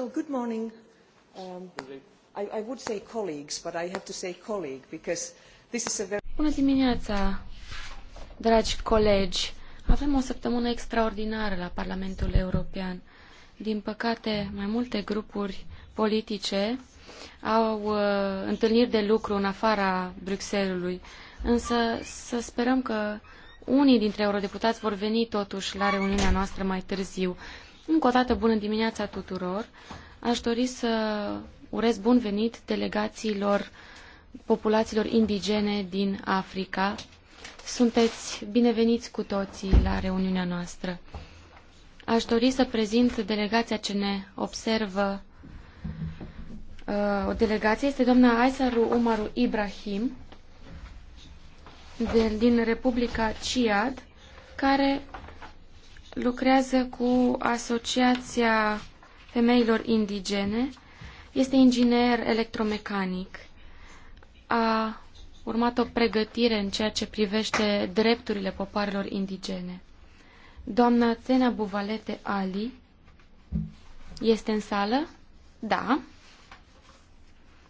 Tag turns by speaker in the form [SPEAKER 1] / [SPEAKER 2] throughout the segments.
[SPEAKER 1] good morning. Um, I, I would say colleagues, but I have to say colleague because this is a very...
[SPEAKER 2] Bună dimineața, dragi colegi. Avem o săptămână extraordinară la Parlamentul European. Din păcate, mai multe grupuri politice au uh, întâlniri de lucru în afara Bruxellesului, însă să sperăm că unii dintre eurodeputați vor veni totuși la reuniunea noastră mai târziu. Încă o dată, bună dimineața tuturor! Aș dori să urez bun venit delegațiilor populațiilor indigene din Africa. Sunteți bineveniți cu toții la reuniunea noastră. Aș dori să prezint delegația ce ne observă uh, o delegație. Este doamna Aisaru Umaru Ibrahim de, din Republica Ciad, care lucrează cu Asociația Femeilor Indigene, este inginer electromecanic. A urmat o pregătire în ceea ce privește drepturile popoarelor indigene. Doamna Tena Buvalete Ali este în sală? Da.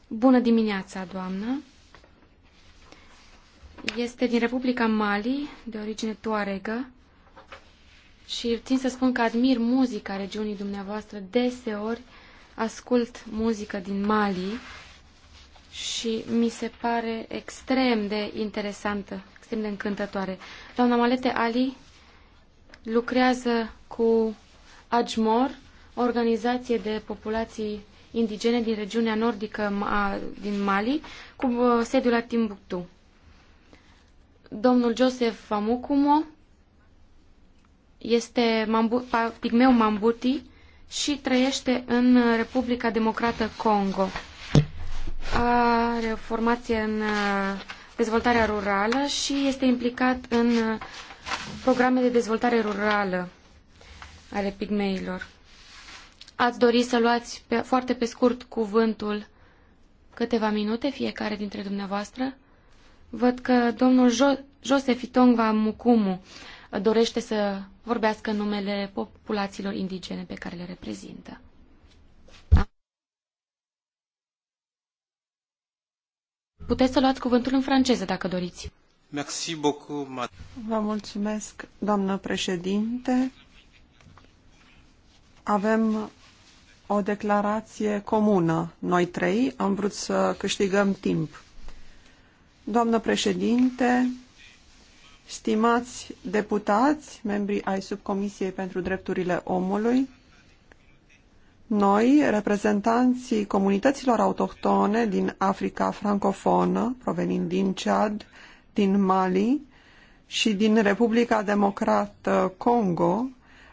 [SPEAKER 2] Bună dimineața, doamnă. Este din Republica Mali, de origine tuaregă și țin să spun că admir muzica regiunii dumneavoastră. Deseori ascult muzică din Mali și mi se pare extrem de interesantă, extrem de încântătoare. Doamna Malete Ali lucrează cu Ajmor, organizație de populații indigene din regiunea nordică din Mali, cu uh, sediul la Timbuktu. Domnul Joseph Famucumo este Mambu pigmeu Mambuti și trăiește în Republica Democrată Congo. Are o formație în dezvoltarea rurală și este implicat în programe de dezvoltare rurală ale pigmeilor. Ați dori să luați pe, foarte pe scurt cuvântul câteva minute fiecare dintre dumneavoastră? Văd că domnul jo Joseph Itongva Mukumu dorește să vorbească în numele populațiilor indigene pe care le reprezintă. Puteți să luați cuvântul în franceză, dacă doriți. Vă mulțumesc, doamnă președinte.
[SPEAKER 3] Avem o declarație comună. Noi trei am vrut să câștigăm timp. Doamnă președinte, Stimați deputați, membrii ai Subcomisiei pentru Drepturile Omului, noi, reprezentanții comunităților autohtone din Africa francofonă, provenind din Chad, din Mali și din Republica Democrată Congo,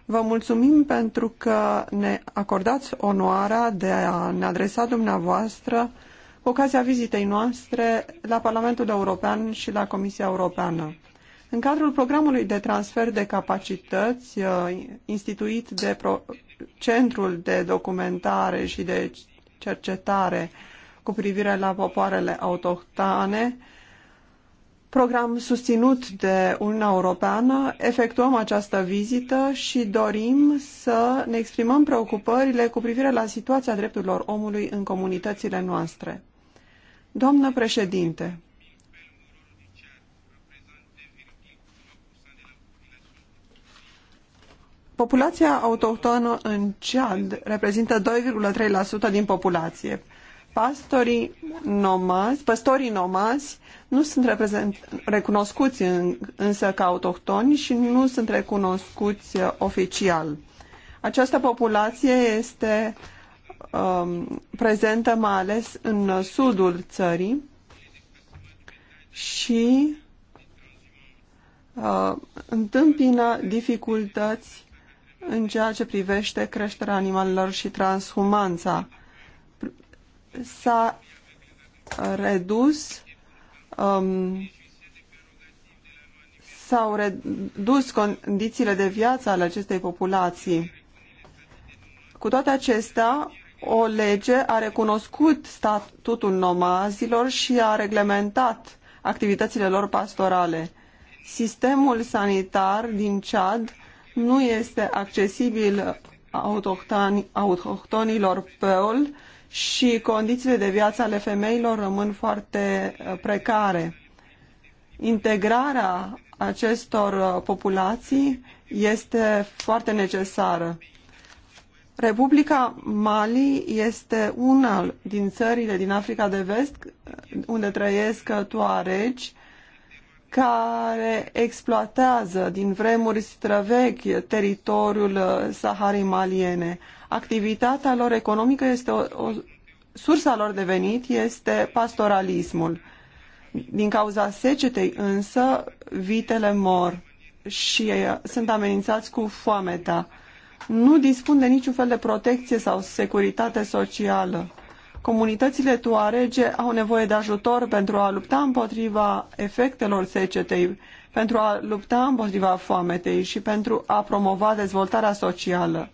[SPEAKER 3] vă mulțumim pentru că ne acordați onoarea de a ne adresa dumneavoastră ocazia vizitei noastre la Parlamentul European și la Comisia Europeană. În cadrul programului de transfer de capacități uh, instituit de Centrul de Documentare și de Cercetare cu privire la popoarele autohtone, program susținut de Uniunea Europeană, efectuăm această vizită și dorim să ne exprimăm preocupările cu privire la situația drepturilor omului în comunitățile noastre. Doamnă președinte, Populația autohtonă în Ciad reprezintă 2,3% din populație. Pastorii nomazi, păstorii nomazi nu sunt recunoscuți în, însă ca autohtoni și nu sunt recunoscuți uh, oficial. Această populație este um, prezentă mai ales în sudul țării și uh, întâmpină dificultăți în ceea ce privește creșterea animalelor și transhumanța. S-a redus um, s-au redus condițiile de viață ale acestei populații. Cu toate acestea, o lege a recunoscut statutul nomazilor și a reglementat activitățile lor pastorale. Sistemul sanitar din Chad nu este accesibil autohtonilor peol și condițiile de viață ale femeilor rămân foarte uh, precare. Integrarea acestor uh, populații este foarte necesară. Republica Mali este una din țările din Africa de Vest uh, unde trăiesc toaregi care exploatează din vremuri străvechi teritoriul uh, Saharei Maliene. Activitatea lor economică este o, o sursa lor de venit este pastoralismul. Din cauza secetei însă, vitele mor și uh, sunt amenințați cu foamea. Nu dispun de niciun fel de protecție sau securitate socială. Comunitățile tuarege au nevoie de ajutor pentru a lupta împotriva efectelor secetei, pentru a lupta împotriva foametei și pentru a promova dezvoltarea socială.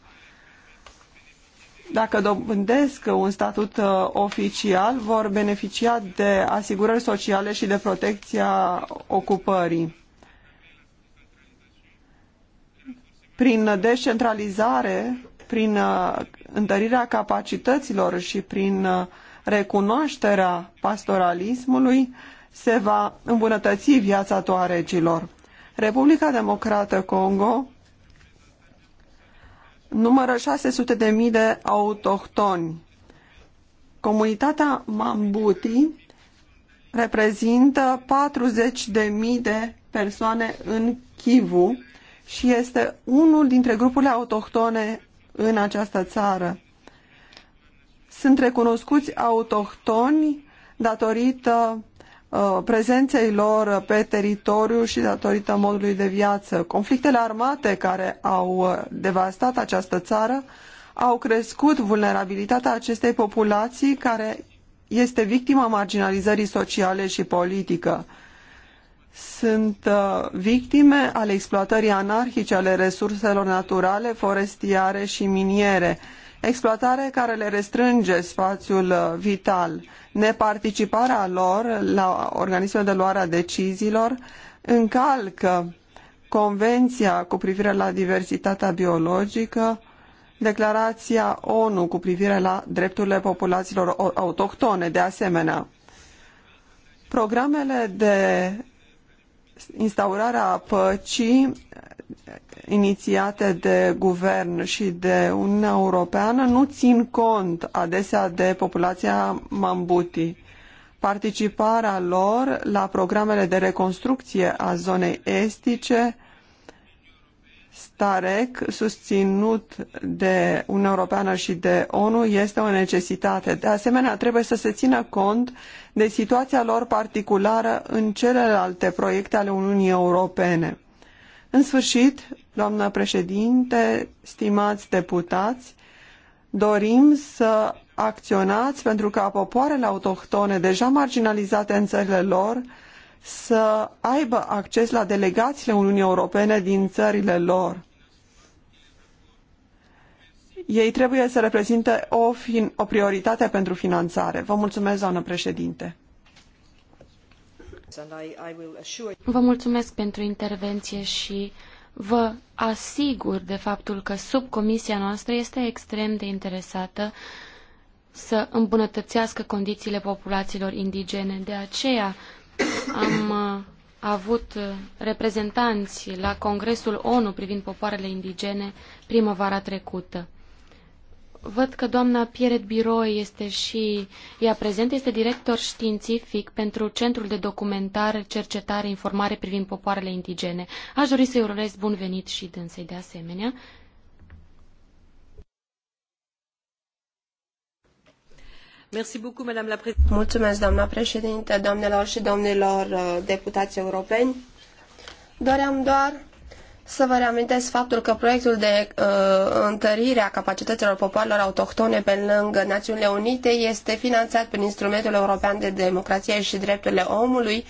[SPEAKER 3] Dacă dobândesc un statut uh, oficial, vor beneficia de asigurări sociale și de protecția ocupării. Prin descentralizare, prin uh, întărirea capacităților și prin uh, recunoașterea pastoralismului, se va îmbunătăți viața toarecilor. Republica Democrată Congo numără 600.000 de, de autohtoni. Comunitatea Mambuti reprezintă 40.000 de, de persoane în Kivu și este unul dintre grupurile autohtone în această țară. Sunt recunoscuți autohtoni datorită uh, prezenței lor pe teritoriu și datorită modului de viață. Conflictele armate care au uh, devastat această țară au crescut vulnerabilitatea acestei populații care este victima marginalizării sociale și politică sunt uh, victime ale exploatării anarhice ale resurselor naturale, forestiere și miniere, exploatare care le restrânge spațiul uh, vital. Neparticiparea lor la organismele de luare a deciziilor încalcă Convenția cu privire la diversitatea biologică, Declarația ONU cu privire la drepturile populațiilor autohtone, de asemenea. Programele de instaurarea păcii inițiate de guvern și de Uniunea Europeană nu țin cont adesea de populația Mambuti. Participarea lor la programele de reconstrucție a zonei estice STAREC, susținut de Uniunea Europeană și de ONU, este o necesitate. De asemenea, trebuie să se țină cont de situația lor particulară în celelalte proiecte ale Uniunii Europene. În sfârșit, doamnă președinte, stimați deputați, dorim să acționați pentru ca popoarele autohtone deja marginalizate în țările lor să aibă acces la delegațiile Uniunii Europene din țările lor. Ei trebuie să reprezinte o, o prioritate pentru finanțare. Vă mulțumesc, doamnă președinte.
[SPEAKER 2] Vă mulțumesc pentru intervenție și vă asigur de faptul că subcomisia noastră este extrem de interesată să îmbunătățească condițiile populațiilor indigene. De aceea am uh, avut uh, reprezentanți la Congresul ONU privind popoarele indigene primăvara trecută. Văd că doamna Pieret Biroi este și ea prezentă, este director științific pentru Centrul de Documentare, Cercetare, Informare privind popoarele indigene. Aș dori să-i urez bun venit și dânsei de asemenea
[SPEAKER 4] Mulțumesc, doamna președinte, doamnelor și domnilor uh, deputați europeni. Doream doar să vă reamintesc faptul că proiectul de uh, întărire a capacităților popoarelor autohtone pe lângă Națiunile Unite este finanțat prin Instrumentul European de Democrație și Drepturile Omului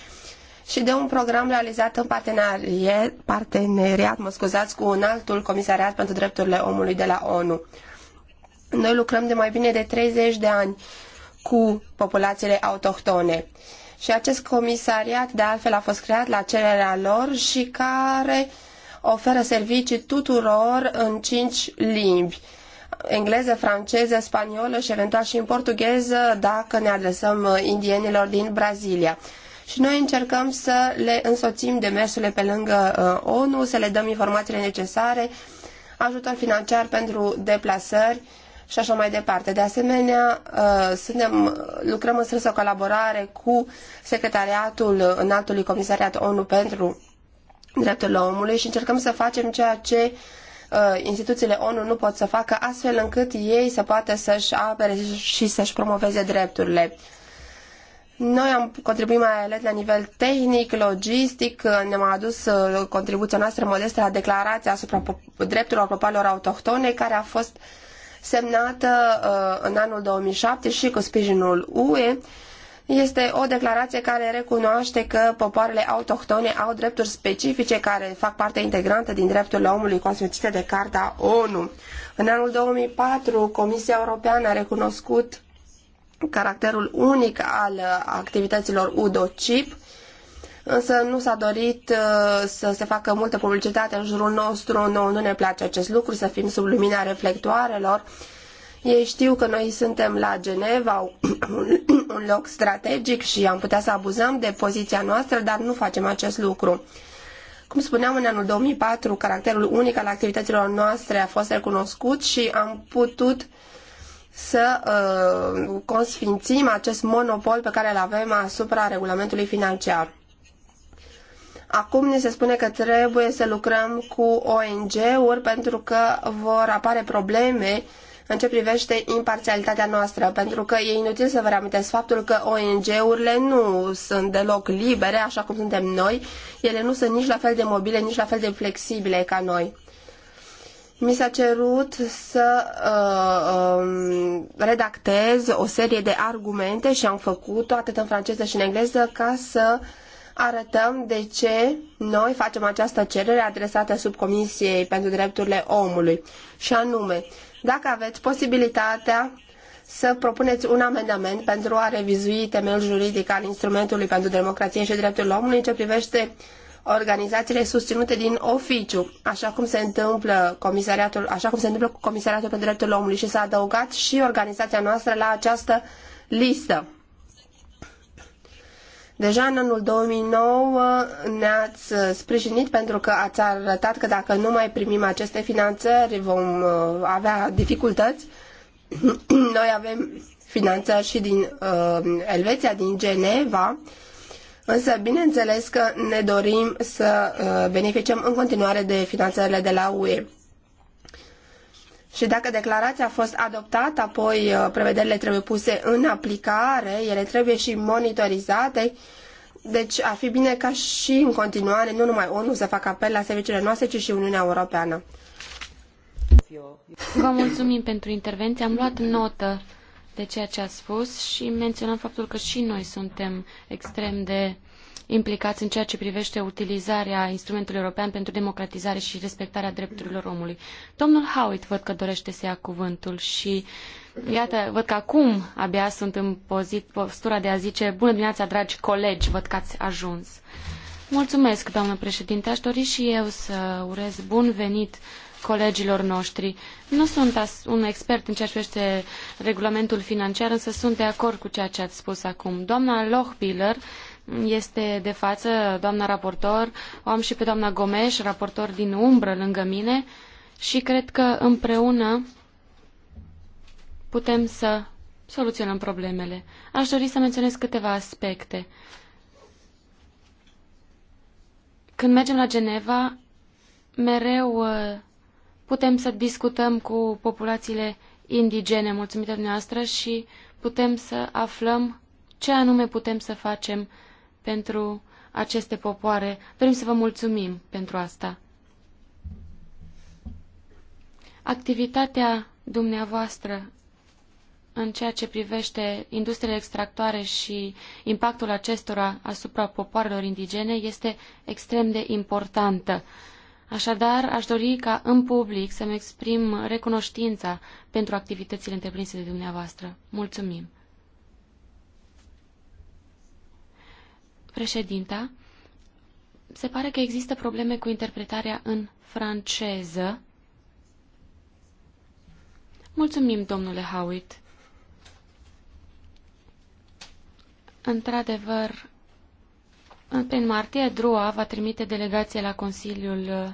[SPEAKER 4] și de un program realizat în parteneriat, parteneriat mă scuzați, cu un altul comisariat pentru drepturile omului de la ONU. Noi lucrăm de mai bine de 30 de ani cu populațiile autohtone. Și acest comisariat, de altfel, a fost creat la cererea lor și care oferă servicii tuturor în cinci limbi engleză, franceză, spaniolă și eventual și în portugheză dacă ne adresăm uh, indienilor din Brazilia. Și noi încercăm să le însoțim demersurile pe lângă uh, ONU, să le dăm informațiile necesare, ajutor financiar pentru deplasări și așa mai departe. De asemenea, uh, suntem, lucrăm în strânsă colaborare cu Secretariatul Înaltului Comisariat ONU pentru Drepturile Omului și încercăm să facem ceea ce uh, instituțiile ONU nu pot să facă astfel încât ei să poată să-și apere și să-și promoveze drepturile. Noi am contribuit mai ales la nivel tehnic, logistic, ne-am adus uh, contribuția noastră modestă la declarația asupra drepturilor popoarelor autohtone, care a fost uh, semnată uh, în anul 2007 și cu sprijinul UE, este o declarație care recunoaște că popoarele autohtone au drepturi specifice care fac parte integrantă din drepturile omului consfințite de Carta ONU. În anul 2004, Comisia Europeană a recunoscut caracterul unic al activităților UDOCIP însă nu s-a dorit uh, să se facă multă publicitate în jurul nostru, nouă nu ne place acest lucru, să fim sub lumina reflectoarelor. Ei știu că noi suntem la Geneva, un loc strategic și am putea să abuzăm de poziția noastră, dar nu facem acest lucru. Cum spuneam, în anul 2004, caracterul unic al activităților noastre a fost recunoscut și am putut să uh, consfințim acest monopol pe care îl avem asupra regulamentului financiar. Acum ni se spune că trebuie să lucrăm cu ONG-uri pentru că vor apare probleme în ce privește imparțialitatea noastră, pentru că e inutil să vă reamintesc faptul că ONG-urile nu sunt deloc libere, așa cum suntem noi, ele nu sunt nici la fel de mobile, nici la fel de flexibile ca noi. Mi s-a cerut să uh, um, redactez o serie de argumente și am făcut-o atât în franceză și în engleză ca să uh, arătăm de ce noi facem această cerere adresată subcomisiei pentru drepturile omului. Și anume, dacă aveți posibilitatea să propuneți un amendament pentru a revizui temeiul juridic al instrumentului pentru democrație și drepturile omului în ce privește organizațiile susținute din oficiu, așa cum se întâmplă, comisariatul, așa cum se întâmplă cu Comisariatul pentru Drepturile Omului și s-a adăugat și organizația noastră la această listă. Deja în anul 2009 ne-ați uh, sprijinit pentru că ați arătat că dacă nu mai primim aceste finanțări vom uh, avea dificultăți. Noi avem finanțări și din uh, Elveția, din Geneva, însă bineînțeles că ne dorim să uh, beneficiem în continuare de finanțările de la UE. Și dacă declarația a fost adoptată, apoi uh, prevederile trebuie puse în aplicare, ele trebuie și monitorizate. Deci ar fi bine ca și în continuare, nu numai ONU să facă apel la serviciile noastre, ci și Uniunea Europeană.
[SPEAKER 2] Vă mulțumim pentru intervenție. Am luat notă de ceea ce a spus și menționăm faptul că și noi suntem extrem de implicați în ceea ce privește utilizarea instrumentului european pentru democratizare și respectarea drepturilor omului. Domnul Howitt văd că dorește să ia cuvântul și iată, văd că acum abia sunt în pozit, postura de a zice bună dimineața, dragi colegi, văd că ați ajuns. Mulțumesc, doamnă președinte. Aș dori și eu să urez bun venit colegilor noștri. Nu sunt un expert în ceea ce privește regulamentul financiar, însă sunt de acord cu ceea ce ați spus acum. Doamna Lochbiller este de față, doamna raportor, o am și pe doamna Gomes, raportor din umbră lângă mine și cred că împreună putem să soluționăm problemele. Aș dori să menționez câteva aspecte. Când mergem la Geneva, mereu uh, putem să discutăm cu populațiile indigene, mulțumită dumneavoastră, și putem să aflăm ce anume putem să facem pentru aceste popoare. Dorim să vă mulțumim pentru asta. Activitatea dumneavoastră în ceea ce privește industriile extractoare și impactul acestora asupra popoarelor indigene este extrem de importantă. Așadar, aș dori ca în public să-mi exprim recunoștința pentru activitățile întreprinse de dumneavoastră. Mulțumim! Președinta, se pare că există probleme cu interpretarea în franceză. Mulțumim, domnule Howitt. Într-adevăr, în martie, DRUA va trimite delegație la Consiliul uh,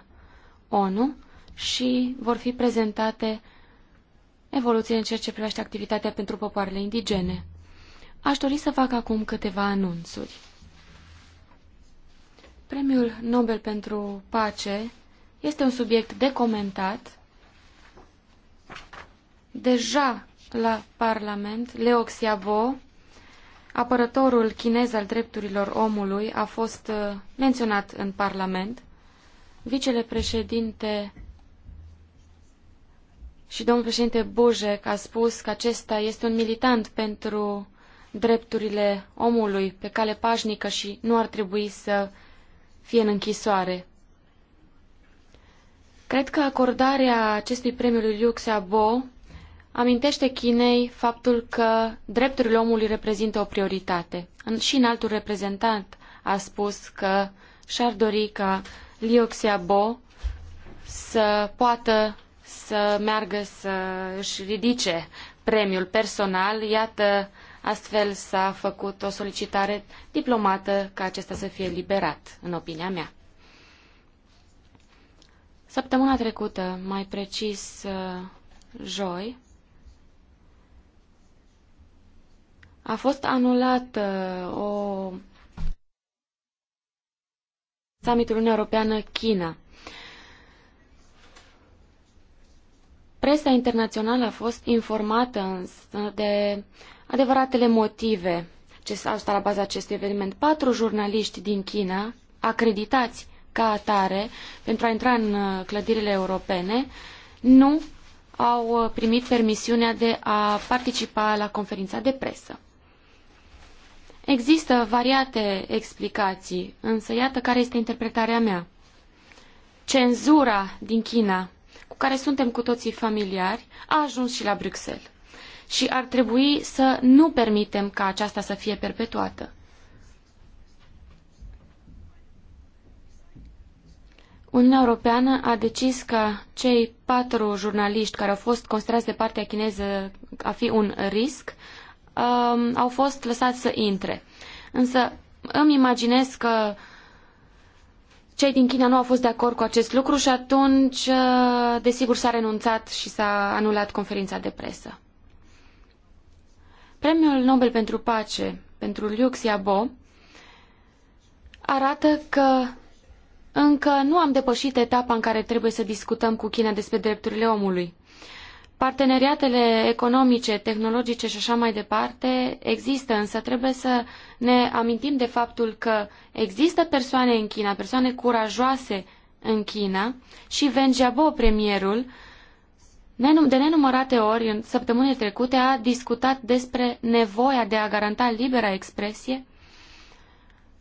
[SPEAKER 2] ONU și vor fi prezentate evoluții în ceea ce privește activitatea pentru popoarele indigene. Aș dori să fac acum câteva anunțuri. Premiul Nobel pentru pace este un subiect de comentat. Deja la Parlament, Leo Xiaobo, apărătorul chinez al drepturilor omului, a fost uh, menționat în Parlament. Vicele președinte și domnul președinte Bujec a spus că acesta este un militant pentru drepturile omului pe cale pașnică și nu ar trebui să fie în închisoare. Cred că acordarea acestui premiu lui Liu Xiaobo amintește Chinei faptul că drepturile omului reprezintă o prioritate. Și în altul reprezentant a spus că și-ar dori ca Liu Xiaobo să poată să meargă să își ridice premiul personal. Iată Astfel s-a făcut o solicitare diplomată ca acesta să fie liberat, în opinia mea. Săptămâna trecută, mai precis uh, joi, a fost anulată uh, o summitul Uniunea Europeană-China. Presa internațională a fost informată însă de adevăratele motive ce au stat la baza acestui eveniment. Patru jurnaliști din China, acreditați ca atare pentru a intra în uh, clădirile europene, nu au uh, primit permisiunea de a participa la conferința de presă. Există variate explicații, însă iată care este interpretarea mea. Cenzura din China cu care suntem cu toții familiari, a ajuns și la Bruxelles. Și ar trebui să nu permitem ca aceasta să fie perpetuată. Uniunea Europeană a decis ca cei patru jurnaliști care au fost considerați de partea chineză a fi un risc um, au fost lăsați să intre. Însă îmi imaginez că cei din China nu au fost de acord cu acest lucru și atunci, uh, desigur, s-a renunțat și s-a anulat conferința de presă. Premiul Nobel pentru Pace, pentru Liu Xiaobo, arată că încă nu am depășit etapa în care trebuie să discutăm cu China despre drepturile omului. Parteneriatele economice, tehnologice și așa mai departe există, însă trebuie să ne amintim de faptul că există persoane în China, persoane curajoase în China și Wen Jiabo, premierul, de nenumărate ori în săptămânile trecute a discutat despre nevoia de a garanta libera expresie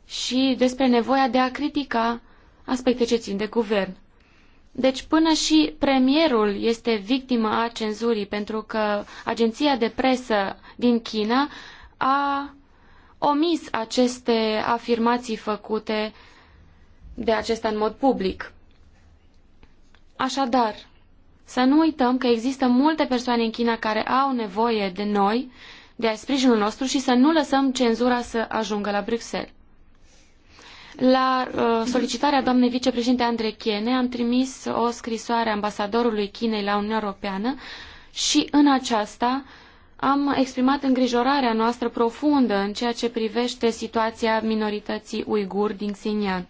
[SPEAKER 2] și despre nevoia de a critica aspecte ce țin de guvern. Deci până și premierul este victima a cenzurii, pentru că agenția de presă din China a omis aceste afirmații făcute de acesta în mod public. Așadar, să nu uităm că există multe persoane în China care au nevoie de noi, de sprijinul nostru și să nu lăsăm cenzura să ajungă la Bruxelles. La uh, solicitarea doamnei vicepreședinte Andrechiene am trimis o scrisoare ambasadorului Chinei la Uniunea Europeană și în aceasta am exprimat îngrijorarea noastră profundă în ceea ce privește situația minorității uigur din Xinjiang.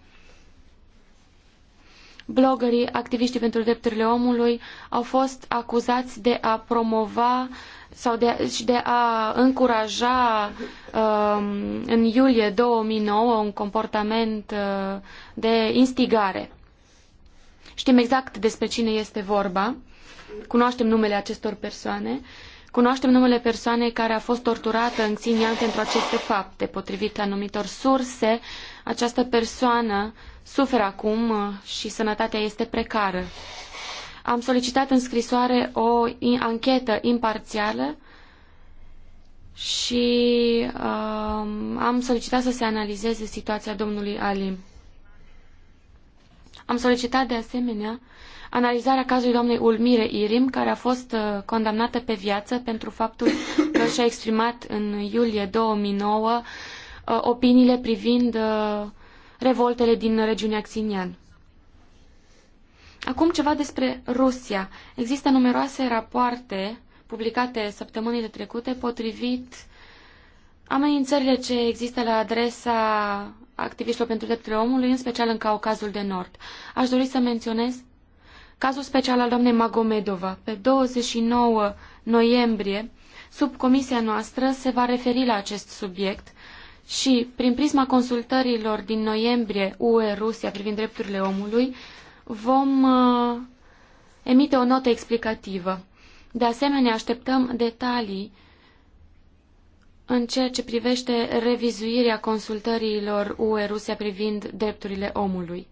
[SPEAKER 2] Blogării, activiștii pentru drepturile omului au fost acuzați de a promova uh, sau de, și de a încuraja um, în iulie 2009 un comportament uh, de instigare. Știm exact despre cine este vorba, cunoaștem numele acestor persoane, cunoaștem numele persoanei care a fost torturată în Xinjiang pentru aceste fapte. Potrivit anumitor surse, această persoană suferă acum uh, și sănătatea este precară. Am solicitat în scrisoare o anchetă imparțială și um, am solicitat să se analizeze situația domnului Alim. Am solicitat de asemenea analizarea cazului doamnei Ulmire Irim, care a fost uh, condamnată pe viață pentru faptul că și-a exprimat în iulie 2009 uh, opiniile privind uh, revoltele din regiunea Xinian. Acum ceva despre Rusia. Există numeroase rapoarte publicate săptămânile trecute potrivit amenințările ce există la adresa activiștilor pentru drepturile omului, în special în Caucazul de Nord. Aș dori să menționez cazul special al doamnei Magomedova. Pe 29 noiembrie, Sub comisia noastră se va referi la acest subiect și, prin prisma consultărilor din noiembrie UE-Rusia privind drepturile omului, vom uh, emite o notă explicativă. De asemenea, așteptăm detalii în ceea ce privește revizuirea consultărilor UE-Rusia privind drepturile omului.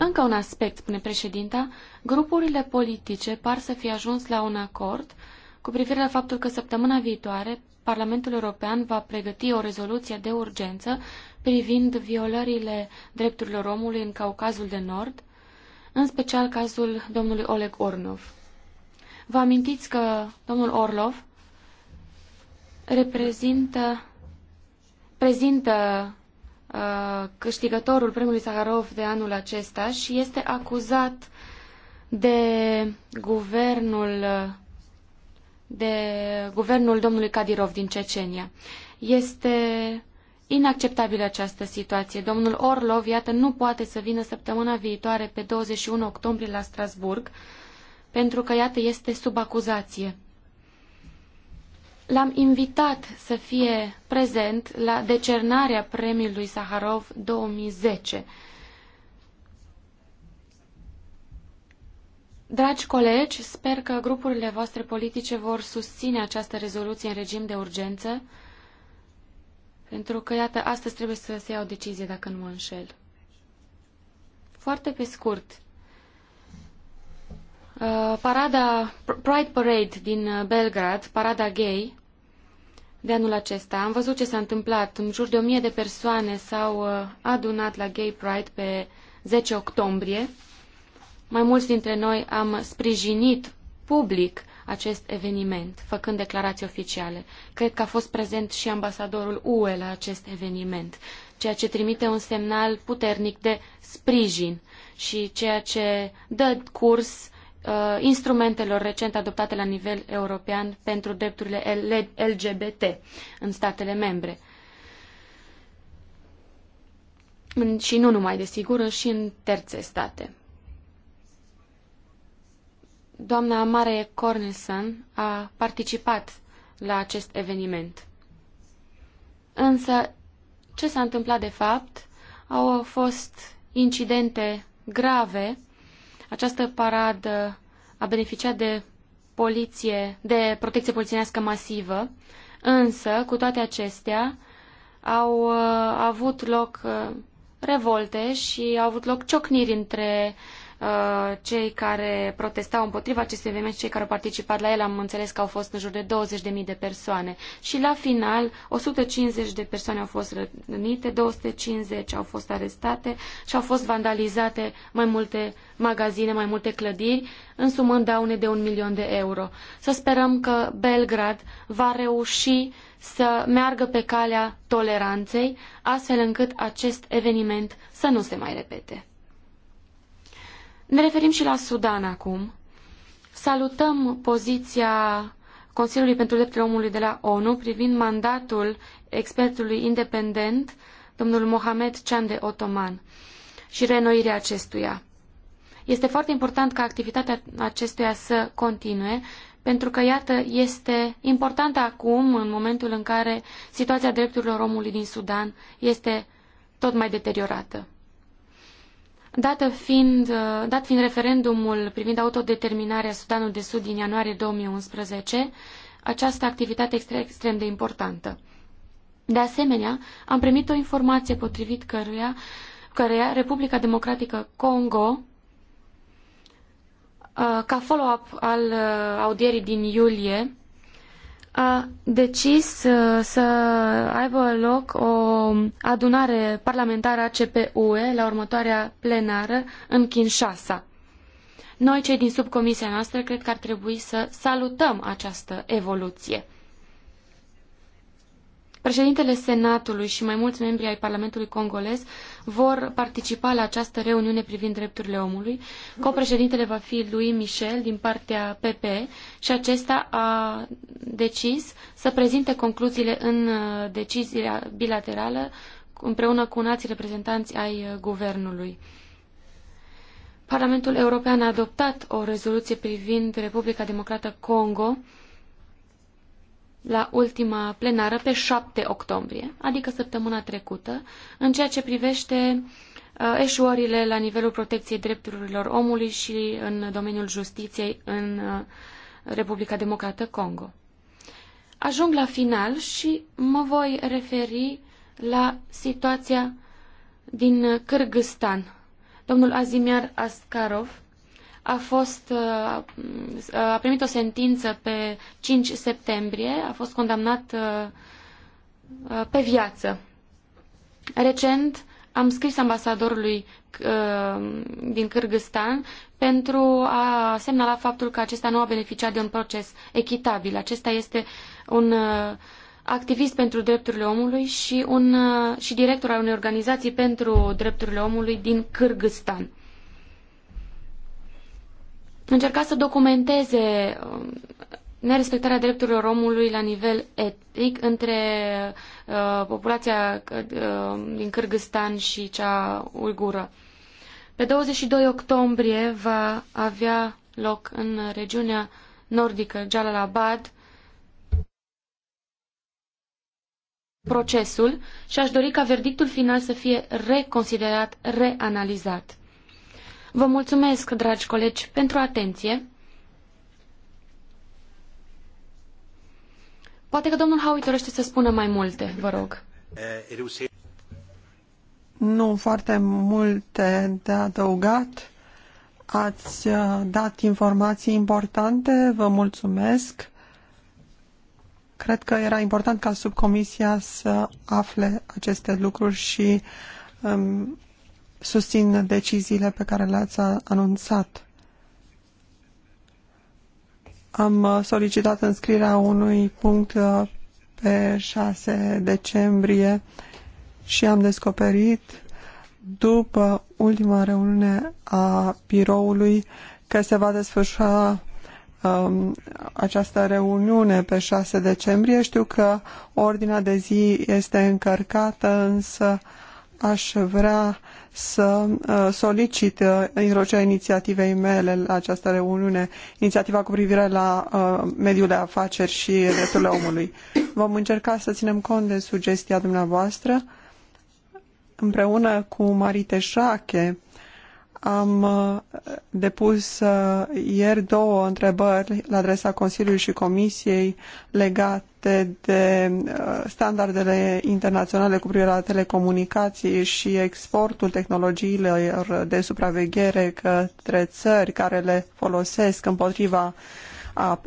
[SPEAKER 2] Încă un aspect, spune președinta, grupurile politice par să fie ajuns la un acord cu privire la faptul că săptămâna viitoare Parlamentul European va pregăti o rezoluție de urgență privind violările drepturilor omului în Caucazul de Nord, în special cazul domnului Oleg Ornov. Vă amintiți că domnul Orlov reprezintă prezintă uh, câștigătorul premiului Saharov de anul acesta și este acuzat de guvernul de guvernul domnului Kadirov din Cecenia. Este inacceptabilă această situație. Domnul Orlov, iată, nu poate să vină săptămâna viitoare pe 21 octombrie la Strasburg, pentru că, iată, este sub acuzație. L-am invitat să fie prezent la decernarea premiului Saharov 2010. Dragi colegi, sper că grupurile voastre politice vor susține această rezoluție în regim de urgență, pentru că, iată, astăzi trebuie să se ia o decizie, dacă nu mă înșel. Foarte pe scurt, uh, parada Pride Parade din uh, Belgrad, parada gay de anul acesta. Am văzut ce s-a întâmplat. În jur de o mie de persoane s-au uh, adunat la Gay Pride pe 10 octombrie. Mai mulți dintre noi am sprijinit public acest eveniment, făcând declarații oficiale. Cred că a fost prezent și ambasadorul UE la acest eveniment, ceea ce trimite un semnal puternic de sprijin și ceea ce dă curs uh, instrumentelor recent adoptate la nivel european pentru drepturile LGBT în statele membre și nu numai, desigur, și în terțe state. Doamna Mare Cornelson a participat la acest eveniment. Însă, ce s-a întâmplat de fapt? Au fost incidente grave. Această paradă a beneficiat de poliție, de protecție polițienească masivă, însă, cu toate acestea, au uh, avut loc uh, revolte și au avut loc ciocniri între uh, Uh, cei care protestau împotriva acestui eveniment și cei care au participat la el, am înțeles că au fost în jur de 20.000 de persoane. Și la final, 150 de persoane au fost rănite, 250 au fost arestate și au fost vandalizate mai multe magazine, mai multe clădiri, însumând daune de un milion de euro. Să sperăm că Belgrad va reuși să meargă pe calea toleranței, astfel încât acest eveniment să nu se mai repete. Ne referim și la Sudan acum. Salutăm poziția Consiliului pentru Drepturile Omului de la ONU privind mandatul expertului independent, domnul Mohamed Chande Otoman, și renoirea acestuia. Este foarte important ca activitatea acestuia să continue, pentru că, iată, este importantă acum, în momentul în care situația drepturilor omului din Sudan este tot mai deteriorată. Dată fiind, uh, dat fiind referendumul privind autodeterminarea Sudanului de Sud din ianuarie 2011, această activitate este extrem de importantă. De asemenea, am primit o informație potrivit căruia, căreia Republica Democratică Congo, uh, ca follow-up al uh, audierii din iulie, a decis uh, să aibă loc o adunare parlamentară a CPUE la următoarea plenară în Kinshasa. Noi, cei din subcomisia noastră, cred că ar trebui să salutăm această evoluție. Președintele Senatului și mai mulți membri ai Parlamentului congolez vor participa la această reuniune privind drepturile omului. Co-președintele va fi lui Michel din partea PP și acesta a decis să prezinte concluziile în uh, decizia bilaterală împreună cu un reprezentanți ai uh, guvernului. Parlamentul European a adoptat o rezoluție privind Republica Democrată Congo la ultima plenară pe 7 octombrie, adică săptămâna trecută, în ceea ce privește uh, eșuările la nivelul protecției drepturilor omului și în domeniul justiției în uh, Republica Democrată Congo. Ajung la final și mă voi referi la situația din Kyrgyzstan. Domnul Azimiar Askarov a fost uh, a primit o sentință pe 5 septembrie, a fost condamnat uh, uh, pe viață. Recent am scris ambasadorului din Kyrgyzstan pentru a semnala faptul că acesta nu a beneficiat de un proces echitabil. Acesta este un activist pentru drepturile omului și, un, și director al unei organizații pentru drepturile omului din Kyrgyzstan încerca să documenteze um, nerespectarea drepturilor omului la nivel etnic între uh, populația uh, din Kyrgyzstan și cea uigură. Pe 22 octombrie va avea loc în regiunea nordică, Jalalabad, procesul și aș dori ca verdictul final să fie reconsiderat, reanalizat. Vă mulțumesc, dragi colegi, pentru atenție. Poate că domnul Howitt dorește să spună mai multe, vă rog.
[SPEAKER 3] Nu foarte multe de adăugat. Ați uh, dat informații importante, vă mulțumesc. Cred că era important ca subcomisia să afle aceste lucruri și um, susțin deciziile pe care le-ați anunțat. Am solicitat înscrierea unui punct uh, pe 6 decembrie și am descoperit după ultima reuniune a biroului că se va desfășura um, această reuniune pe 6 decembrie. Știu că ordinea de zi este încărcată, însă aș vrea să uh, solicit introducerea uh, inițiativei mele la această reuniune, inițiativa cu privire la uh, mediul de afaceri și drepturile omului. Vom încerca să ținem cont de sugestia dumneavoastră. Împreună cu Marie Teșache am depus ieri două întrebări la adresa Consiliului și Comisiei legate legate de uh, standardele internaționale cu privire la telecomunicații și exportul tehnologiilor de supraveghere către țări care le folosesc împotriva a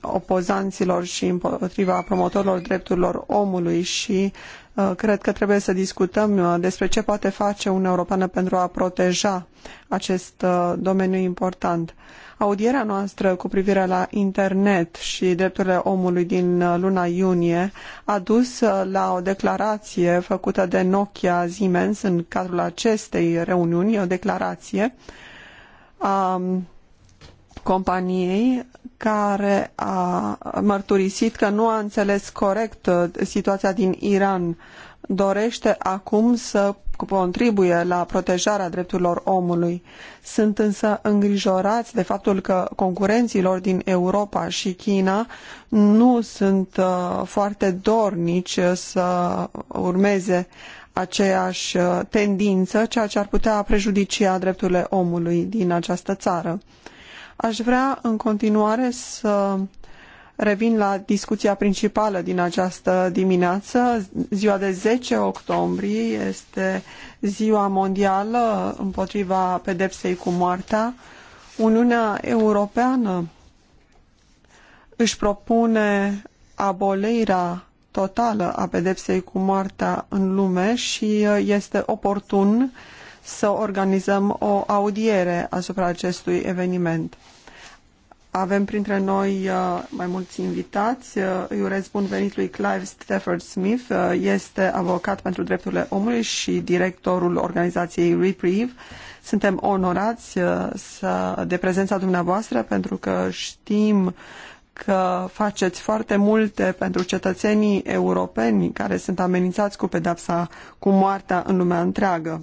[SPEAKER 3] opozanților și împotriva promotorilor drepturilor omului și Uh, cred că trebuie să discutăm uh, despre ce poate face Uniunea Europeană pentru a proteja acest uh, domeniu important. Audierea noastră cu privire la internet și drepturile omului din luna iunie a dus la o declarație făcută de Nokia Siemens în cadrul acestei reuniuni, o declarație a um, companiei care a mărturisit că nu a înțeles corect uh, situația din Iran dorește acum să contribuie la protejarea drepturilor omului. Sunt însă îngrijorați de faptul că concurenților din Europa și China nu sunt uh, foarte dornici uh, să urmeze aceeași tendință, ceea ce ar putea prejudicia drepturile omului din această țară. Aș vrea în continuare să revin la discuția principală din această dimineață. Ziua de 10 octombrie este ziua mondială împotriva pedepsei cu moartea. Uniunea Europeană își propune abolirea totală a pedepsei cu moartea în lume și este oportun să organizăm o audiere asupra acestui eveniment. Avem printre noi uh, mai mulți invitați. Uh, îi urez bun venit lui Clive Stafford Smith. Uh, este avocat pentru drepturile omului și directorul organizației Reprieve. Suntem onorați de prezența dumneavoastră pentru că știm că faceți foarte multe pentru cetățenii europeni care sunt amenințați cu pedapsa cu moartea în lumea întreagă.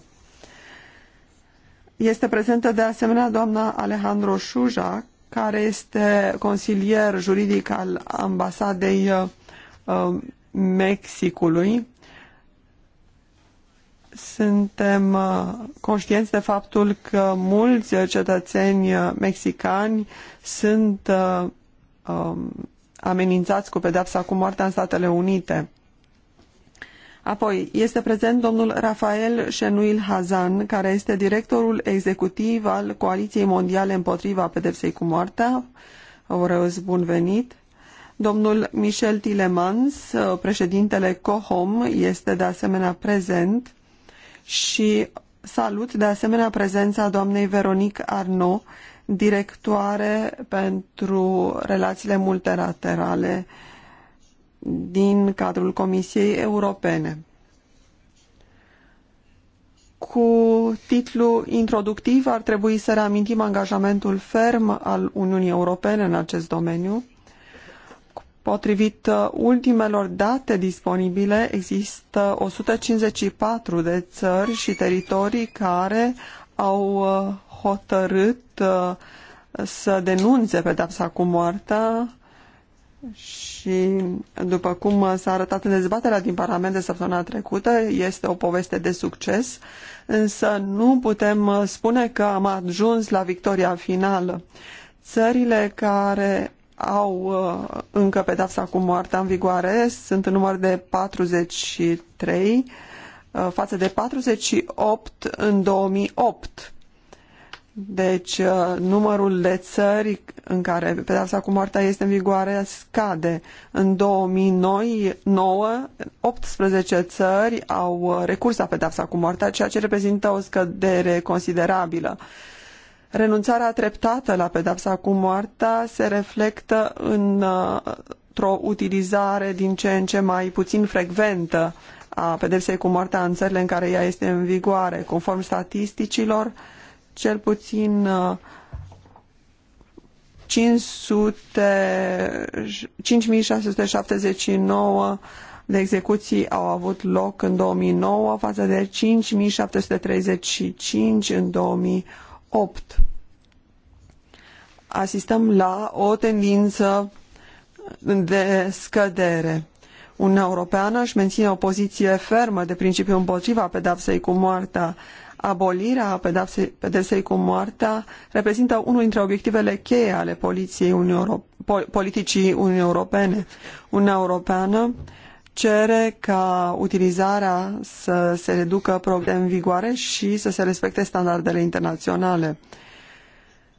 [SPEAKER 3] Este prezentă de asemenea doamna Alejandro Șuja, care este consilier juridic al ambasadei uh, uh, Mexicului. Suntem uh, conștienți de faptul că mulți cetățeni mexicani sunt um, amenințați cu pedepsa cu moartea în Statele Unite. Apoi, este prezent domnul Rafael Shenuil Hazan, care este directorul executiv al Coaliției Mondiale împotriva pedepsei cu moartea. Urez bun venit! Domnul Michel Tilemans, președintele COHOM, este de asemenea prezent și salut de asemenea prezența doamnei Veronique Arnaud, directoare pentru relațiile multilaterale uh, din cadrul Comisiei Europene. Cu titlu introductiv ar trebui să reamintim angajamentul ferm al Uniunii Europene în acest domeniu. Potrivit uh, ultimelor date disponibile, există 154 de țări și teritorii care au uh, hotărât uh, să denunțe pedepsa cu moartea și, după cum s-a arătat în dezbaterea din Parlament de săptămâna trecută, este o poveste de succes, însă nu putem spune că am ajuns la victoria finală. Țările care au uh, încă pedapsa cu moartea în vigoare sunt în număr de 43 uh, față de 48 în 2008 deci uh, numărul de țări în care pedeapsa cu moartea este în vigoare scade. În 2009, 18 țări au uh, recurs la pedeapsa cu moartea, ceea ce reprezintă o scădere considerabilă. Renunțarea treptată la pedeapsa cu moartea se reflectă uh, într-o utilizare din ce în ce mai puțin frecventă a pedepsei cu moartea în țările în care ea este în vigoare. Conform statisticilor, cel puțin 500, uh, 5679 de execuții au avut loc în 2009 față de 5735 în 2008. Asistăm la o tendință de scădere. Uniunea Europeană își menține o poziție fermă de principiu împotriva pedapsei cu moartea Abolirea pedepsei, cu moartea reprezintă unul dintre obiectivele cheie ale poliției Uniunii politicii Uniunii Europene. Uniunea Europeană cere ca utilizarea să se reducă progre în vigoare și să se respecte standardele internaționale.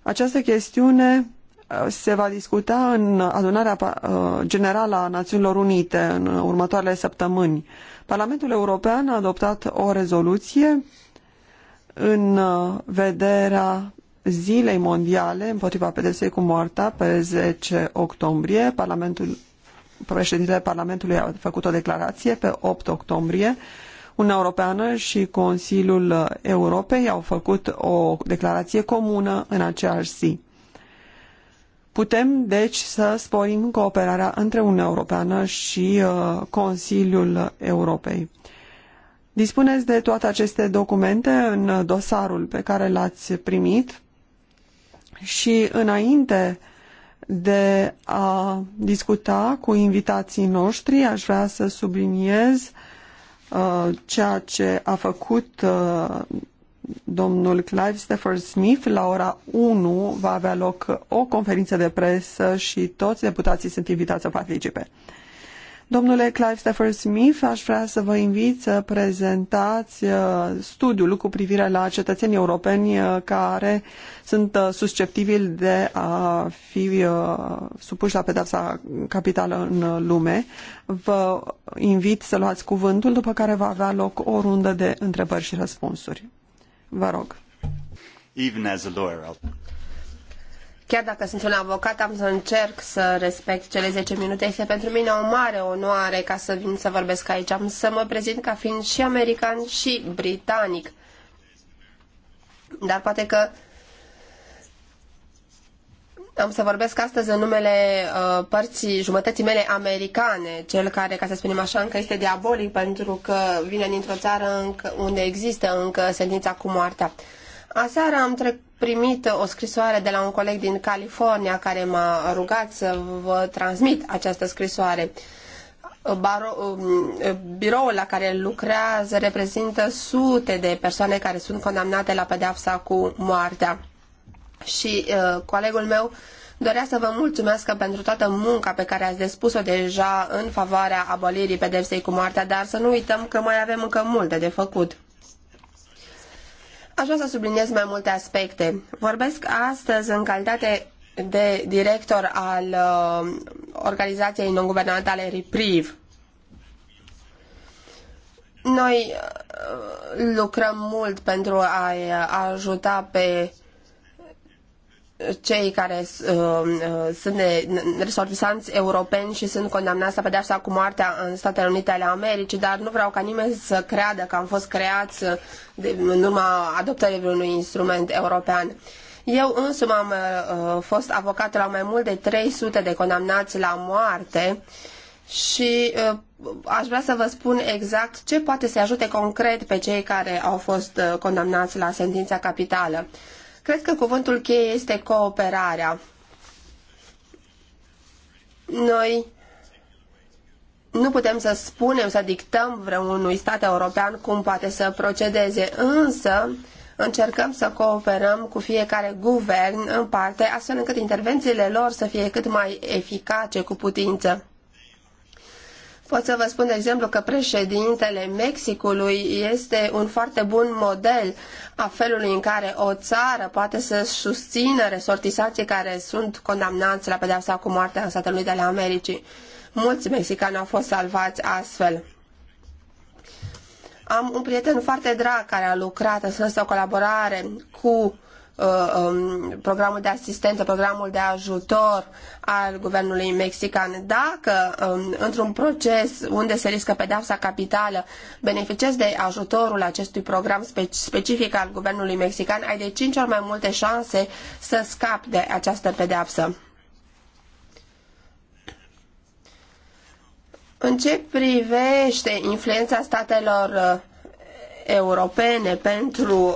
[SPEAKER 3] Această chestiune uh, se va discuta în adunarea uh, generală a Națiunilor Unite în următoarele săptămâni. Parlamentul European a adoptat o rezoluție în uh, vederea Zilei Mondiale împotriva pedepsei cu moartea pe 10 octombrie. Parlamentul, președintele Parlamentului a făcut o declarație pe 8 octombrie. Uniunea Europeană și Consiliul Europei au făcut o declarație comună în aceeași zi. Putem, deci, să sporim cooperarea între Uniunea Europeană și uh, Consiliul Europei. Dispuneți de toate aceste documente în dosarul pe care l-ați primit și înainte de a discuta cu invitații noștri, aș vrea să subliniez uh, ceea ce a făcut uh, domnul Clive Stafford Smith. La ora 1 va avea loc o conferință de presă și toți deputații sunt invitați să participe. Uh, Domnule Clive Stafford Smith, aș vrea să vă invit să prezentați uh, studiul cu privire la cetățenii europeni uh, care sunt uh, susceptibili de a fi supuși la pedepsa capitală în lume. Vă invit să luați cuvântul, după care va avea loc o rundă de întrebări și răspunsuri. Vă rog.
[SPEAKER 5] Even as a lawyer, I'll...
[SPEAKER 4] Chiar dacă sunt un avocat, am să încerc să respect cele 10 minute. Este pentru mine o mare onoare ca să vin să vorbesc aici. Am să mă prezint ca fiind și american și britanic. Dar poate că am să vorbesc astăzi în numele uh, părții, jumătății mele americane, cel care, ca să spunem așa, încă este diabolic pentru că vine dintr-o țară încă, unde există încă sentința cu moartea. Aseară am trecut primit o scrisoare de la un coleg din California care m-a rugat să vă transmit această scrisoare. Baro, um, biroul la care lucrează reprezintă sute de persoane care sunt condamnate la pedeapsa cu moartea. Și uh, colegul meu dorea să vă mulțumesc pentru toată munca pe care ați despus-o deja în favoarea abolirii pedepsei cu moartea, dar să nu uităm că mai avem încă multe de făcut. Aș vrea să subliniez mai multe aspecte. Vorbesc astăzi în calitate de director al uh, organizației non-guvernamentale RIPRIV. Noi uh, lucrăm mult pentru a, a ajuta pe uh, cei care uh, sunt de resortisanți europeni și sunt condamnați la pedeapsa cu moartea în Statele Unite ale Americii, dar nu vreau ca nimeni să creadă că am fost creați uh, de, în urma adoptării vreunui instrument european. Eu însumi am uh, fost avocat la mai mult de 300 de condamnați la moarte și uh, aș vrea să vă spun exact ce poate să ajute concret pe cei care au fost uh, condamnați la sentința capitală. Uh, Cred că cuvântul cheie este cooperarea. Noi nu putem să spunem, să dictăm vreunui stat european cum poate să procedeze, însă încercăm să cooperăm cu fiecare guvern în parte, astfel încât intervențiile lor să fie cât mai eficace cu putință. Pot să vă spun, de exemplu, că președintele Mexicului este un foarte bun model a felului în care o țară poate să susțină resortisații care sunt condamnați la pedeapsa cu moartea în Statele Unite ale Americii. Mulți mexicani au fost salvați astfel. Am un prieten foarte drag care a lucrat în strânsă colaborare cu Uh, um, programul de asistență, programul de ajutor al guvernului mexican. Dacă um, într-un proces unde se riscă pedeapsa capitală beneficiezi de ajutorul acestui program specific al guvernului mexican, ai de cinci ori mai multe șanse să scapi de această pedeapsă. În ce privește influența statelor uh, europene pentru um,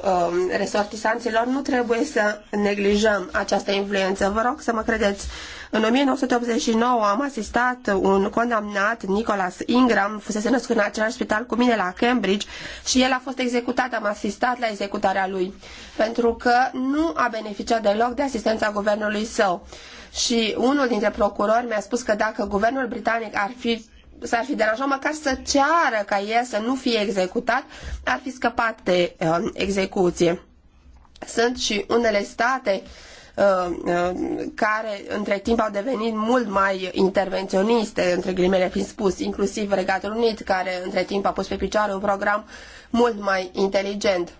[SPEAKER 4] resortisanților, nu trebuie să neglijăm această influență. Vă rog să mă credeți. În 1989 am asistat un condamnat, Nicholas Ingram, fusese născut în același spital cu mine la Cambridge și el a fost executat, am asistat la executarea lui, pentru că nu a beneficiat deloc de asistența guvernului său. Și unul dintre procurori mi-a spus că dacă guvernul britanic ar fi s-ar fi deranjat măcar să ceară ca el să nu fie executat, ar fi scăpat de uh, execuție. Sunt și unele state uh, uh, care între timp au devenit mult mai intervenționiste, între ghilimele fiind spus, inclusiv Regatul Unit, care între timp a pus pe picioare un program mult mai inteligent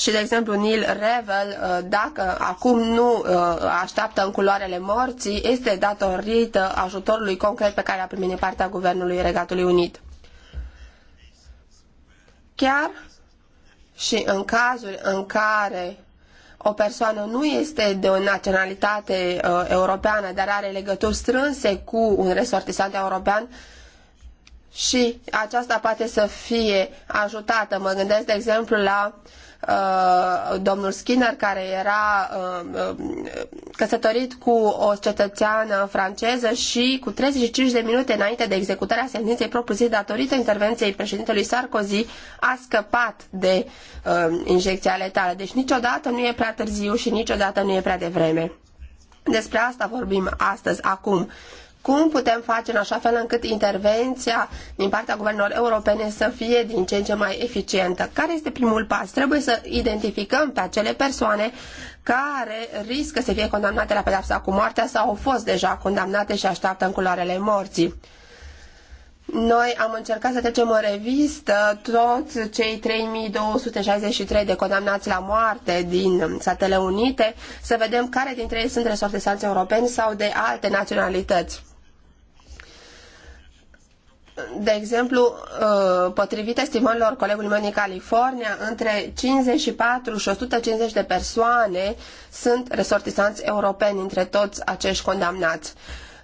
[SPEAKER 4] și, de exemplu, Neil Revel, uh, dacă acum nu uh, așteaptă în culoarele morții, este datorită ajutorului concret pe care a primit din partea Guvernului Regatului Unit. Chiar și în cazul în care o persoană nu este de o naționalitate uh, europeană, dar are legături strânse cu un resortisant european și aceasta poate să fie ajutată. Mă gândesc, de exemplu, la Uh, domnul Skinner, care era uh, uh, căsătorit cu o cetățeană franceză și cu 35 de minute înainte de executarea sentinței propriu-zise, datorită intervenției președintelui Sarkozy, a scăpat de injecția letală. Deci niciodată nu e prea târziu și niciodată nu e prea devreme. Despre asta vorbim astăzi, acum cum putem face în așa fel încât intervenția din partea guvernelor europene să fie din ce în ce mai eficientă. Care este primul pas? Trebuie să identificăm pe acele persoane care riscă să fie condamnate la pedapsa cu moartea sau au fost deja condamnate și așteaptă în culoarele morții. Noi am încercat să trecem în revistă toți cei 3263 de condamnați la moarte din Statele Unite, să vedem care dintre ei sunt resortesanți europeni sau de alte naționalități de exemplu, uh, potrivit estimărilor colegului meu din California, între 54 și 150 de persoane sunt resortisanți europeni între toți acești condamnați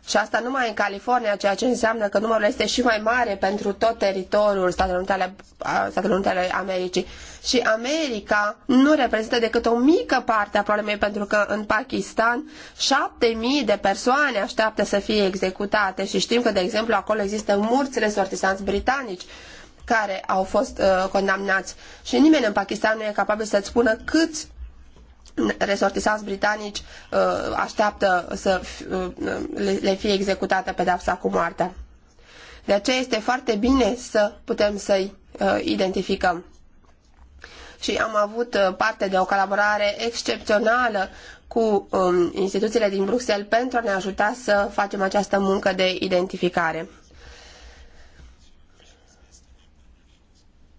[SPEAKER 4] și asta numai în California, ceea ce înseamnă că numărul este și mai mare pentru tot teritoriul Statelor Unite ale, Statelor Unite ale Americii. Și America nu reprezintă decât o mică parte a problemei, pentru că în Pakistan 7.000 de persoane așteaptă să fie executate și știm că, de exemplu, acolo există mulți resortisanți britanici care au fost uh, condamnați. Și nimeni în Pakistan nu e capabil să-ți spună câți resortisanți britanici uh, așteaptă să uh, le fie executată pedeapsa cu moartea. De aceea este foarte bine să putem să-i uh, identificăm. Și am avut parte de o colaborare excepțională cu um, instituțiile din Bruxelles pentru a ne ajuta să facem această muncă de identificare.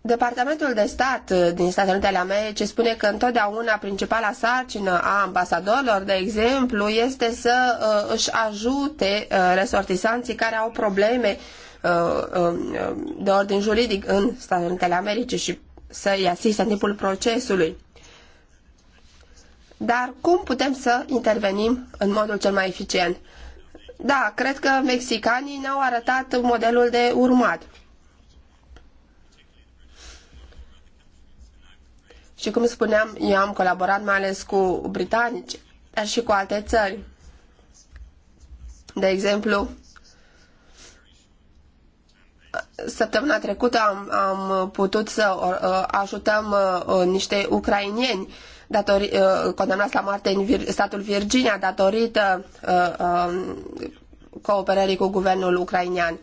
[SPEAKER 4] Departamentul de stat eh, din Statele Unite ale Americii spune că întotdeauna principala sarcină a ambasadorilor, de exemplu, este să uh, își ajute uh, resortisanții care au probleme uh, uh, de ordin juridic în Statele Unite ale Americii și să-i asiste în timpul procesului. Dar cum putem să intervenim în modul cel mai eficient? Da, cred că mexicanii ne-au arătat modelul de urmat Și cum spuneam, eu am colaborat mai ales cu britanici, dar și cu alte țări. De exemplu, săptămâna trecută am, am putut să uh, ajutăm uh, uh, niște ucrainieni datori, condamnați la moarte în statul Virginia datorită cooperării cu guvernul ucrainean.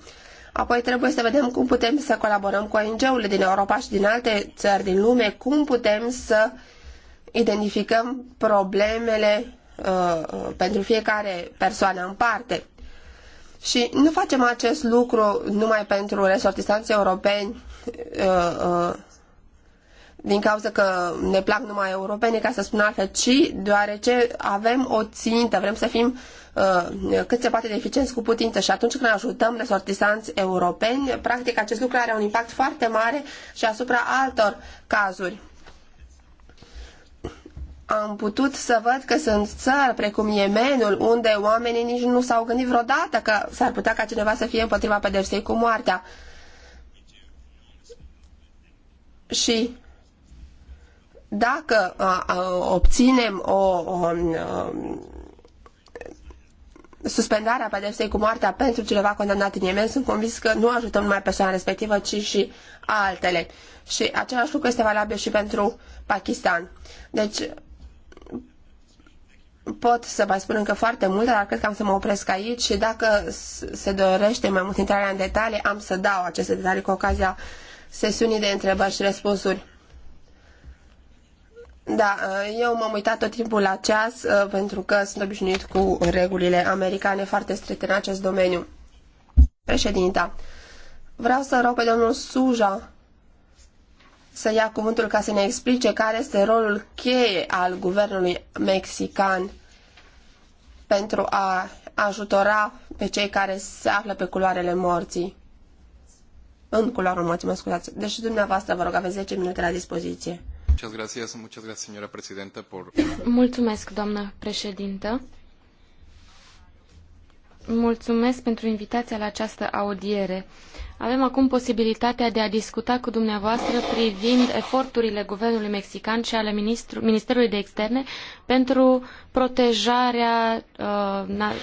[SPEAKER 4] Apoi trebuie să vedem cum putem să colaborăm cu ONG-urile din Europa și din alte țări din lume, cum putem să identificăm problemele uh, uh pentru fiecare persoană în parte. Și nu facem acest lucru numai pentru resortistanți europeni uh, uh, din cauza că ne plac numai europenii, ca să spun altfel, ci deoarece avem o țintă, vrem să fim uh, cât se poate de eficienți cu putință și atunci când ajutăm resortisanți europeni, practic acest lucru are un impact foarte mare și asupra altor cazuri. Am putut să văd că sunt țări precum Yemenul, unde oamenii nici nu s-au gândit vreodată că s-ar putea ca cineva să fie împotriva pedepsei cu moartea. Și dacă obținem o, o a pedepsei cu moartea pentru cineva condamnat în Yemen, sunt convins că nu ajutăm numai persoana respectivă, ci și altele. Și același lucru este valabil și pentru Pakistan. Deci, pot să vă spun încă foarte multe, dar cred că am să mă opresc aici și dacă se dorește mai mult intrarea în detalii, am să dau aceste detalii cu ocazia sesiunii de întrebări și răspunsuri. Da, uh, eu m-am uitat tot timpul la ceas uh, pentru că sunt obișnuit cu regulile americane foarte stricte în acest domeniu. Președinta, vreau să rog pe domnul Suja să ia cuvântul ca să ne explice care este rolul cheie al guvernului mexican pentru a ajutora pe cei care se află pe culoarele morții. În culoarul morții, mă scuzați. Deci dumneavoastră, vă rog, aveți 10 minute la
[SPEAKER 2] dispoziție. Mulțumesc, doamnă președintă. Mulțumesc pentru invitația la această audiere. Avem acum posibilitatea de a discuta cu dumneavoastră privind eforturile guvernului mexican și ale ministru, Ministerului de Externe pentru protejarea uh,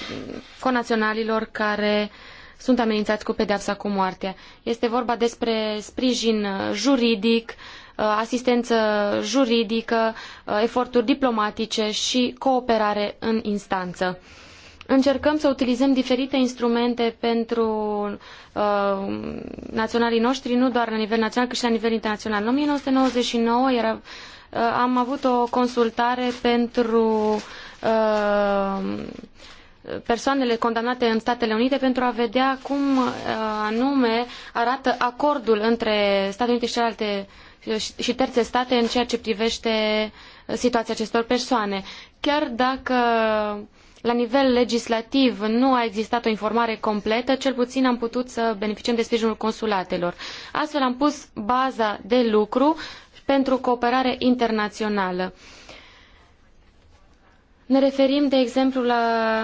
[SPEAKER 2] conaționalilor care sunt amenințați cu pedeapsa cu moartea. Este vorba despre sprijin juridic, uh, Uh, asistență juridică, uh, eforturi diplomatice și cooperare în instanță. Încercăm să utilizăm diferite instrumente pentru uh, naționalii noștri, nu doar la nivel național, cât și la nivel internațional. În 1999 era, uh, am avut o consultare pentru uh, persoanele condamnate în Statele Unite pentru a vedea cum uh, anume arată acordul între Statele Unite și celelalte uh, și terțe state în ceea ce privește uh, situația acestor persoane. Chiar dacă uh, la nivel legislativ nu a existat o informare completă, cel puțin am putut să beneficiem de sprijinul consulatelor. Astfel am pus baza de lucru pentru cooperare internațională. Ne referim, de exemplu, la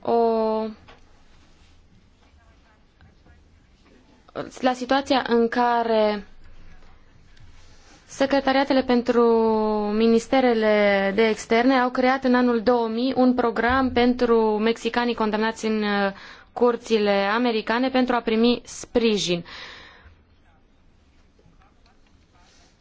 [SPEAKER 2] o la situația în care Secretariatele pentru ministerele de externe au creat în anul 2000 un program pentru mexicanii condamnați în uh, curțile americane pentru a primi sprijin.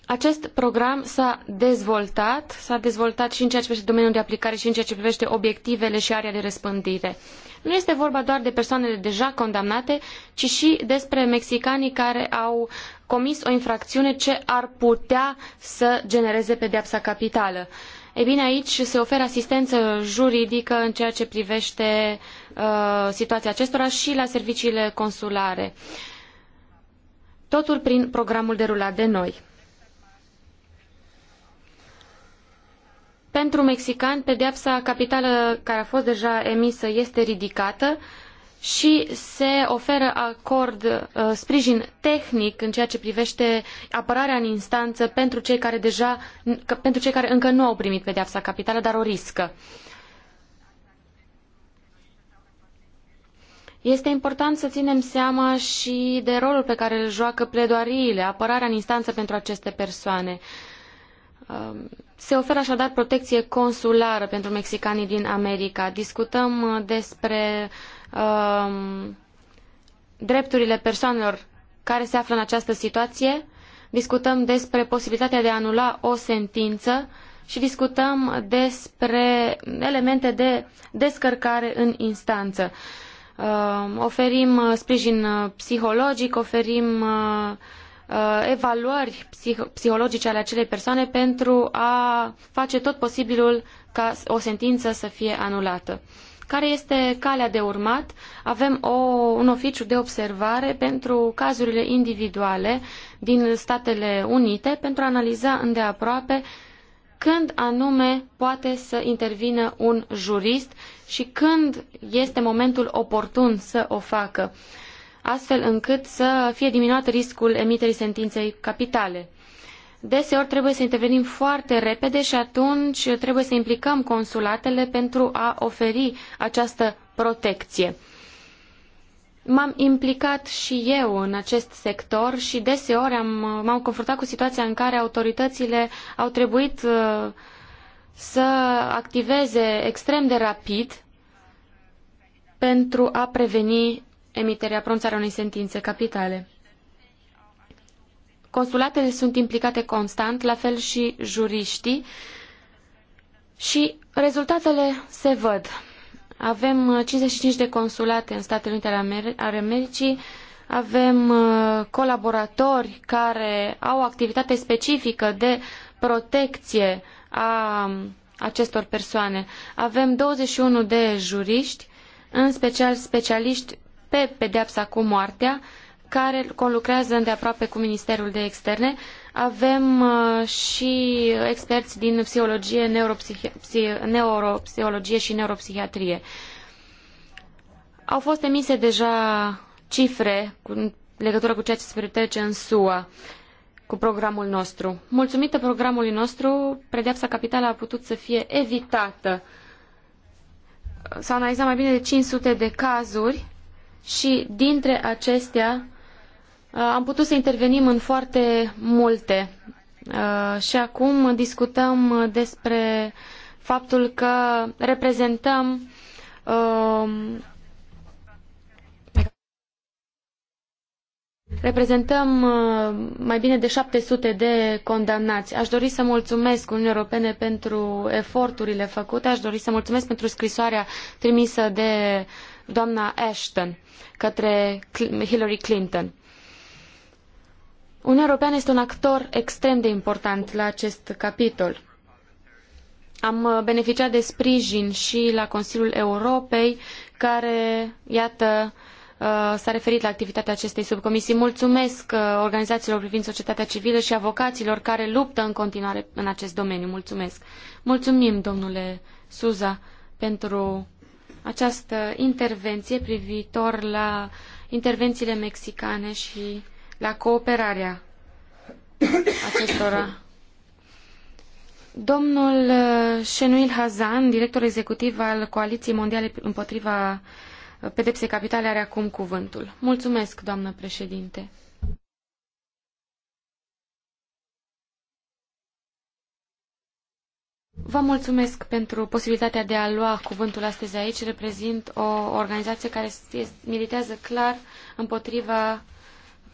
[SPEAKER 2] Acest program s-a dezvoltat, s-a dezvoltat și în ceea ce privește domeniul de aplicare și în ceea ce privește obiectivele și area de răspândire. Nu este vorba doar de persoanele deja condamnate, ci și despre mexicanii care au comis o infracțiune ce ar putea să genereze pedeapsa capitală. Ei bine, aici se oferă asistență juridică în ceea ce privește uh, situația acestora și la serviciile consulare. Totul prin programul derulat de noi. Pentru mexican, pedeapsa capitală care a fost deja emisă este ridicată, uh, și se oferă acord uh, sprijin tehnic în ceea ce privește apărarea în instanță pentru cei care deja pentru cei care încă nu au primit pedeapsa capitală, dar o riscă. Este important să ținem seama și de rolul pe care îl joacă pledoariile, apărarea în instanță pentru aceste persoane. Um, se oferă așadar protecție consulară pentru mexicanii din America. Discutăm uh, despre Um, drepturile persoanelor care se află în această situație, discutăm despre posibilitatea de a anula o sentință și discutăm despre elemente de descărcare în instanță. Um, oferim uh, sprijin uh, psihologic, oferim uh, evaluări psihologice ale acelei persoane pentru a face tot posibilul ca o sentință să fie anulată. Care este calea de urmat? Avem o, un oficiu de observare pentru cazurile individuale din Statele Unite pentru a analiza îndeaproape când anume poate să intervină un jurist și când este momentul oportun să o facă, astfel încât să fie diminuat riscul emiterii sentinței capitale. Deseori trebuie să intervenim foarte repede și atunci trebuie să implicăm consulatele pentru a oferi această protecție. M-am implicat și eu în acest sector și deseori am, m-am confruntat cu situația în care autoritățile au trebuit uh, să activeze extrem de rapid pentru a preveni emiterea pronunțarea unei sentințe capitale. Consulatele sunt implicate constant, la fel și juriștii și rezultatele se văd. Avem 55 uh, de consulate în Statele Unite ale Americii, avem uh, colaboratori care au o activitate specifică de protecție a um, acestor persoane. Avem 21 de juriști, în special specialiști pe pedeapsa cu moartea, care conlucrează îndeaproape cu Ministerul de Externe. Avem uh, și experți din psihologie, neuropsihi neuropsihologie și neuropsihiatrie. Au fost emise deja cifre cu legătură cu ceea ce se petrece în SUA cu programul nostru. Mulțumită programului nostru, pedeapsa capitală a putut să fie evitată. S-au analizat mai bine de 500 de cazuri și dintre acestea Uh, am putut să intervenim în foarte multe uh, și acum discutăm despre faptul că reprezentăm um, Reprezentăm uh, mai bine de 700 de condamnați. Aș dori să mulțumesc Uniunii Europene pentru eforturile făcute, aș dori să mulțumesc pentru scrisoarea trimisă de doamna Ashton către Hillary Clinton. Uniunea Europeană este un actor extrem de important la acest capitol. Am uh, beneficiat de sprijin și la Consiliul Europei, care, iată, uh, s-a referit la activitatea acestei subcomisii. Mulțumesc uh, organizațiilor privind societatea civilă și avocaților care luptă în continuare în acest domeniu. Mulțumesc. Mulțumim, domnule Suza, pentru această intervenție privitor la intervențiile mexicane și la cooperarea acestora. Domnul uh, Shenuil Hazan, director executiv al Coaliției Mondiale împotriva uh, pedepsei capitale, are acum cuvântul. Mulțumesc, doamnă președinte. Vă mulțumesc pentru posibilitatea de a lua cuvântul astăzi aici. Reprezint o organizație care militează clar împotriva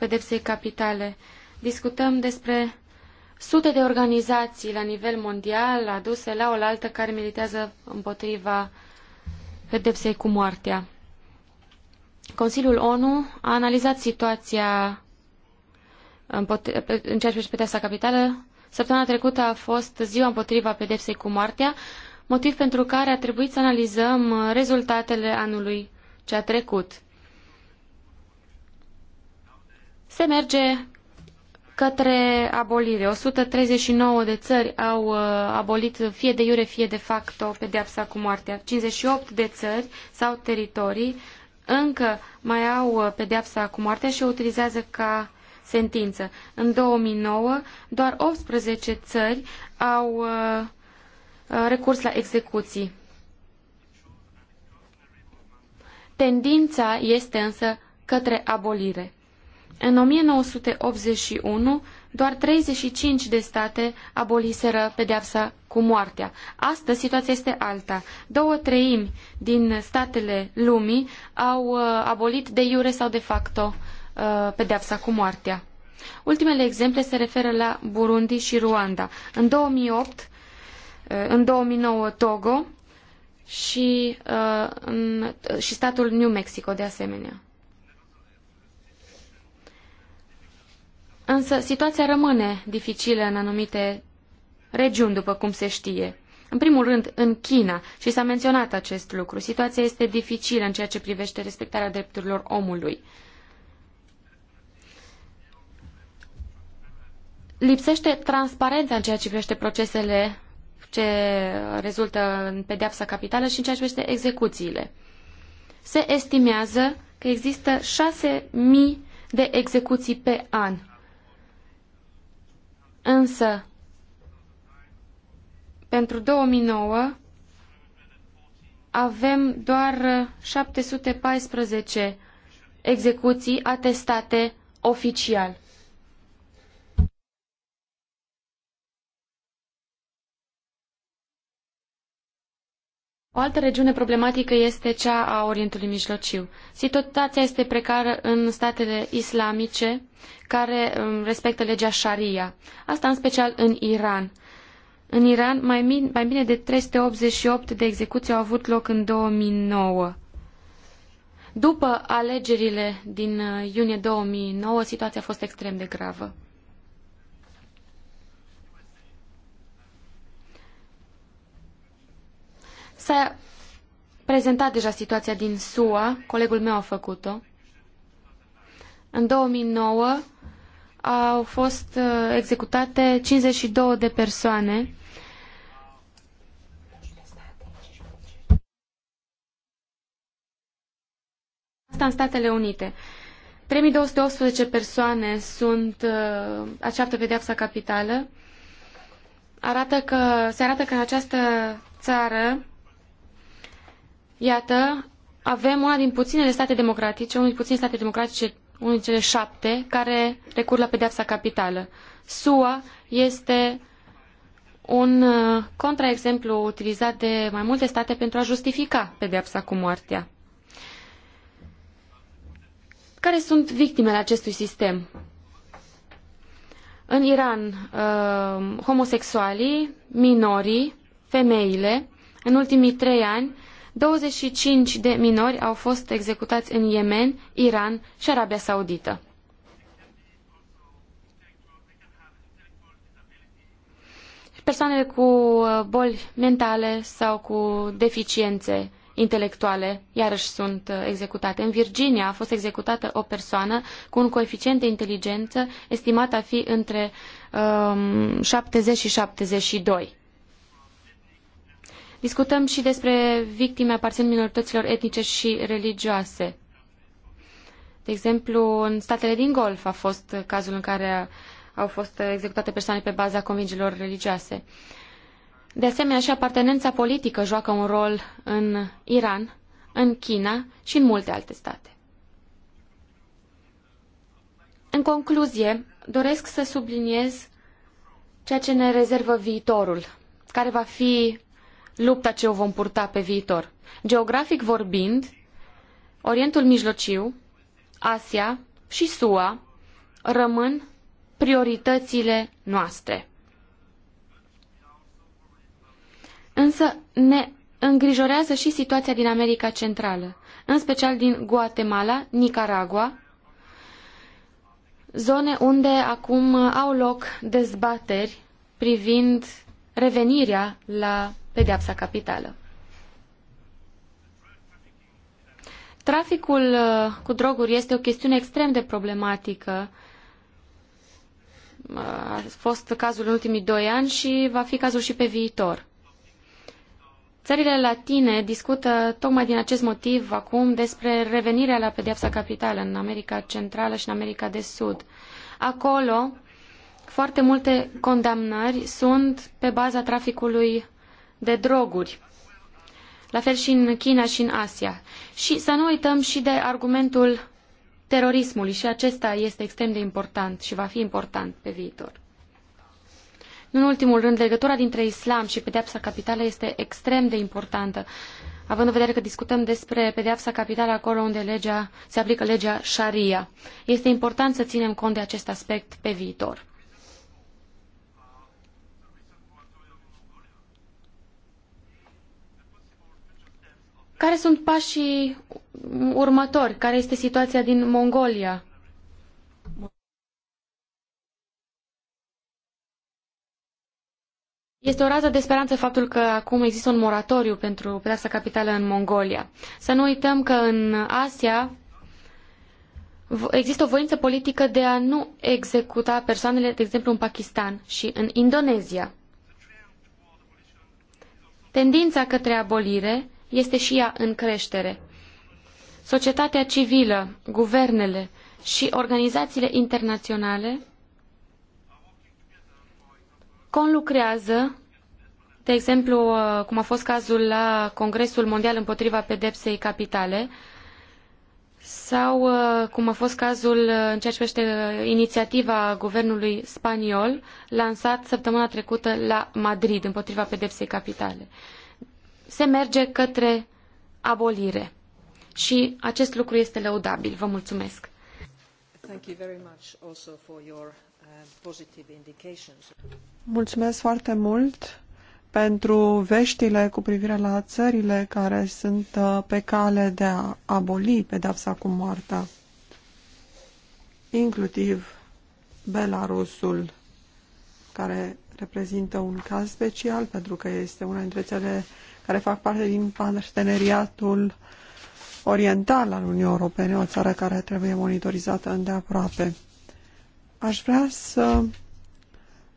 [SPEAKER 2] pedepsei capitale. Discutăm despre sute de organizații la nivel mondial aduse la oaltă care militează împotriva pedepsei cu moartea. Consiliul ONU a analizat situația în ceea ce privește pedepsa capitală. Săptămâna trecută a fost ziua împotriva pedepsei cu moartea, motiv pentru care a trebuit să analizăm rezultatele anului ce a trecut se merge către abolire. 139 de țări au uh, abolit fie de iure, fie de facto pedeapsa cu moartea. 58 de țări sau teritorii încă mai au uh, pedeapsa cu moartea și o utilizează ca sentință. În 2009, doar 18 țări au uh, recurs la execuții. Tendința este însă către abolire. În 1981, doar 35 de state aboliseră pedeapsa cu moartea. Astăzi situația este alta. Două treimi din statele lumii au uh, abolit de iure sau de facto uh, pedeapsa cu moartea. Ultimele exemple se referă la Burundi și Ruanda. În 2008, uh, în 2009 Togo și, în, și statul New Mexico de asemenea. Însă situația rămâne dificilă în anumite regiuni, după cum se știe. În primul rând, în China, și s-a menționat acest lucru, situația este dificilă în ceea ce privește respectarea drepturilor omului. Lipsește transparența în ceea ce privește procesele ce rezultă în pedeapsa capitală și în ceea ce privește execuțiile. Se estimează că există 6.000 de execuții pe an Însă, pentru 2009 avem doar 714 execuții atestate oficial. altă regiune problematică este cea a Orientului Mijlociu. Situația este precară în statele islamice care um, respectă legea Sharia, asta în special în Iran. În Iran, mai, min, mai bine de 388 de execuții au avut loc în 2009. După alegerile din uh, iunie 2009, situația a fost extrem de gravă. S-a prezentat deja situația din SUA, colegul meu a făcut-o. În 2009 au fost uh, executate 52 de persoane. Asta în Statele Unite. 3218 persoane sunt uh, aceaptă pedeapsa capitală. Arată că, se arată că în această țară Iată, avem una din puținele state democratice, unul din puținele state democratice, unul din cele șapte, care recur la pedeapsa capitală. SUA este un uh, contraexemplu utilizat de mai multe state pentru a justifica pedeapsa cu moartea. Care sunt victimele acestui sistem? În Iran, uh, homosexualii, minorii, femeile, în ultimii trei ani, 25 de minori au fost executați în Yemen, Iran și Arabia Saudită. Persoanele cu uh, boli mentale sau cu deficiențe intelectuale iarăși sunt uh, executate. În Virginia a fost executată o persoană cu un coeficient de inteligență estimat a fi între um, 70 și 72. Discutăm și despre victime aparțin minorităților etnice și religioase. De exemplu, în statele din Golf a fost cazul în care au fost executate persoane pe baza convingilor religioase. De asemenea, și apartenența politică joacă un rol în Iran, în China și în multe alte state. În concluzie, doresc să subliniez ceea ce ne rezervă viitorul, care va fi lupta ce o vom purta pe viitor. Geografic vorbind, Orientul Mijlociu, Asia și SUA rămân prioritățile noastre. Însă ne îngrijorează și situația din America Centrală, în special din Guatemala, Nicaragua, zone unde acum au loc dezbateri privind revenirea la pedeapsa capitală. Traficul uh, cu droguri este o chestiune extrem de problematică. Uh, a fost cazul în ultimii doi ani și va fi cazul și pe viitor. Țările latine discută tocmai din acest motiv acum despre revenirea la pedeapsa capitală în America Centrală și în America de Sud. Acolo, foarte multe condamnări sunt pe baza traficului de droguri. La fel și în China și în Asia. Și să nu uităm și de argumentul terorismului și acesta este extrem de important și va fi important pe viitor. Nu în ultimul rând, legătura dintre islam și pedeapsa capitală este extrem de importantă, având în vedere că discutăm despre pedeapsa capitală acolo unde legea, se aplică legea Sharia. Este important să ținem cont de acest aspect pe viitor. Care sunt pașii următori? Care este situația din Mongolia? Este o rază de speranță faptul că acum există un moratoriu pentru pedeapsa capitală în Mongolia. Să nu uităm că în Asia există o voință politică de a nu executa persoanele, de exemplu, în Pakistan și în Indonezia. Tendința către abolire este și ea în creștere. Societatea civilă, guvernele și organizațiile internaționale conlucrează, de exemplu, uh, cum a fost cazul la Congresul Mondial împotriva pedepsei capitale, sau uh, cum a fost cazul uh, în ceea ce privește inițiativa guvernului spaniol lansat săptămâna trecută la Madrid împotriva pedepsei capitale se merge către abolire. Și acest lucru este lăudabil. Vă mulțumesc.
[SPEAKER 1] Uh,
[SPEAKER 2] mulțumesc
[SPEAKER 3] foarte mult pentru veștile cu privire la țările care sunt uh, pe cale de a aboli pedepsa cu moartea, inclusiv Belarusul, care reprezintă un caz special pentru că este una dintre țările care fac parte din parteneriatul oriental al Uniunii Europene, o țară care trebuie monitorizată îndeaproape. Aș vrea să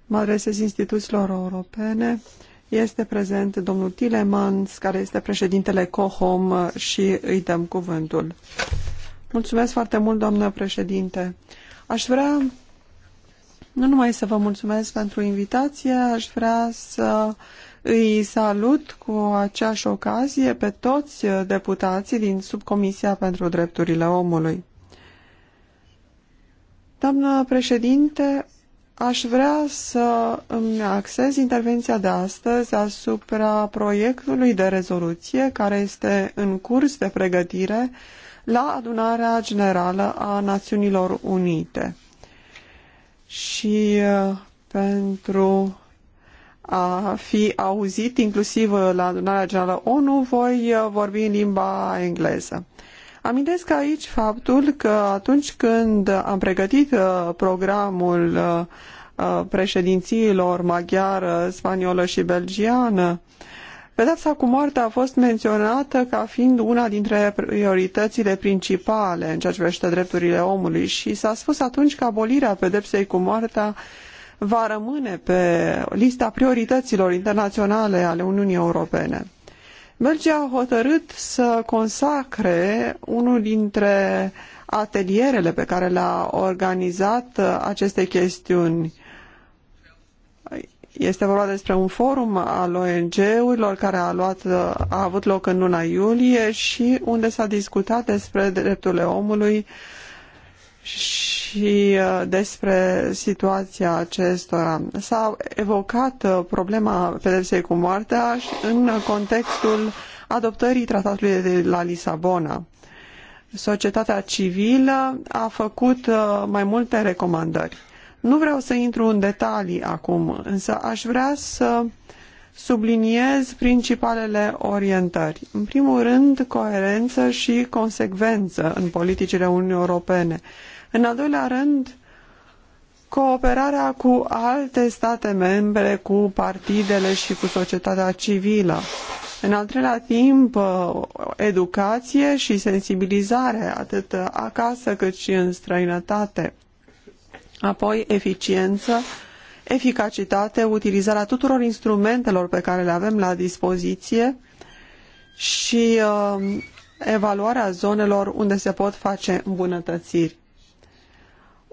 [SPEAKER 3] mă adresez instituțiilor europene. Este prezent domnul Tilemans, care este președintele COHOM și îi dăm cuvântul. Mulțumesc foarte mult, doamnă președinte. Aș vrea nu numai să vă mulțumesc pentru invitație, aș vrea să îi salut cu aceeași ocazie pe toți deputații din Subcomisia pentru Drepturile Omului. Doamnă președinte, aș vrea să îmi axez intervenția de astăzi asupra proiectului de rezoluție care este în curs de pregătire la adunarea generală a Națiunilor Unite. Și uh, pentru a fi auzit, inclusiv la adunarea generală ONU, voi uh, vorbi în limba engleză. Amintesc aici faptul că atunci când am pregătit uh, programul uh, președințiilor maghiară, spaniolă și belgiană, Pedepsa cu moartea a fost menționată ca fiind una dintre prioritățile principale în ceea ce privește drepturile omului și s-a spus atunci că abolirea pedepsei cu moartea va rămâne pe lista priorităților internaționale ale Uniunii Europene. Belgia a hotărât să consacre unul dintre atelierele pe care le-a organizat aceste chestiuni. Este vorba despre un forum al ONG-urilor care a, luat, a avut loc în luna iulie și unde s-a discutat despre drepturile omului uh, și uh, despre situația acestora. S-a evocat uh, problema pedepsei cu moartea în contextul adoptării tratatului de la Lisabona. Societatea civilă a făcut uh, mai multe recomandări. Nu vreau să intru în detalii acum, însă aș vrea să subliniez principalele orientări. În primul rând, coerență și consecvență în politicile Uniunii Europene. În al doilea rând, cooperarea cu alte state membre, cu partidele și cu societatea civilă. În al treilea timp, uh, educație și sensibilizare, atât acasă cât și în străinătate. Apoi, eficiență, eficacitate, utilizarea tuturor instrumentelor pe care le avem la dispoziție și uh, evaluarea zonelor unde se pot face îmbunătățiri.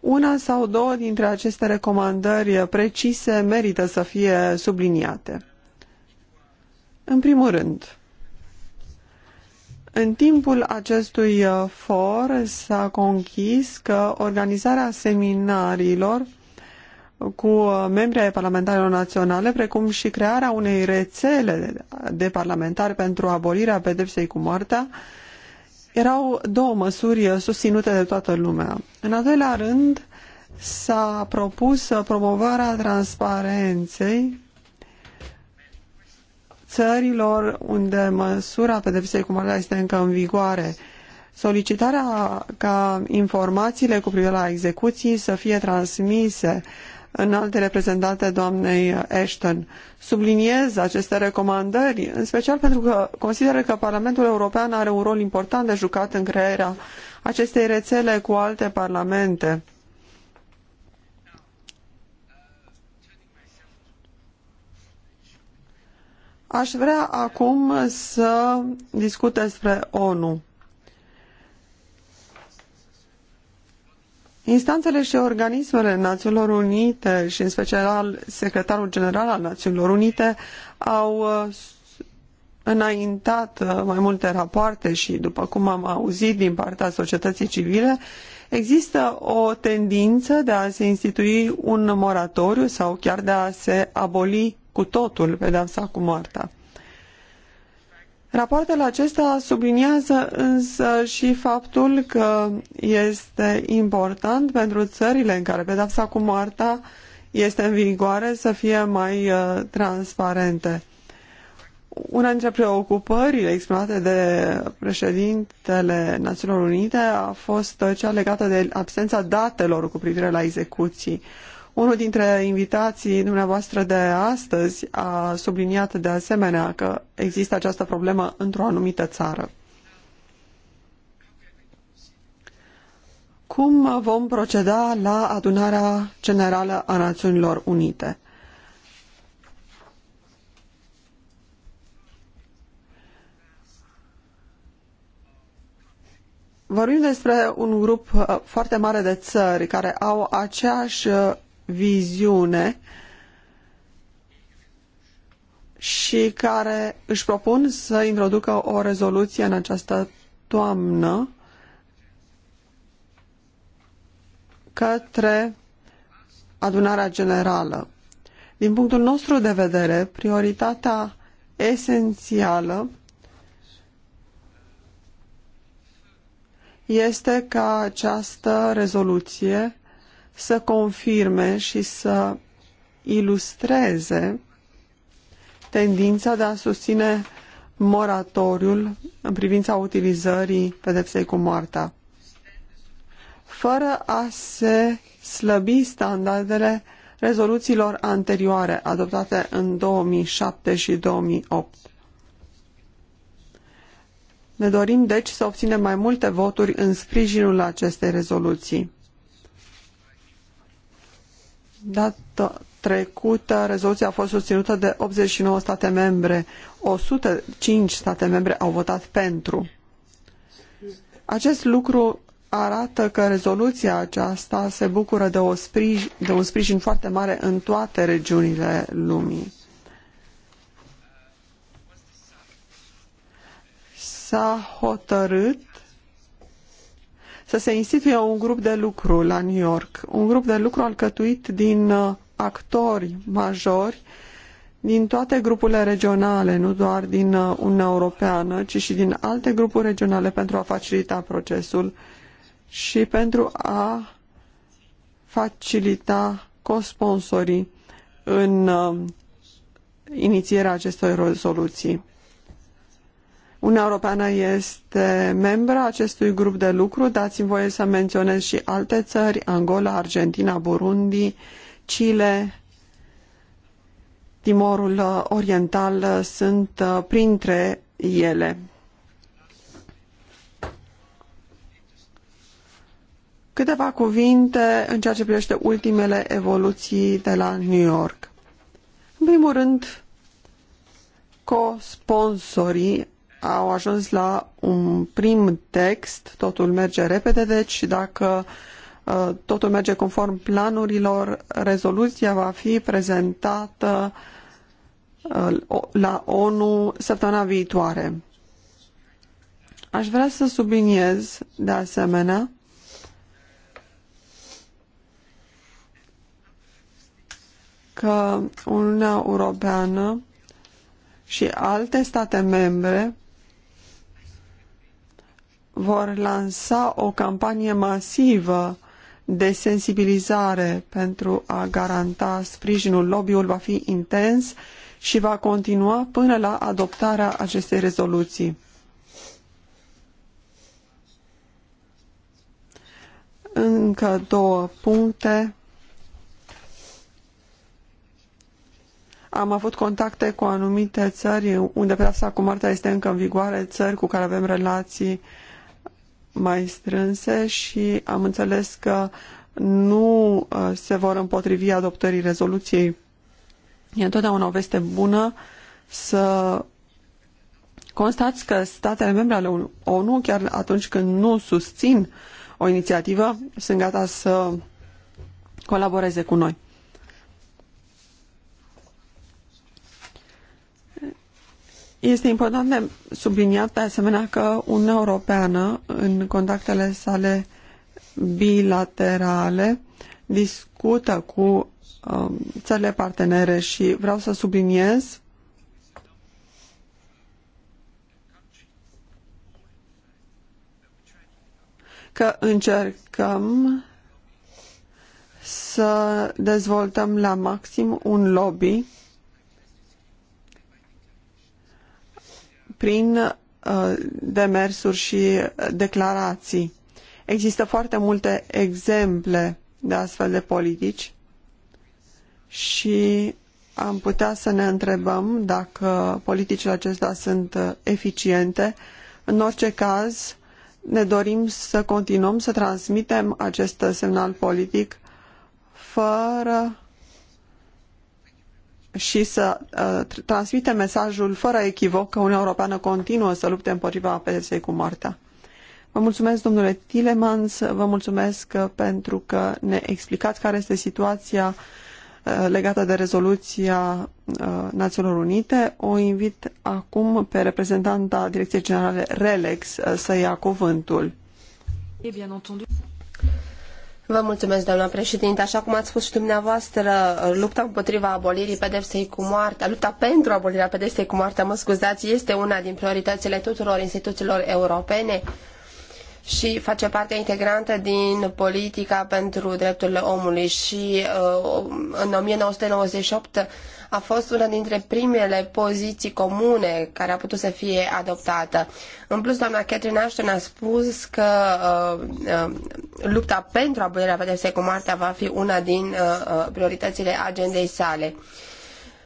[SPEAKER 3] Una sau două dintre aceste recomandări precise merită să fie subliniate. În primul rând, în timpul acestui uh, for s-a conchis că organizarea seminariilor cu uh, membrii ai parlamentarilor naționale, precum și crearea unei rețele de parlamentari pentru abolirea pedepsei cu moartea, erau două măsuri susținute de toată lumea. În al doilea rând, s-a propus promovarea transparenței țărilor unde măsura pedepsei cu moartea este încă în vigoare. Solicitarea ca informațiile cu privire la execuții să fie transmise înalte reprezentante doamnei Ashton. Subliniez aceste recomandări, în special pentru că consider că Parlamentul European are un rol important de jucat în crearea acestei rețele cu alte parlamente. Aș vrea acum să discut despre ONU. Instanțele și organismele Națiunilor Unite și în special secretarul general al Națiunilor Unite au uh, înaintat uh, mai multe rapoarte și, după cum am auzit din partea societății civile, există o tendință de a se institui un moratoriu sau chiar de a se aboli cu totul pedeapsa cu moartea. Rapoartele acestea subliniază însă și faptul că este important pentru țările în care pedapsa cu moartea este în vigoare să fie mai uh, transparente. Una dintre preocupările exprimate de președintele Națiunilor Unite a fost cea legată de absența datelor cu privire la execuții. Uh, unul dintre invitații dumneavoastră de astăzi a subliniat de asemenea că există această problemă într-o anumită țară. Cum vom proceda la adunarea generală a Națiunilor Unite? Vorbim despre un grup uh, foarte mare de țări care au aceeași uh, viziune și care își propun să introducă o rezoluție în această toamnă către adunarea generală. Din punctul nostru de vedere, prioritatea esențială este ca această rezoluție să confirme și să ilustreze tendința de a susține moratoriul în privința utilizării pedepsei cu moartea, fără a se slăbi standardele rezoluțiilor anterioare adoptate în 2007 și 2008. Ne dorim, deci, să obținem mai multe voturi în sprijinul acestei rezoluții dată trecută rezoluția a fost susținută de 89 state membre. 105 state membre au votat pentru. Acest lucru arată că rezoluția aceasta se bucură de, o de un sprijin foarte mare în toate regiunile lumii. S-a hotărât să se instituie un grup de lucru la New York, un grup de lucru alcătuit din uh, actori majori din toate grupurile regionale, nu doar din uh, Uniunea Europeană, ci și din alte grupuri regionale pentru a facilita procesul și pentru a facilita cosponsorii în uh, inițierea acestor rezoluții. Uniunea Europeană este membra acestui grup de lucru. Dați-mi voie să menționez și alte țări, Angola, Argentina, Burundi, Chile, Timorul Oriental sunt uh, printre ele. Câteva cuvinte în ceea ce privește ultimele evoluții de la New York. În primul rând, co-sponsorii au ajuns la un prim text, totul merge repede, deci dacă uh, totul merge conform planurilor, rezoluția va fi prezentată uh, la ONU săptămâna viitoare. Aș vrea să subliniez, de asemenea, că Uniunea Europeană și alte state membre vor lansa o campanie masivă de sensibilizare pentru a garanta sprijinul. Lobby-ul va fi intens și va continua până la adoptarea acestei rezoluții. Încă două puncte. Am avut contacte cu anumite țări unde pedeapsa cu moartea este încă în vigoare, țări cu care avem relații uh, mai strânse și am înțeles că nu uh, se vor împotrivi adoptării rezoluției. E întotdeauna o veste bună să constați că statele membre ale ONU, chiar atunci când nu susțin o inițiativă, sunt gata să colaboreze cu noi. Este important de subliniat de asemenea că Uniunea Europeană în contactele sale bilaterale discută cu um, țările partenere și vreau să subliniez că încercăm să dezvoltăm la maxim un lobby prin uh, demersuri și declarații. Există foarte multe exemple de astfel de politici și am putea să ne întrebăm dacă politicile acestea sunt uh, eficiente. În orice caz, ne dorim să continuăm să transmitem acest semnal politic fără și să uh, transmitem mesajul fără echivoc că Uniunea Europeană continuă să lupte împotriva pedepsei cu moartea. Vă mulțumesc, domnule Tilemans, vă mulțumesc uh, pentru că ne explicați care este situația uh, legată de rezoluția uh, Națiunilor Unite. O invit acum pe reprezentanta Direcției Generale RELEX să ia cuvântul.
[SPEAKER 1] E, eh bien entendu.
[SPEAKER 4] Vă mulțumesc, doamna președinte. Așa cum ați spus și dumneavoastră, lupta împotriva abolirii pedepsei cu moartea, lupta pentru abolirea pedepsei cu moartea, mă scuzați, este una din prioritățile tuturor instituțiilor europene și face parte integrantă din politica pentru drepturile omului și uh, în 1998 a fost una dintre primele poziții comune care a putut să fie adoptată. În plus, doamna Catherine Ashton a spus că uh, uh, lupta pentru abolirea pedepsei cu moartea va fi una din uh, uh prioritățile agendei sale. Uh,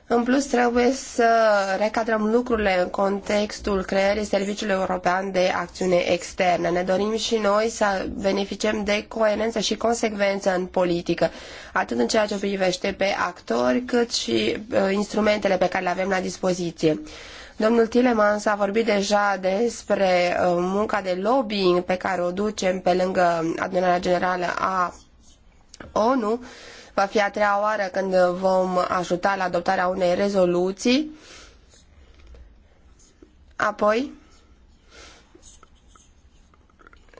[SPEAKER 4] în plus, trebuie să recadrăm lucrurile în contextul creării Serviciului European de Acțiune Externă. Ne dorim și noi să beneficiem de coerență și consecvență în politică, atât în ceea ce privește pe actori, cât și uh, instrumentele pe care le avem la dispoziție. Domnul Tilemans a vorbit deja despre uh, munca de lobbying pe care o ducem pe lângă adunarea generală a ONU, uh, Va fi a treia oară când vom ajuta la adoptarea unei rezoluții. Apoi,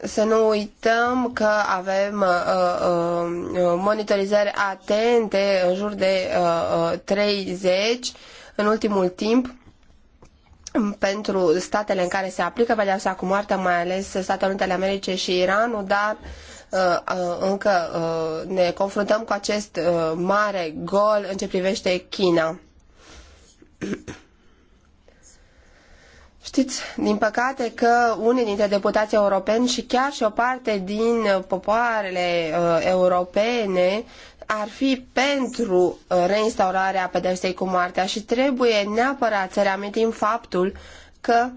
[SPEAKER 4] să nu uităm că avem uh, uh, monitorizări atente în jur de uh, 30 uh, în ultimul timp pentru statele în care se aplică pedeapsa cu moartea, mai ales Statele Unite ale Americii și Iranul, dar uh, Uh, uh, încă uh, ne confruntăm cu acest mare gol în ce privește China. Știți, din păcate că unii dintre deputații europeni și chiar și o parte din popoarele europene ar fi pentru reinstaurarea pedepsei cu moartea și trebuie neapărat să reamintim faptul că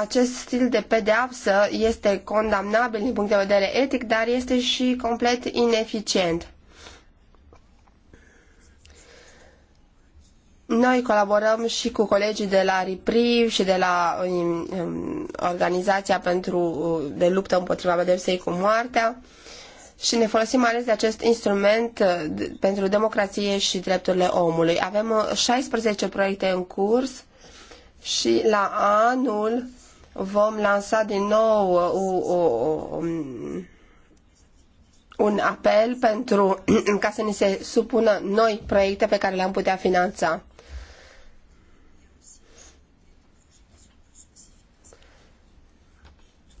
[SPEAKER 4] acest stil de pedeapsă este condamnabil din punct de vedere etic, dar este și complet ineficient. Noi colaborăm și cu colegii de la RIPRIV și de la um, um Organizația pentru, uh, de luptă împotriva pedepsei cu moartea și ne folosim ales de acest instrument uh, pentru democrație și drepturile omului. Avem 16 uh, proiecte în curs și la anul vom lansa din nou o, uh, o, um, un apel pentru ca să ni se supună noi proiecte pe care le-am putea finanța.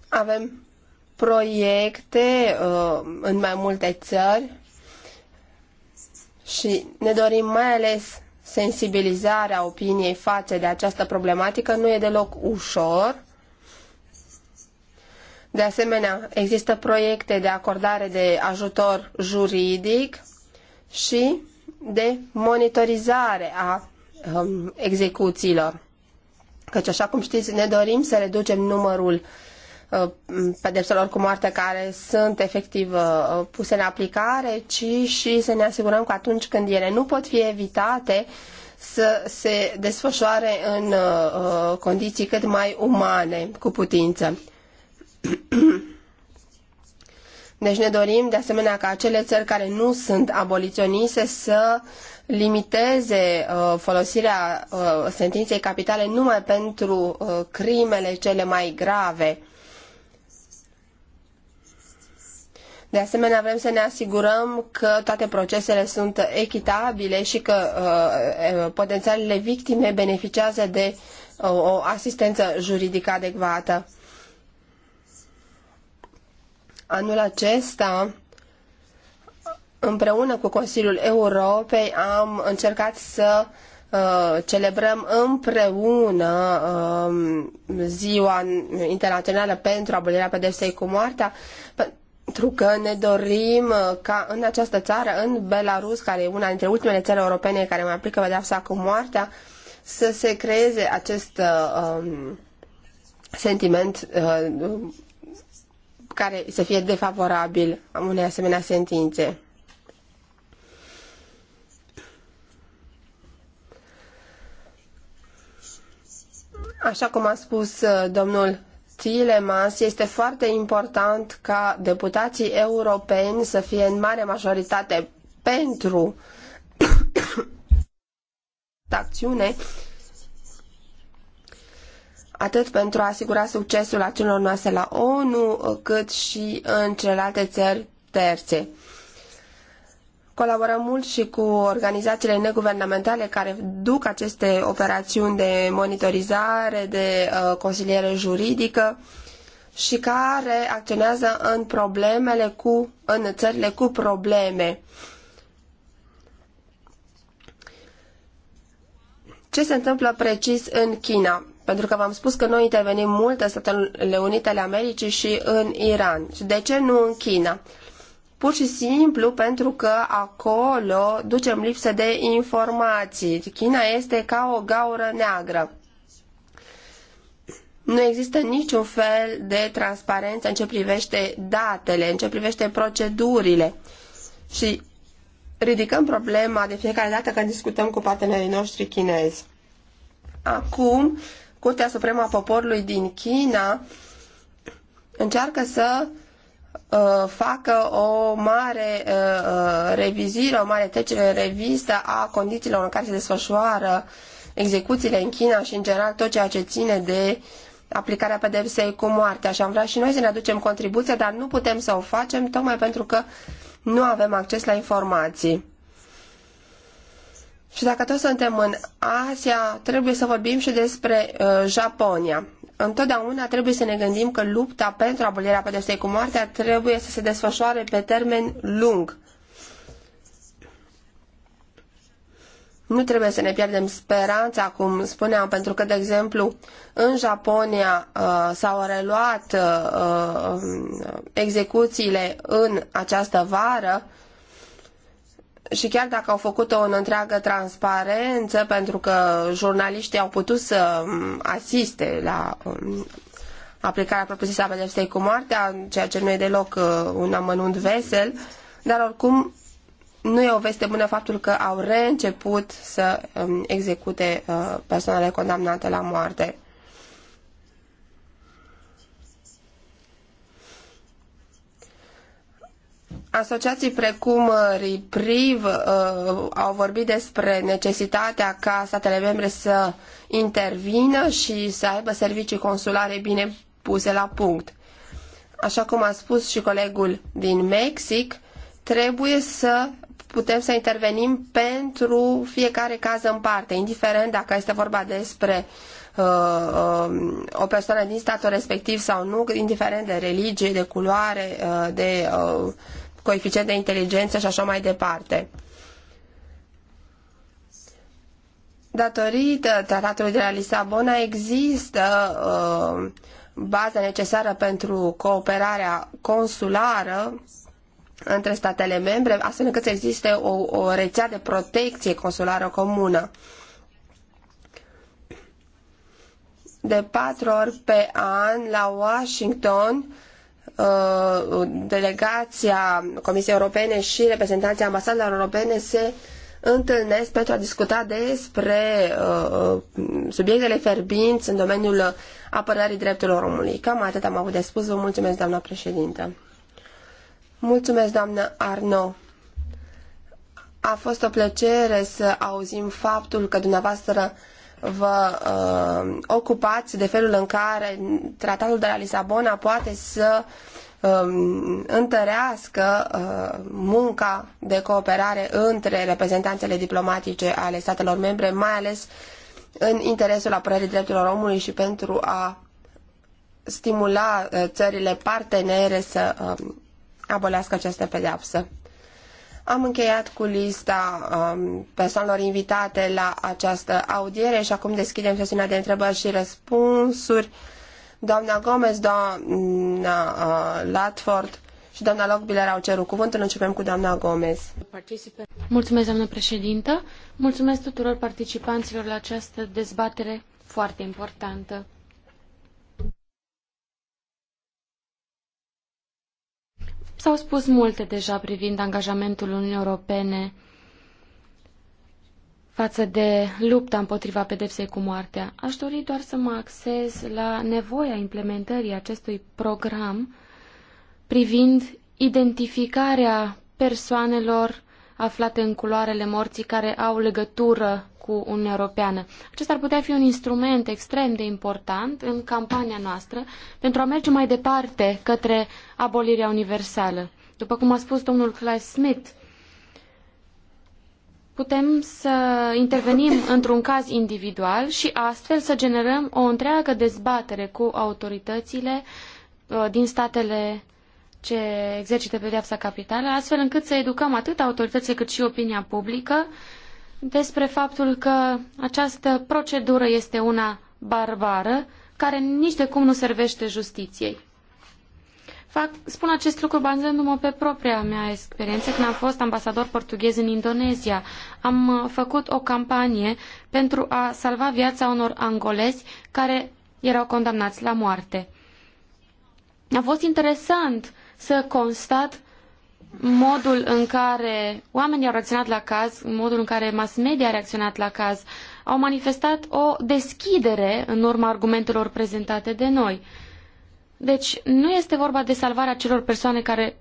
[SPEAKER 4] Avem proiecte uh, în mai multe țări și ne dorim mai ales sensibilizarea opiniei față de această problematică. Nu e deloc ușor de asemenea, există proiecte de acordare de ajutor juridic și de monitorizare a um, execuțiilor. Căci, așa cum știți, ne dorim să reducem numărul uh, pedepselor cu moarte care sunt efectiv uh, puse în aplicare, ci și să ne asigurăm că atunci când ele nu pot fi evitate, să se desfășoare în uh, condiții cât mai umane, cu putință. Deci ne dorim de asemenea ca acele țări care nu sunt aboliționiste să limiteze uh, folosirea uh, sentinței capitale numai pentru uh, crimele cele mai grave. De asemenea, vrem să ne asigurăm că toate procesele sunt echitabile și că uh, potențialele victime beneficiază de uh, o asistență juridică adecvată. Anul acesta, împreună cu Consiliul Europei, am încercat să uh, celebrăm împreună uh, Ziua Internațională pentru abolirea pedepsei cu moartea, pentru că ne dorim uh, ca în această țară, în Belarus, care e una dintre ultimele țări europene care mai aplică pedeapsa cu moartea, să se creeze acest uh, um, sentiment uh, care să fie defavorabil unei asemenea sentințe. Așa cum a spus uh, domnul Tilemans, este foarte important ca deputații europeni să fie în mare majoritate pentru acțiune atât pentru a asigura succesul acțiunilor noastre la ONU, cât și în celelalte țări terțe. Colaborăm mult și cu organizațiile neguvernamentale care duc aceste operațiuni de monitorizare, de uh, consiliere juridică și care acționează în problemele cu, în țările cu probleme. Ce se întâmplă precis în China? Pentru că v-am spus că noi intervenim mult în Statele Unite ale Americii și în Iran. Și de ce nu în China? Pur și simplu pentru că acolo ducem lipsă de informații. China este ca o gaură neagră. Nu există niciun fel de transparență în ce privește datele, în ce privește procedurile. Și ridicăm problema de fiecare dată când discutăm cu partenerii noștri chinezi. Acum Curtea Supremă a Poporului din China încearcă să uh, facă o mare uh, uh, revizire, o mare trecere în revistă a condițiilor în care se desfășoară execuțiile în China și, în general, tot ceea ce ține de aplicarea pedepsei cu moartea. Și am vrea și noi să ne aducem contribuția, dar nu putem să o facem tocmai pentru că nu avem acces la informații. Și dacă tot suntem în Asia, trebuie să vorbim și despre uh, Japonia. Întotdeauna trebuie să ne gândim că lupta pentru abolirea pedepsei cu moartea trebuie să se desfășoare pe termen lung. Nu trebuie să ne pierdem speranța, cum spuneam, pentru că, de exemplu, în Japonia uh, s-au reluat uh, uh execuțiile în această vară, uh, și chiar dacă au făcut-o în întreagă transparență, pentru că jurnaliștii au putut să um, asiste la um, aplicarea propriu-zisă a pedepsei cu moartea, ceea ce nu e deloc uh, un amănunt vesel, dar oricum nu e o veste bună faptul că au reînceput să um, execute uh, persoanele condamnate la moarte. Asociații precum uh, RIPRIV uh, au vorbit despre necesitatea ca statele membre să intervină și să aibă servicii consulare bine puse la punct. Așa cum a spus și colegul din Mexic, trebuie să putem să intervenim pentru fiecare caz în parte, indiferent dacă este vorba despre uh, uh, o persoană din statul respectiv sau nu, indiferent de religie, de culoare, uh, de uh, coeficient de inteligență și așa mai departe. Datorită tratatului de la Lisabona există uh, baza necesară pentru cooperarea consulară între statele membre, astfel încât să existe o, o rețea de protecție consulară comună. De patru ori pe an, la Washington, Uh, delegația Comisiei Europene și reprezentanții ambasadelor europene se întâlnesc pentru a discuta despre uh, subiectele ferbinți în domeniul apărării drepturilor omului. Cam atât am avut de spus. Vă mulțumesc, doamna președintă. Mulțumesc, doamnă Arno. A fost o plăcere să auzim faptul că dumneavoastră vă uh, ocupați de felul în care tratatul de la Lisabona poate să um, întărească uh, munca de cooperare între reprezentanțele diplomatice ale statelor membre, mai ales în interesul apărării drepturilor omului și pentru a stimula uh, țările partenere să uh, abolească această pedeapsă. Am încheiat cu lista um, persoanelor invitate la această audiere și acum deschidem sesiunea de întrebări și răspunsuri. Doamna Gomez, doamna uh, Latford și doamna Lockbiller au cerut cuvântul. Începem cu doamna
[SPEAKER 2] Gomez. Mulțumesc, doamnă președintă. Mulțumesc tuturor participanților la această dezbatere foarte importantă. S-au spus multe deja privind angajamentul Uniunii Europene față de lupta împotriva pedepsei cu moartea. Aș dori doar să mă axez la nevoia implementării acestui program privind identificarea persoanelor aflate în culoarele morții care au legătură cu Uniunea Europeană. Acesta ar putea fi un instrument extrem de important în campania noastră pentru a merge mai departe către abolirea universală. După cum a spus domnul Clive Smith, putem să intervenim într-un caz individual și astfel să generăm o întreagă dezbatere cu autoritățile uh, din statele ce exercită pedeapsa capitală, astfel încât să educăm atât autoritățile cât și opinia publică despre faptul că această procedură este una barbară, care nici de cum nu servește justiției. Fac, spun acest lucru bazându-mă pe propria mea experiență când am fost ambasador portughez în Indonezia. Am uh, făcut o campanie pentru a salva viața unor angolezi care erau condamnați la moarte. A fost interesant să constat modul în care oamenii au reacționat la caz, modul în care mass media a reacționat la caz, au manifestat o deschidere în urma argumentelor prezentate de noi. Deci nu este vorba de salvarea celor persoane care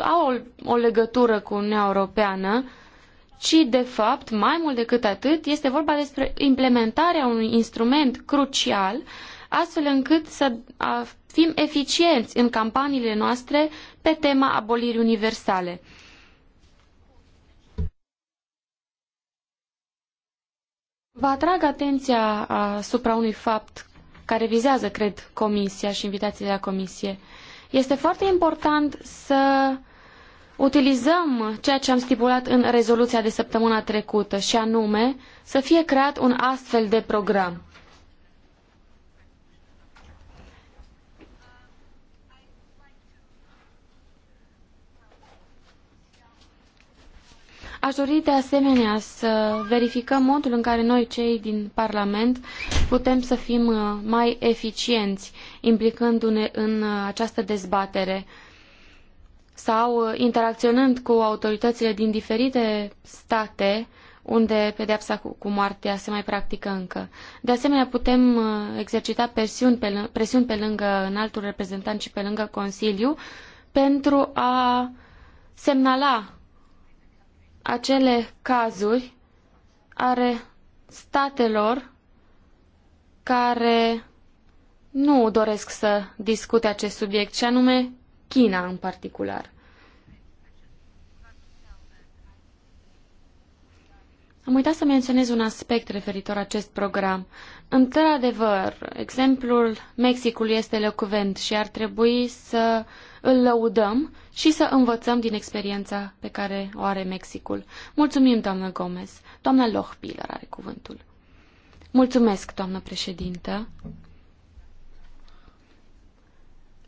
[SPEAKER 2] au o, o legătură cu Uniunea Europeană, ci de fapt, mai mult decât atât, este vorba despre implementarea unui instrument crucial uh, astfel încât să fim eficienți în campaniile noastre pe tema abolirii universale. Vă atrag atenția asupra unui fapt care vizează, cred, Comisia și invitațiile la Comisie. Este foarte important să utilizăm ceea ce am stipulat în rezoluția de săptămâna trecută și anume să fie creat un astfel de program. Aș dori de asemenea să verificăm modul în care noi, cei din Parlament, putem să fim uh, mai eficienți, implicându-ne în uh, această dezbatere sau uh, interacționând cu autoritățile din diferite state unde pedeapsa cu moartea se mai practică încă. De asemenea, putem exercita presiuni pe, presiuni pe lângă înaltul reprezentant și pe lângă Consiliu pentru a semnala acele cazuri are statelor care nu doresc să discute acest subiect, și anume China în particular. Am uitat să menționez un aspect referitor acest program. Într-adevăr, exemplul Mexicului este locuvent și ar trebui să îl lăudăm și să învățăm din experiența pe care o are Mexicul. Mulțumim, doamnă Gomez. Doamna Lochbiller are cuvântul. Mulțumesc, doamnă președintă.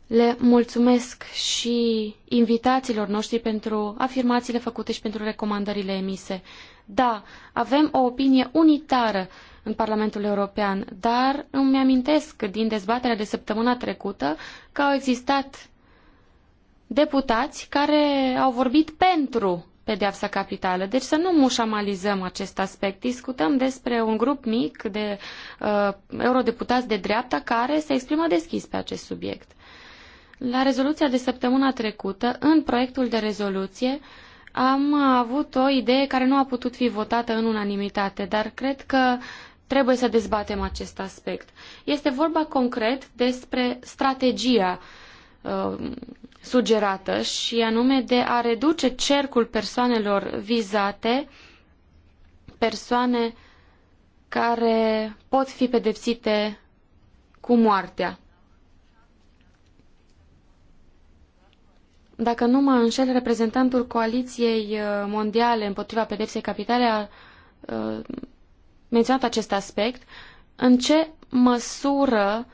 [SPEAKER 2] Le mulțumesc și invitațiilor noștri pentru afirmațiile făcute și pentru recomandările emise. Da, avem o opinie unitară în Parlamentul European, dar îmi amintesc din dezbaterea de săptămâna trecută că au existat deputați care au vorbit pentru pedeapsa capitală. Deci să nu mușamalizăm acest aspect. Discutăm despre un grup mic de uh, eurodeputați de dreapta care se exprimă deschis pe acest subiect. La rezoluția de săptămâna trecută, în proiectul de rezoluție, am avut o idee care nu a putut fi votată în unanimitate, dar cred că trebuie să dezbatem acest aspect. Este vorba concret despre strategia uh, sugerată și anume de a reduce cercul persoanelor vizate, persoane care pot fi pedepsite cu moartea. Dacă nu mă înșel, reprezentantul Coaliției uh, Mondiale împotriva pedepsei capitale a uh, menționat acest aspect. În ce măsură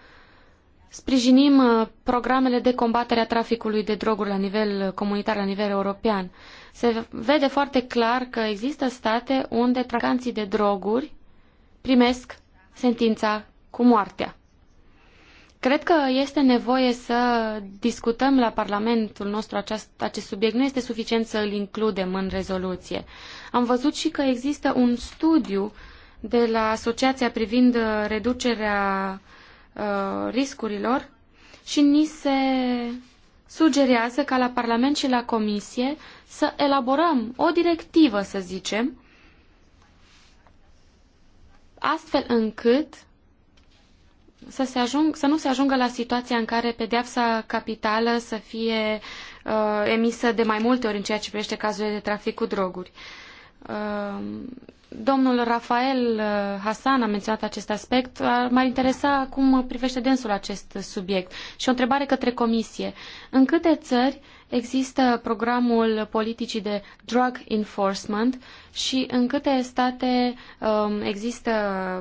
[SPEAKER 2] sprijinim uh, programele de combatere a traficului de droguri la nivel comunitar, la nivel european? Se vede foarte clar că există state unde traficanții de droguri primesc sentința cu moartea. Cred că este nevoie să discutăm la Parlamentul nostru acest subiect. Nu este suficient să îl includem în rezoluție. Am văzut și că există un studiu de la Asociația privind uh, reducerea uh, riscurilor și ni se sugerează ca la Parlament și la Comisie să elaborăm o directivă, să zicem, astfel încât să, se ajung, să nu se ajungă la situația în care pedeapsa capitală să fie uh, emisă de mai multe ori în ceea ce privește cazurile de trafic cu droguri. Uh, domnul Rafael uh, Hasan a menționat acest aspect. Uh, m-ar interesa cum privește dânsul acest subiect. Și o întrebare către comisie. În câte țări Există programul politicii de drug enforcement și în câte state um, există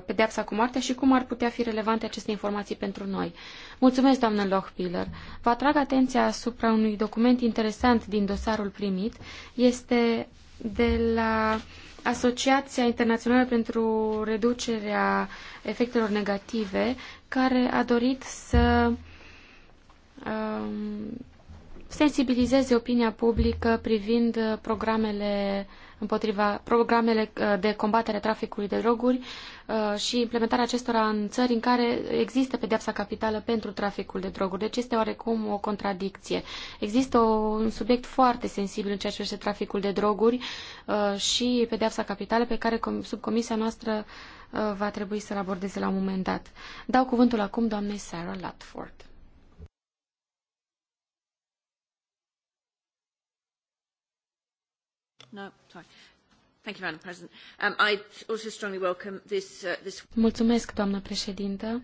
[SPEAKER 2] pedeapsa cu moartea și cum ar putea fi relevante aceste informații pentru noi. Mulțumesc, doamnă Lochpiller. Vă atrag atenția asupra unui document interesant din dosarul primit. Este de la Asociația Internațională pentru Reducerea Efectelor Negative, care a dorit să um, sensibilizeze opinia publică privind uh, programele împotriva programele uh, de combatere a traficului de droguri uh, și implementarea acestora în țări în care există pedeapsa capitală pentru traficul de droguri. Deci este oarecum o contradicție. Există un subiect foarte sensibil în ceea ce privește traficul de droguri și pedeapsa capitală pe care subcomisia noastră va trebui să-l abordeze la un moment dat. Dau cuvântul acum doamnei Sarah Latford. Mulțumesc, doamnă președintă.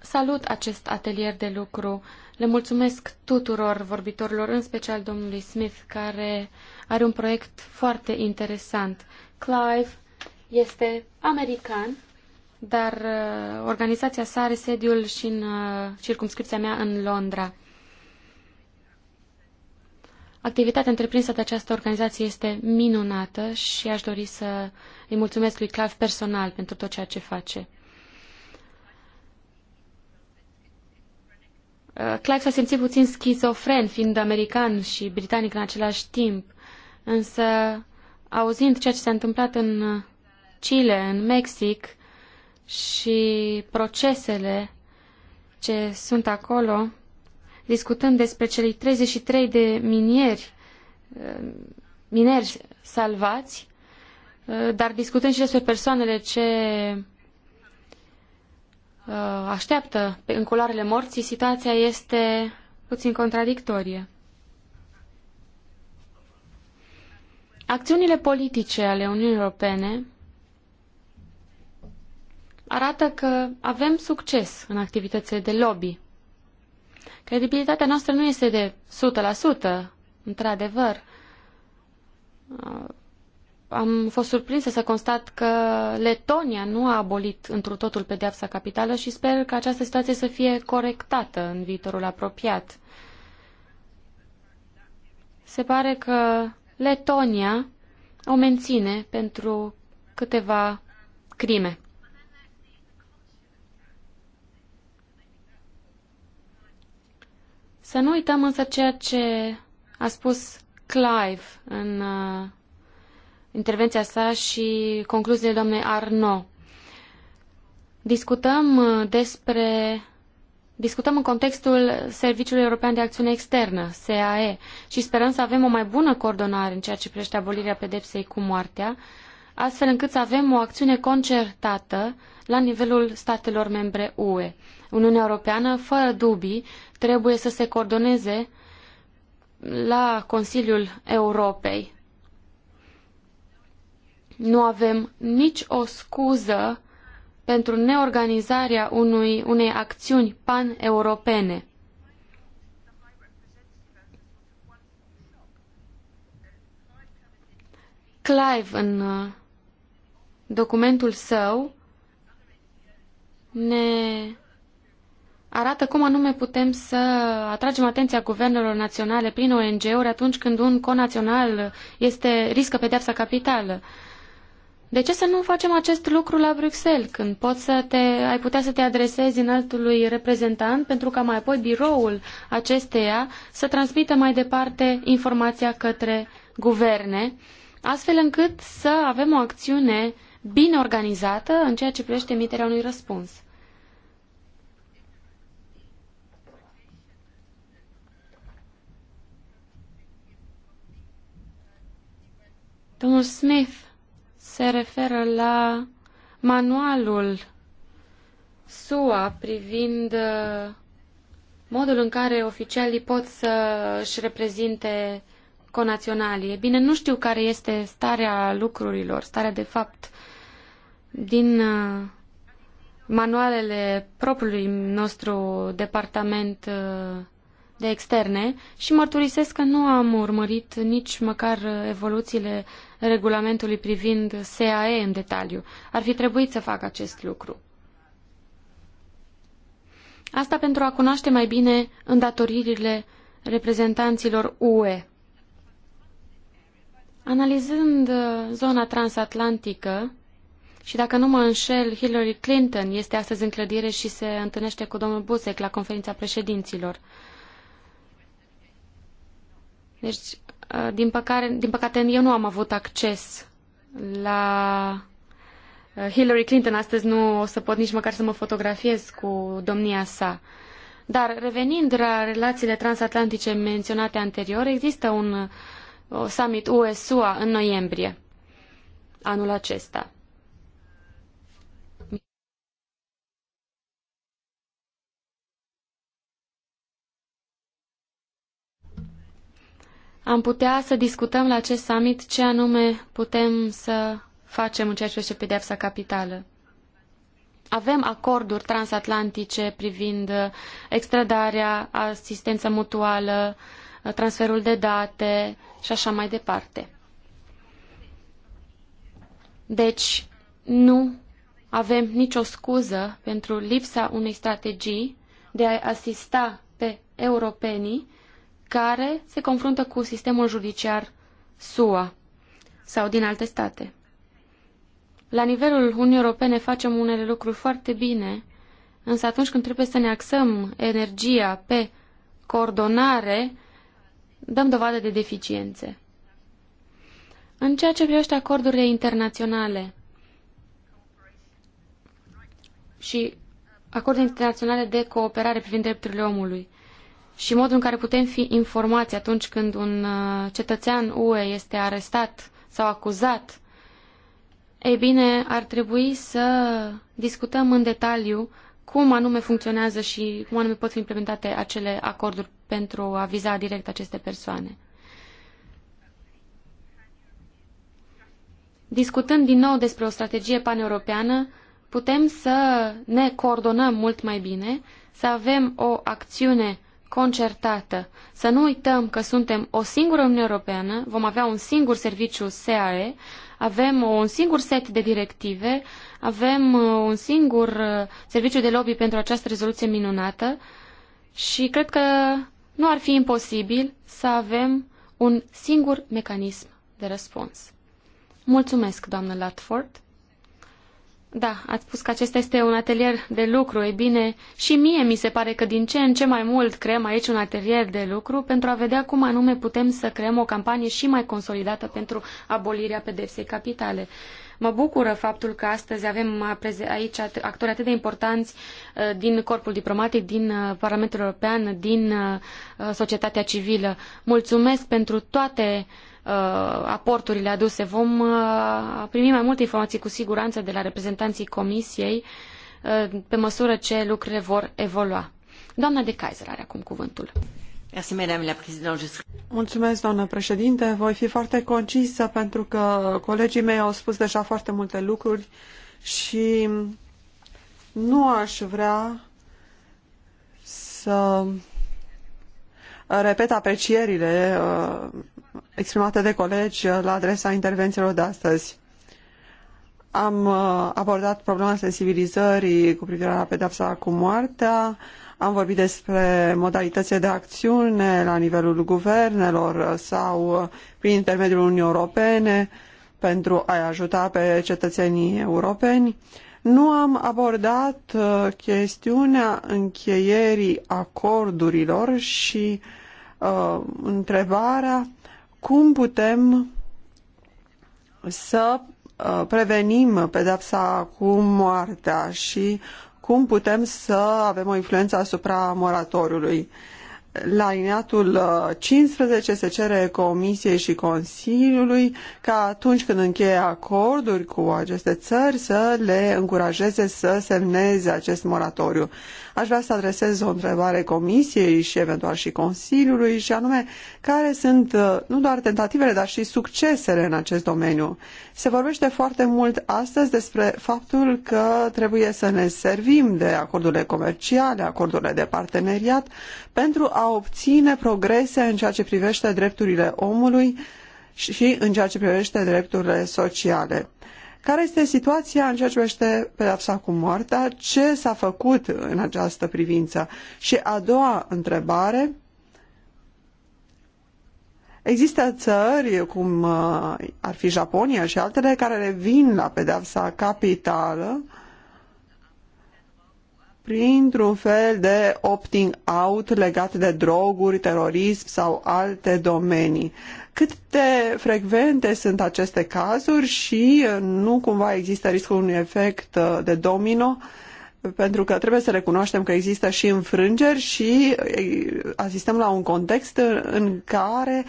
[SPEAKER 2] Salut acest atelier de lucru. Le mulțumesc tuturor vorbitorilor, în special domnului Smith, care are un proiect foarte interesant. Clive este american, dar uh, organizația sa are sediul și în uh, circumscripția mea în Londra. Activitatea întreprinsă de această organizație este minunată și aș dori să îi mulțumesc lui Clive personal pentru tot ceea ce face. Uh, Clive s-a simțit puțin schizofren, fiind american și britanic în același timp, însă auzind ceea ce s-a întâmplat în Chile, în Mexic și procesele ce sunt acolo, discutăm despre cei 33 de minieri, eh, mineri salvați, eh, dar discutăm și despre persoanele ce eh, așteaptă în culoarele morții, situația este puțin contradictorie. Acțiunile politice ale Uniunii Europene arată că avem succes în activitățile de lobby. Credibilitatea noastră nu este de 100%, într-adevăr. Uh, am fost surprinsă să constat că Letonia nu a abolit întru totul pedeapsa capitală și sper că această situație să fie corectată în viitorul apropiat. Se pare că Letonia o menține pentru câteva crime. Să nu uităm însă ceea ce a spus Clive în uh, intervenția sa și concluziile doamnei Arno. Discutăm uh, despre discutăm în contextul Serviciului European de Acțiune Externă, SAE, și sperăm să avem o mai bună coordonare în ceea ce privește abolirea pedepsei cu moartea, astfel încât să avem o acțiune concertată la nivelul statelor membre UE. Uniunea Europeană, fără dubii, trebuie să se coordoneze la Consiliul Europei. Nu avem nici o scuză pentru neorganizarea unui, unei acțiuni pan-europene. Clive, în uh, documentul său, ne arată cum anume putem să atragem atenția guvernelor naționale prin ONG-uri atunci când un conațional este, riscă pedeapsa capitală. De ce să nu facem acest lucru la Bruxelles, când poți să te, ai putea să te adresezi înaltului reprezentant pentru ca mai apoi biroul acesteia să transmită mai departe informația către guverne, astfel încât să avem o acțiune bine organizată în ceea ce privește emiterea unui răspuns. Domnul Smith se referă la manualul SUA privind uh, modul în care oficialii pot să își reprezinte conaționalii. bine, nu știu care este starea lucrurilor, starea de fapt din uh, manualele propriului nostru departament uh, de externe și mărturisesc că nu am urmărit nici măcar evoluțiile regulamentului privind SAE în detaliu. Ar fi trebuit să fac acest lucru. Asta pentru a cunoaște mai bine îndatoririle reprezentanților UE. Analizând uh, zona transatlantică, și dacă nu mă înșel, Hillary Clinton este astăzi în clădire și se întâlnește cu domnul Busek la conferința președinților. Deci, Uh, din, păcare, din păcate, eu nu am avut acces la uh, Hillary Clinton. Astăzi nu o să pot nici măcar să mă fotografiez cu domnia sa. Dar revenind la relațiile transatlantice menționate anterior, există un uh, summit UE-SUA în noiembrie anul acesta. am putea să discutăm la acest summit ce anume putem să facem în ceea ce privește pedeapsa capitală. Avem acorduri transatlantice privind extradarea, asistența mutuală, transferul de date și așa mai departe. Deci, nu avem nicio scuză pentru lipsa unei strategii de a asista pe europenii care se confruntă cu sistemul judiciar SUA sau din alte state. La nivelul Uniunii Europene facem unele lucruri foarte bine, însă atunci când trebuie să ne axăm energia pe coordonare, dăm dovadă de deficiențe. În ceea ce privește acordurile internaționale și acordurile internaționale de cooperare privind drepturile omului, și modul în care putem fi informați atunci când un uh, cetățean UE este arestat sau acuzat, ei bine, ar trebui să discutăm în detaliu cum anume funcționează și cum anume pot fi implementate acele acorduri pentru a viza direct aceste persoane. Discutând din nou despre o strategie paneuropeană, putem să ne coordonăm mult mai bine, să avem o acțiune concertată. Să nu uităm că suntem o singură Uniune Europeană, vom avea un singur serviciu SAE, avem un singur set de directive, avem uh, un singur uh, serviciu de lobby pentru această rezoluție minunată și cred că nu ar fi imposibil să avem un singur mecanism de răspuns. Mulțumesc, doamnă Latford. Da, ați spus că acesta este un atelier de lucru. E bine, și mie mi se pare că din ce în ce mai mult creăm aici un atelier de lucru pentru a vedea cum anume putem să creăm o campanie și mai consolidată pentru abolirea pedepsei capitale. Mă bucură faptul că astăzi avem aici actori atât de importanți uh, din corpul diplomatic, din uh, Parlamentul European, din uh, societatea civilă. Mulțumesc pentru toate Uh, aporturile aduse. Vom uh, primi mai multe informații cu siguranță de la reprezentanții Comisiei uh, pe măsură ce lucrurile vor evolua. Doamna de Kaiser are acum cuvântul. Mulțumesc, doamnă
[SPEAKER 3] președinte. Voi fi foarte concisă pentru că colegii mei au spus deja foarte multe lucruri și nu aș vrea să repet aprecierile uh, exprimate de colegi uh, la adresa intervențiilor de astăzi. Am uh, abordat problema sensibilizării cu privire la pedepsa cu moartea, am vorbit despre modalitățile de acțiune la nivelul guvernelor sau prin intermediul Uniunii Europene pentru a-i ajuta pe cetățenii europeni. Nu am abordat chestiunea încheierii acordurilor și uh, uh, întrebarea cum putem să uh, prevenim pedepsa cu moartea și cum putem să avem o influență asupra moratoriului. La liniatul 15 uh, se cere Comisiei și Consiliului ca atunci când încheie acorduri cu aceste țări să le încurajeze să semneze acest moratoriu. Aș vrea să adresez o întrebare Comisiei și eventual și Consiliului și anume care sunt uh, nu doar tentativele, dar și succesele în acest domeniu. Se vorbește foarte mult astăzi despre faptul că trebuie să ne servim de acordurile comerciale, acordurile de parteneriat pentru a obține progrese în ceea ce privește drepturile omului și în ceea ce privește drepturile sociale. Care este situația în ceea ce privește pedepsa cu moartea? Ce s-a făcut în această privință? Și a doua întrebare, Există țări, cum uh, ar fi Japonia și altele, care revin la pedeapsa capitală printr-un fel de opting-out legat de droguri, terorism sau alte domenii. Cât de frecvente sunt aceste cazuri și uh, nu cumva există riscul unui efect uh, de domino? Pentru că trebuie să recunoaștem că există și înfrângeri și uh, asistăm la un context în care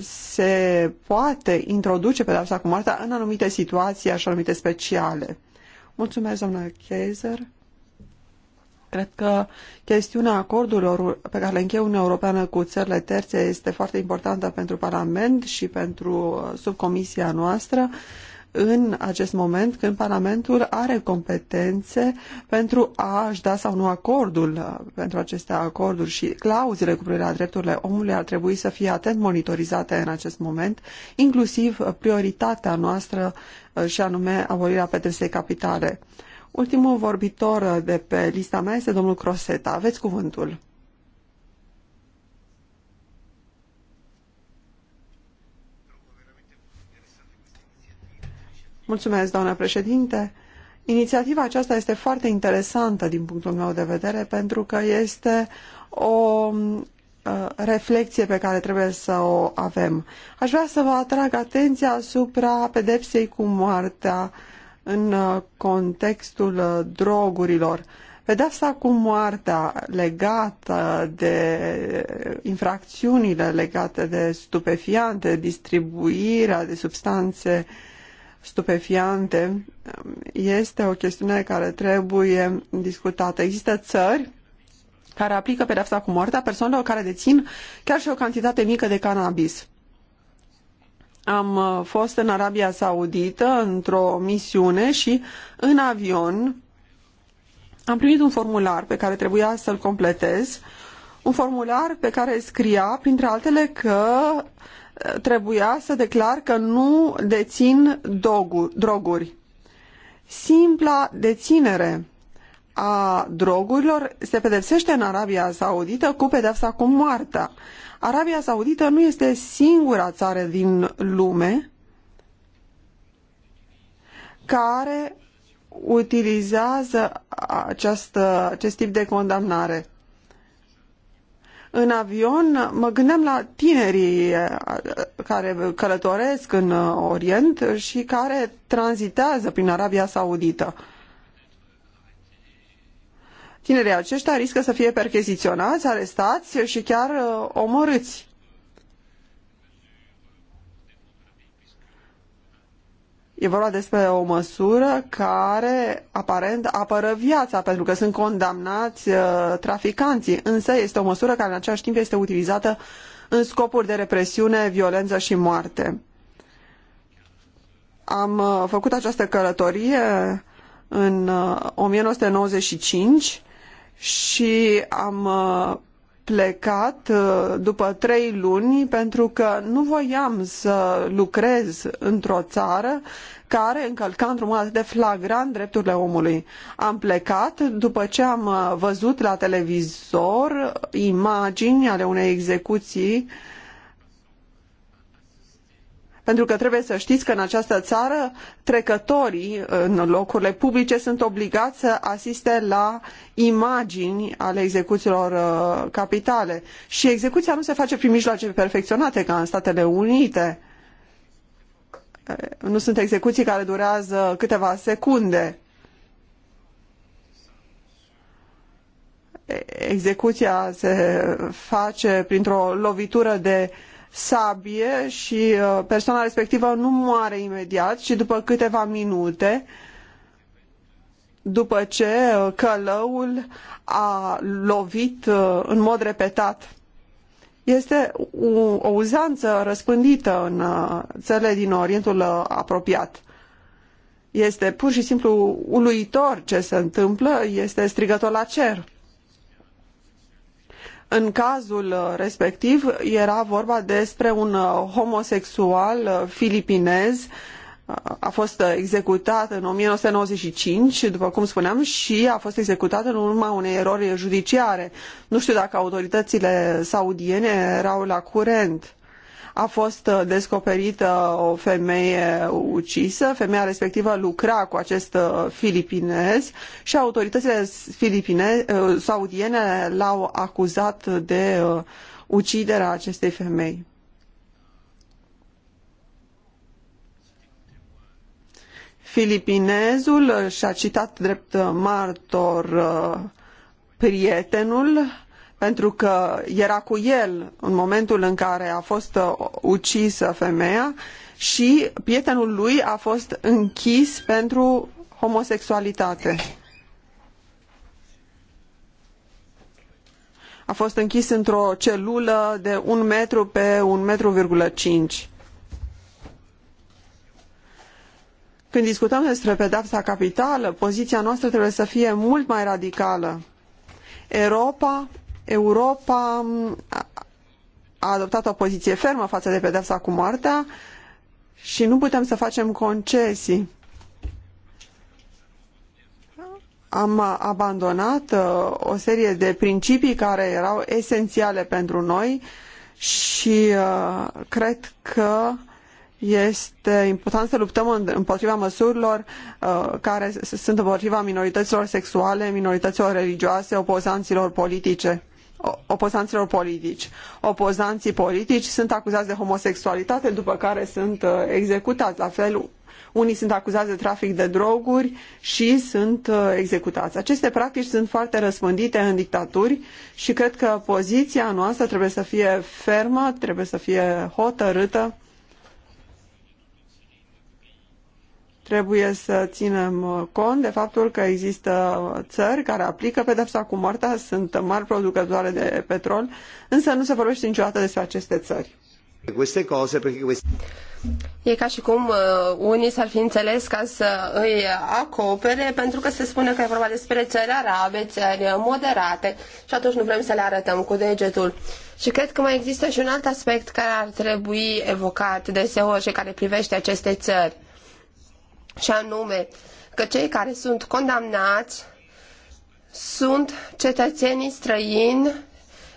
[SPEAKER 3] se poate introduce pedapsa cu moartea în anumite situații, așa anumite speciale. Mulțumesc, doamna Kaiser. Cred că chestiunea acordurilor pe care le încheie Uniunea Europeană cu țările terțe este foarte importantă pentru Parlament și pentru uh, subcomisia noastră în acest moment când Parlamentul are competențe pentru a-și da sau nu acordul uh, pentru aceste acorduri și clauzele cu privire la drepturile omului ar trebui să fie atent monitorizate în acest moment, inclusiv prioritatea noastră uh, și anume abolirea pedepsei capitale. Ultimul vorbitor de pe lista mea este domnul Croseta. Aveți cuvântul. Mulțumesc, doamna președinte. Inițiativa aceasta este foarte interesantă din punctul meu de vedere pentru că este o uh, reflexie pe care trebuie să o avem. Aș vrea să vă atrag atenția asupra pedepsei cu moartea uh, în uh, contextul uh, drogurilor. Pedeapsa cu moartea legată de infracțiunile legate de stupefiante, distribuirea de substanțe stupefiante este o chestiune care trebuie discutată. Există țări care aplică pedeapsa cu moartea persoanelor care dețin chiar și o cantitate mică de cannabis. Am uh, fost în Arabia Saudită într-o misiune și în avion am primit un formular pe care trebuia să-l completez, un formular pe care scria, printre altele, că uh, trebuia să declar că nu dețin droguri. Simpla deținere a drogurilor se pedepsește în Arabia Saudită cu pedepsa cu moartea. Arabia Saudită nu este singura țară din lume care utilizează această, acest tip de condamnare. În avion mă gândeam la tinerii eh, care călătoresc în eh, Orient și care tranzitează prin Arabia Saudită. Tinerii aceștia riscă să fie percheziționați, arestați și chiar uh, omorâți. E vorba despre o măsură care aparent apără viața, pentru că sunt condamnați uh, traficanții, însă este o măsură care în același timp este utilizată în scopuri de represiune, violență și moarte. Am uh, făcut această călătorie în uh, 1995 și am uh, plecat uh, după trei luni pentru că nu voiam să lucrez într-o țară care încălca într-un mod atât de flagrant drepturile omului. Am plecat după ce am uh, văzut la televizor imagini ale unei execuții uh, pentru că trebuie să știți că în această țară trecătorii în locurile publice sunt obligați să asiste la imagini ale execuțiilor uh, capitale și execuția nu se face prin mijloace perfecționate ca în Statele Unite. Uh, nu sunt execuții care durează câteva secunde. Execuția se face printr-o lovitură de uh, sabie și uh, persoana respectivă nu moare imediat, ci după câteva minute, după ce uh, călăul a lovit uh, în mod repetat. Este o uzanță răspândită în țările din Orientul apropiat. Este pur și simplu uluitor ce se întâmplă, este strigător la cer. În cazul uh, respectiv era vorba despre un uh, homosexual uh, filipinez a fost executat în 1995, după cum spuneam, și a fost executat în urma unei erori judiciare. Nu știu dacă autoritățile saudiene erau la curent a fost uh, descoperită o femeie ucisă. Femeia respectivă lucra cu acest uh, filipinez și autoritățile filipine, uh, saudiene l-au acuzat de uciderea acestei femei. Filipinezul și-a citat drept martor prietenul pentru că era cu el în momentul în care a fost uh, ucisă femeia și prietenul lui a fost închis pentru homosexualitate. A fost închis într-o celulă de 1 metru pe 1,5 metru. Când discutăm despre pedapsa capitală, poziția noastră trebuie să fie mult mai radicală. Europa Europa a adoptat o poziție fermă față de pedepsa cu moartea și nu putem să facem concesii. Am abandonat uh, o serie de principii care erau esențiale pentru noi și uh, cred că este important să luptăm împotriva măsurilor uh, care sunt împotriva minorităților sexuale, minorităților religioase, opozanților politice opozanților politici. Opozanții politici sunt acuzați de homosexualitate, după care sunt uh, executați. La fel, unii sunt acuzați de trafic de droguri și sunt uh, executați. Aceste practici sunt foarte răspândite în dictaturi și cred că poziția noastră trebuie să fie fermă, trebuie să fie hotărâtă Trebuie să ținem uh, cont de faptul că există uh, țări care aplică pedepsa cu moartea, sunt mari producătoare de petrol, însă nu se vorbește niciodată despre aceste țări.
[SPEAKER 4] E ca și cum uh, unii s-ar fi înțeles ca să îi acopere, pentru că se spune că e vorba despre țări arabe, țări moderate și atunci nu vrem să le arătăm cu degetul. Și cred că mai există și un alt aspect care ar trebui evocat deseori și care privește aceste țări și anume că cei care sunt condamnați sunt cetățenii străini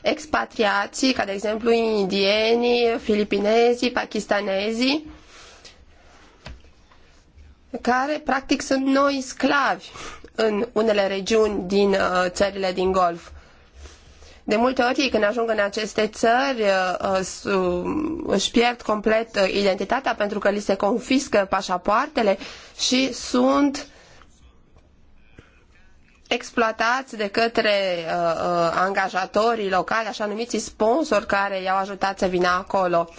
[SPEAKER 4] expatriații, ca de exemplu indienii, filipinezii, pakistanezii, care practic sunt noi sclavi în unele regiuni din uh, țările din Golf. De multe ori ei când ajung în aceste țări uh, uh, uh, își pierd complet identitatea pentru că li se confiscă pașapoartele și sunt exploatați de către angajatorii locali, așa numiții sponsori care i-au ajutat să vină acolo.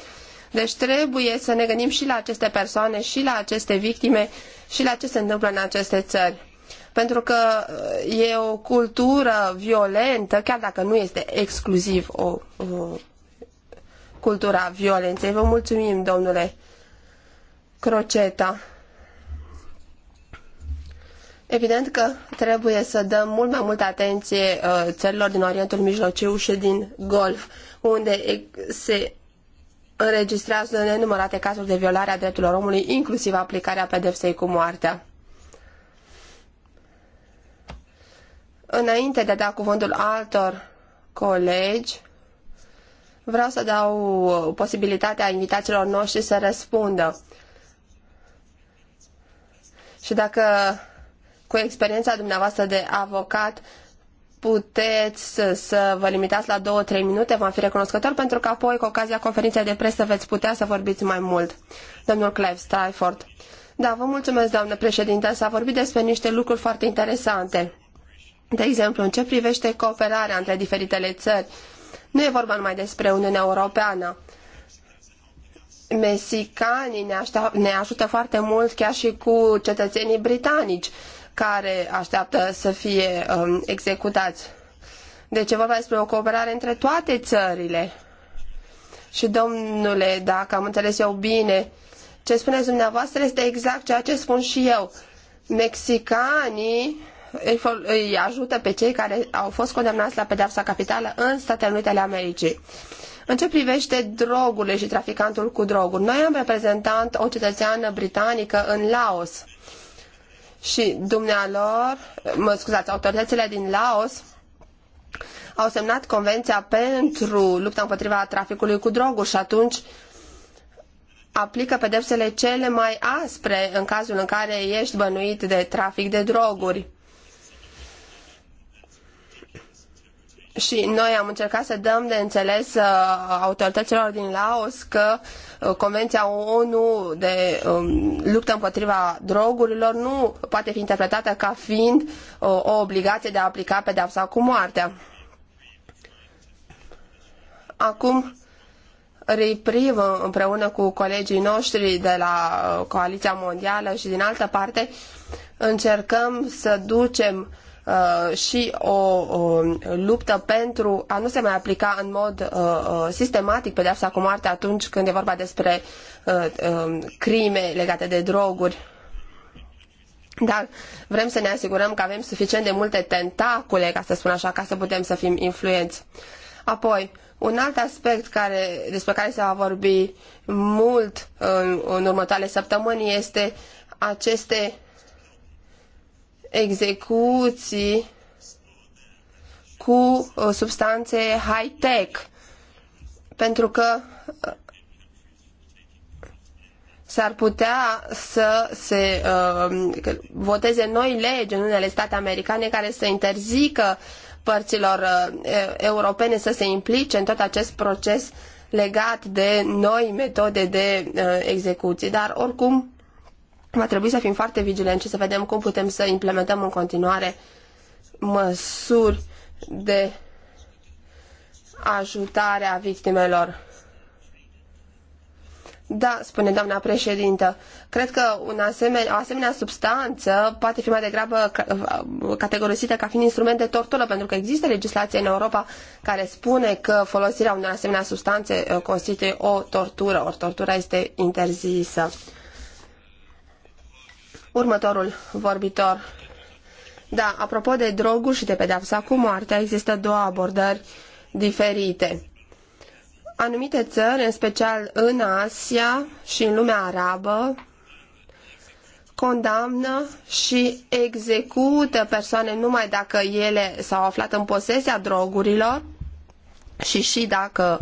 [SPEAKER 4] Deci trebuie să ne gândim și la aceste persoane, și la aceste victime, și la ce se întâmplă în aceste țări pentru că uh, e o cultură violentă, chiar dacă nu este exclusiv o, o a violenței. Vă mulțumim, domnule Croceta. Evident că trebuie să dăm mult mai multă atenție uh, țărilor din Orientul Mijlociu și din Golf, unde se înregistrează nenumărate cazuri de violare a drepturilor omului, inclusiv aplicarea pedepsei cu moartea. Înainte de a da cuvântul altor colegi, vreau să dau uh, posibilitatea invitațiilor noștri să răspundă. Și dacă cu experiența dumneavoastră de avocat puteți să vă limitați la două trei minute, v-am fi recunoscător, pentru că apoi, cu ocazia conferinței de presă, veți putea să vorbiți mai mult. Domnul Clive Stryford. Da, vă mulțumesc, doamnă președinte, s-a vorbit despre niște lucruri foarte interesante. De exemplu, în ce privește cooperarea între diferitele țări, nu e vorba numai despre Uniunea Europeană. Mexicanii ne, ne ajută foarte mult chiar și cu cetățenii britanici care așteaptă să fie um, executați. Deci e vorba despre o cooperare între toate țările. Și domnule, dacă am înțeles eu bine, ce spuneți dumneavoastră este exact ceea ce spun și eu. Mexicanii îi ajută pe cei care au fost condamnați la pedeapsa capitală în Statele Unite ale Americii. În ce privește drogurile și traficantul cu droguri, noi am reprezentat o cetățeană britanică în Laos și dumnealor, mă scuzați, autoritățile din Laos au semnat convenția pentru lupta împotriva traficului cu droguri și atunci aplică pedepsele cele mai aspre în cazul în care ești bănuit de trafic de droguri. și noi am încercat să dăm de înțeles uh, autorităților din Laos că uh, Convenția ONU de um, luptă împotriva drogurilor nu poate fi interpretată ca fiind uh, o obligație de a aplica pedeapsa cu moartea. Acum, reprim împreună cu colegii noștri de la Coaliția Mondială și din altă parte, încercăm să ducem Uh, și o um, luptă pentru a nu se mai aplica în mod uh, uh, sistematic pedeapsa cu moarte atunci când e vorba despre um, crime legate de droguri. Dar vrem să ne asigurăm că avem suficient de multe tentacule, ca să spun așa, ca să putem să fim influenți. Apoi, un alt aspect care, despre care se va vorbi mult în, în următoarele săptămâni este aceste execuții cu uh, substanțe high-tech, pentru că uh, s-ar putea să se uh, voteze noi legi în unele state americane care să interzică părților uh, europene să se implice în tot acest proces legat de noi metode de uh, execuție. Dar oricum va trebui să fim foarte vigilenți și să vedem cum putem să implementăm în continuare măsuri de ajutare a victimelor. Da, spune doamna președintă, cred că un asemenea, o asemenea substanță poate fi mai degrabă categorisită ca fiind instrument de tortură, pentru că există legislație în Europa care spune că folosirea unei asemenea substanțe uh, constituie o tortură, ori tortura este interzisă. Următorul vorbitor. Da, apropo de droguri și de pedeapsa cu moartea, există două abordări diferite. Anumite țări, în special în Asia și în lumea arabă, condamnă și execută persoane numai dacă ele s-au aflat în posesia drogurilor și și dacă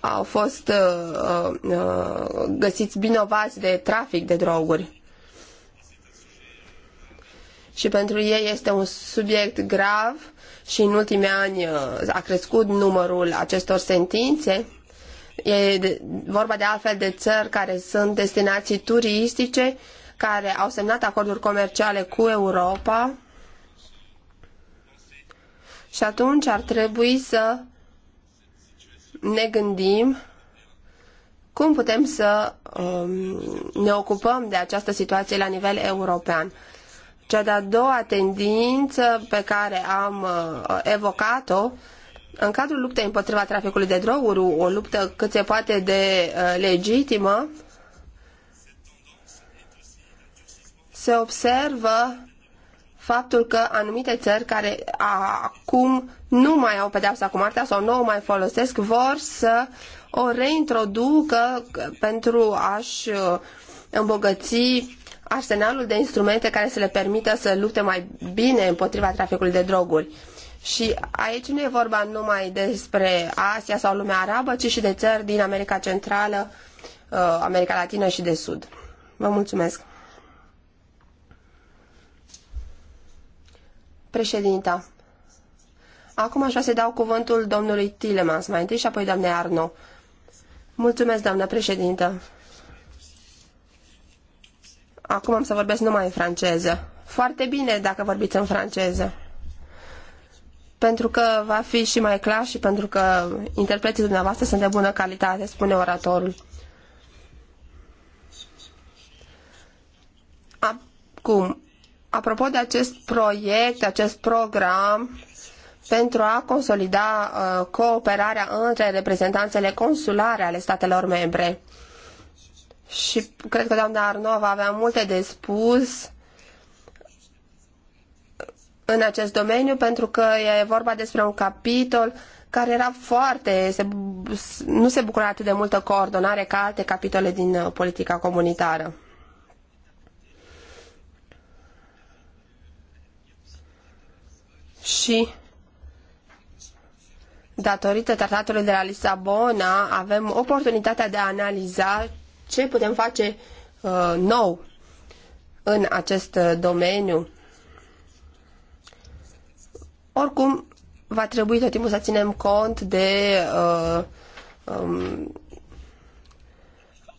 [SPEAKER 4] au fost uh, uh, găsiți vinovați de trafic de droguri și pentru ei este un subiect grav și în ultimii ani uh, a crescut numărul acestor sentințe. E vorba de altfel de țări care sunt destinații turistice, care au semnat acorduri comerciale cu Europa și atunci ar trebui să ne gândim cum putem să um, ne ocupăm de această situație la nivel european. Cea de-a doua tendință pe care am uh, evocat-o în cadrul luptei împotriva traficului de droguri, o luptă cât se poate de uh, legitimă, se observă faptul că anumite țări care acum nu mai au pedeapsa cu moartea sau nu o mai folosesc vor să o reintroducă pentru a-și uh, îmbogăți arsenalul de instrumente care să le permită să lupte mai bine împotriva traficului de droguri. Și aici nu e vorba numai despre Asia sau lumea arabă, ci și de țări din America Centrală, uh, America Latină și de Sud. Vă mulțumesc. Președinta. Acum așa vrea să dau cuvântul domnului Tilemans mai întâi și apoi doamnei Arno. Mulțumesc, doamnă președintă. Acum am să vorbesc numai în franceză. Foarte bine dacă vorbiți în franceză. Pentru că va fi și mai clar și pentru că interpreții dumneavoastră sunt de bună calitate, spune oratorul. Acum, apropo de acest proiect, acest program pentru a consolida uh, cooperarea între reprezentanțele consulare ale statelor membre și cred că doamna Arnova va avea multe de spus în acest domeniu pentru că e vorba despre un capitol care era foarte, se, nu se bucura atât de multă coordonare ca alte capitole din uh, politica comunitară. Și datorită tratatului de la Lisabona avem oportunitatea de a analiza ce putem face uh, nou în acest uh, domeniu. Oricum, va trebui tot timpul să ținem cont de uh, um,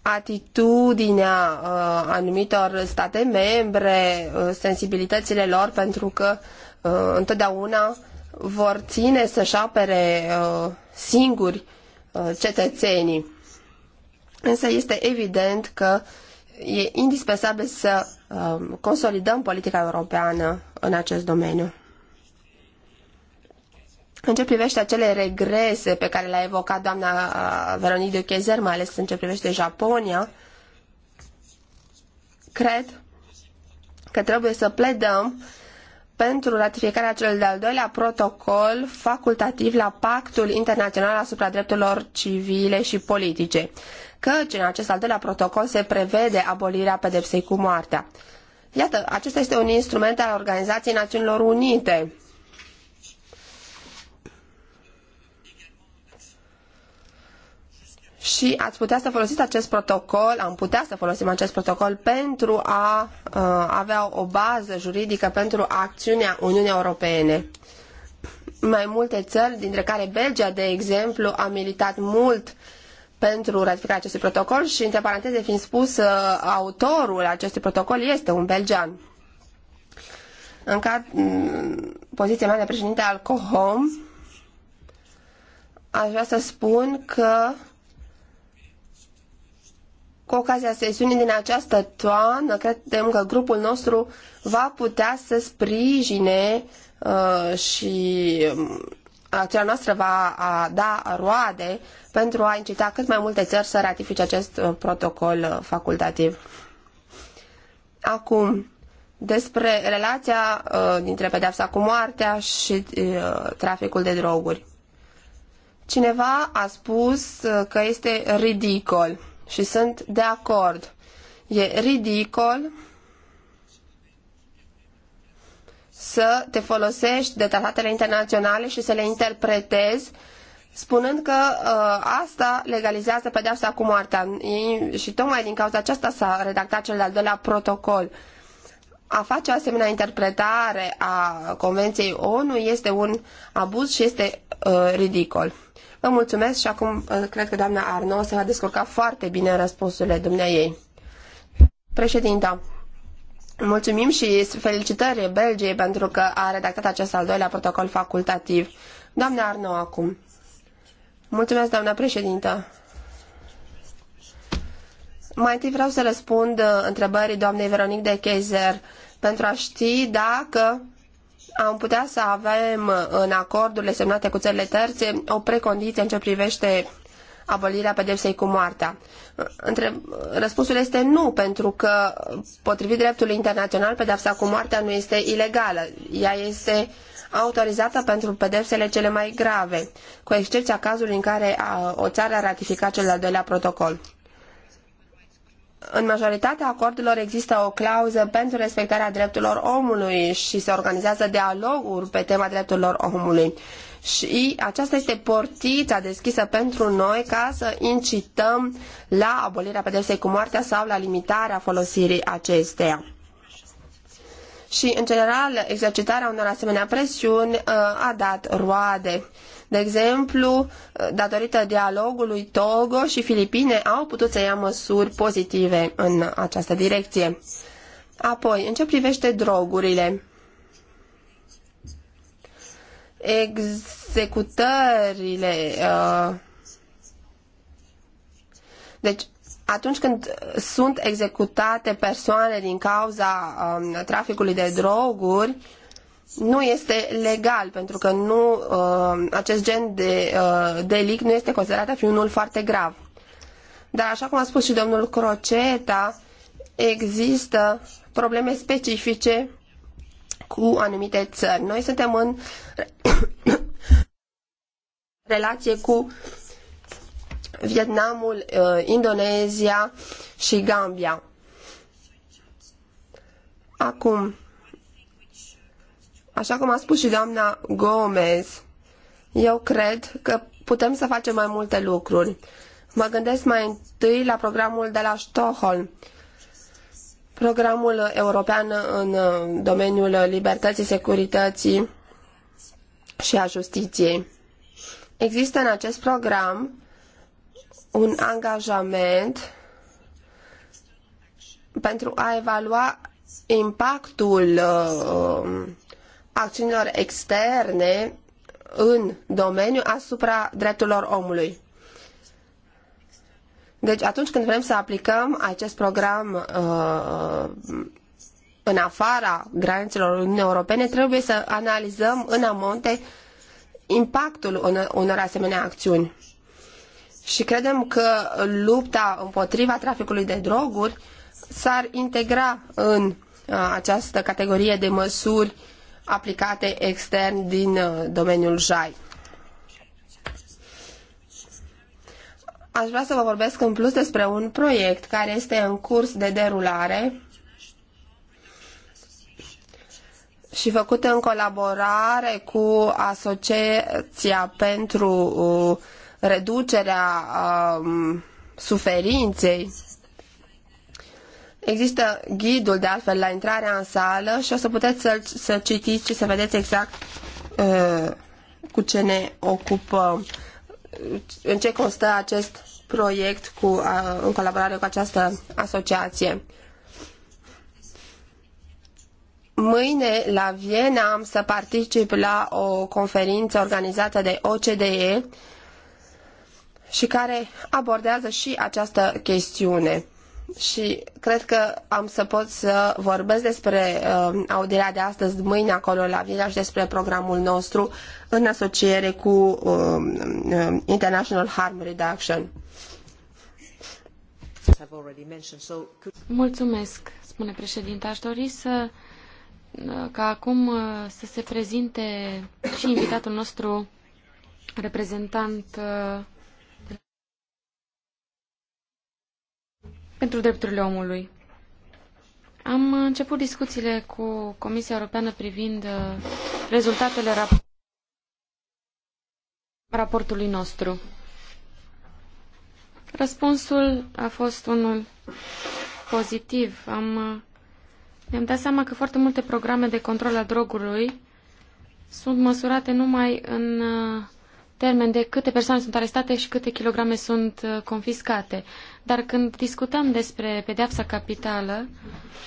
[SPEAKER 4] atitudinea uh, anumitor state membre, uh, sensibilitățile lor, pentru că uh, întotdeauna vor ține să-și apere uh, singuri uh, cetățenii. Însă este evident că e indispensabil să um, consolidăm politica europeană în acest domeniu. În ce privește acele regrese pe care le-a evocat doamna uh, Veronique de Chezer, mai ales în ce privește Japonia, cred că trebuie să pledăm pentru ratificarea celui de-al doilea protocol facultativ la Pactul Internațional asupra drepturilor civile și politice, căci în acest al doilea protocol se prevede abolirea pedepsei cu moartea. Iată, acesta este un instrument al Organizației Națiunilor Unite și ați putea să folosiți acest protocol, am putea să folosim acest protocol pentru a uh, avea o bază juridică pentru acțiunea Uniunii Europene. Mai multe țări, dintre care Belgia, de exemplu, a militat mult pentru ratificarea acestui protocol și, între paranteze fiind spus, uh, autorul acestui protocol este un belgian. În cad, mm, poziția mea de președinte al COHOM, aș vrea să spun că cu ocazia sesiunii din această toamnă, credem că grupul nostru va putea să sprijine uh, și um, acțiunea noastră va da roade pentru a incita cât mai multe țări să ratifice acest uh, protocol uh, facultativ. Acum, despre relația uh, dintre pedepsa cu moartea și uh, traficul de droguri. Cineva a spus uh, că este ridicol și sunt de acord. E ridicol să te folosești de tratatele internaționale și să le interpretezi spunând că uh, asta legalizează pedeapsa cu moartea. E, și tocmai din cauza aceasta s-a redactat cel de-al doilea protocol. A face o asemenea interpretare a Convenției ONU este un abuz și este uh, ridicol. Vă mulțumesc și acum uh, cred că doamna Arno se va descurca foarte bine în răspunsurile dumneai. Președinta, mulțumim și felicitări Belgiei pentru că a redactat acest al doilea protocol facultativ. Doamna Arno, acum. Mulțumesc, doamna președintă. Mai întâi vreau să răspund uh, întrebării doamnei Veronic de Keizer pentru a ști dacă am putea să avem în acordurile semnate cu țările terțe o precondiție în ce privește abolirea pedepsei cu moartea? Între... Răspunsul este nu, pentru că potrivit dreptului internațional, pedepsa cu moartea nu este ilegală. Ea este autorizată pentru pedepsele cele mai grave, cu excepția cazului în care o țară a ratificat cel de-al doilea protocol în majoritatea acordurilor există o clauză pentru respectarea drepturilor omului și se organizează dialoguri pe tema drepturilor omului. Și aceasta este portița deschisă pentru noi ca să incităm la abolirea pedepsei cu moartea sau la limitarea folosirii acesteia. Și, în general, exercitarea unor asemenea presiuni uh, a dat roade de exemplu, datorită dialogului, Togo și Filipine au putut să ia măsuri pozitive în această direcție. Apoi, în ce privește drogurile? Executările. Uh... Deci, atunci când sunt executate persoane din cauza um, traficului de droguri, uh, nu este legal, pentru că nu, uh, acest gen de uh, delict nu este considerat a fi unul foarte grav. Dar așa cum a spus și domnul Croceta, există probleme specifice cu anumite țări. Noi suntem în relație cu Vietnamul, uh, Indonezia și Gambia. Acum, Așa cum a spus și doamna Gomez, eu cred că putem să facem mai multe lucruri. Mă gândesc mai întâi la programul de la Stockholm, programul european în uh, domeniul libertății, securității și a justiției. Există în acest program un angajament pentru a evalua impactul uh, um, acțiunilor externe în domeniu asupra drepturilor omului. Deci atunci când vrem să aplicăm acest program uh, în afara granițelor Uniunii Europene, trebuie să analizăm în amonte impactul unor asemenea acțiuni. Și credem că lupta împotriva traficului de droguri s-ar integra în uh, această categorie de măsuri aplicate extern din uh, domeniul JAI. Aș vrea să vă vorbesc în plus despre un proiect care este în curs de derulare și făcut în colaborare cu Asociația pentru uh, reducerea um, suferinței Există ghidul de altfel la intrarea în sală și o să puteți să, să citiți și să vedeți exact uh, cu ce ne ocupăm, în ce constă acest proiect cu, uh, în colaborare cu această asociație. Mâine la Viena am să particip la o conferință organizată de OCDE și care abordează și această chestiune și cred că am să pot să vorbesc despre uh, um, audierea de astăzi, mâine acolo la Viena și despre programul nostru în asociere cu uh, International Harm Reduction.
[SPEAKER 2] Mulțumesc, spune președinte. Aș dori să ca acum uh, să se prezinte și invitatul nostru reprezentant uh, pentru drepturile omului. Am început discuțiile cu Comisia Europeană privind uh, rezultatele rap raportului nostru. Răspunsul a fost unul pozitiv. Am, uh, mi-am dat seama că foarte multe programe de control a drogului sunt măsurate numai în uh, termen de câte persoane sunt arestate și câte kilograme sunt uh, confiscate. Dar când discutăm despre pedeapsa capitală,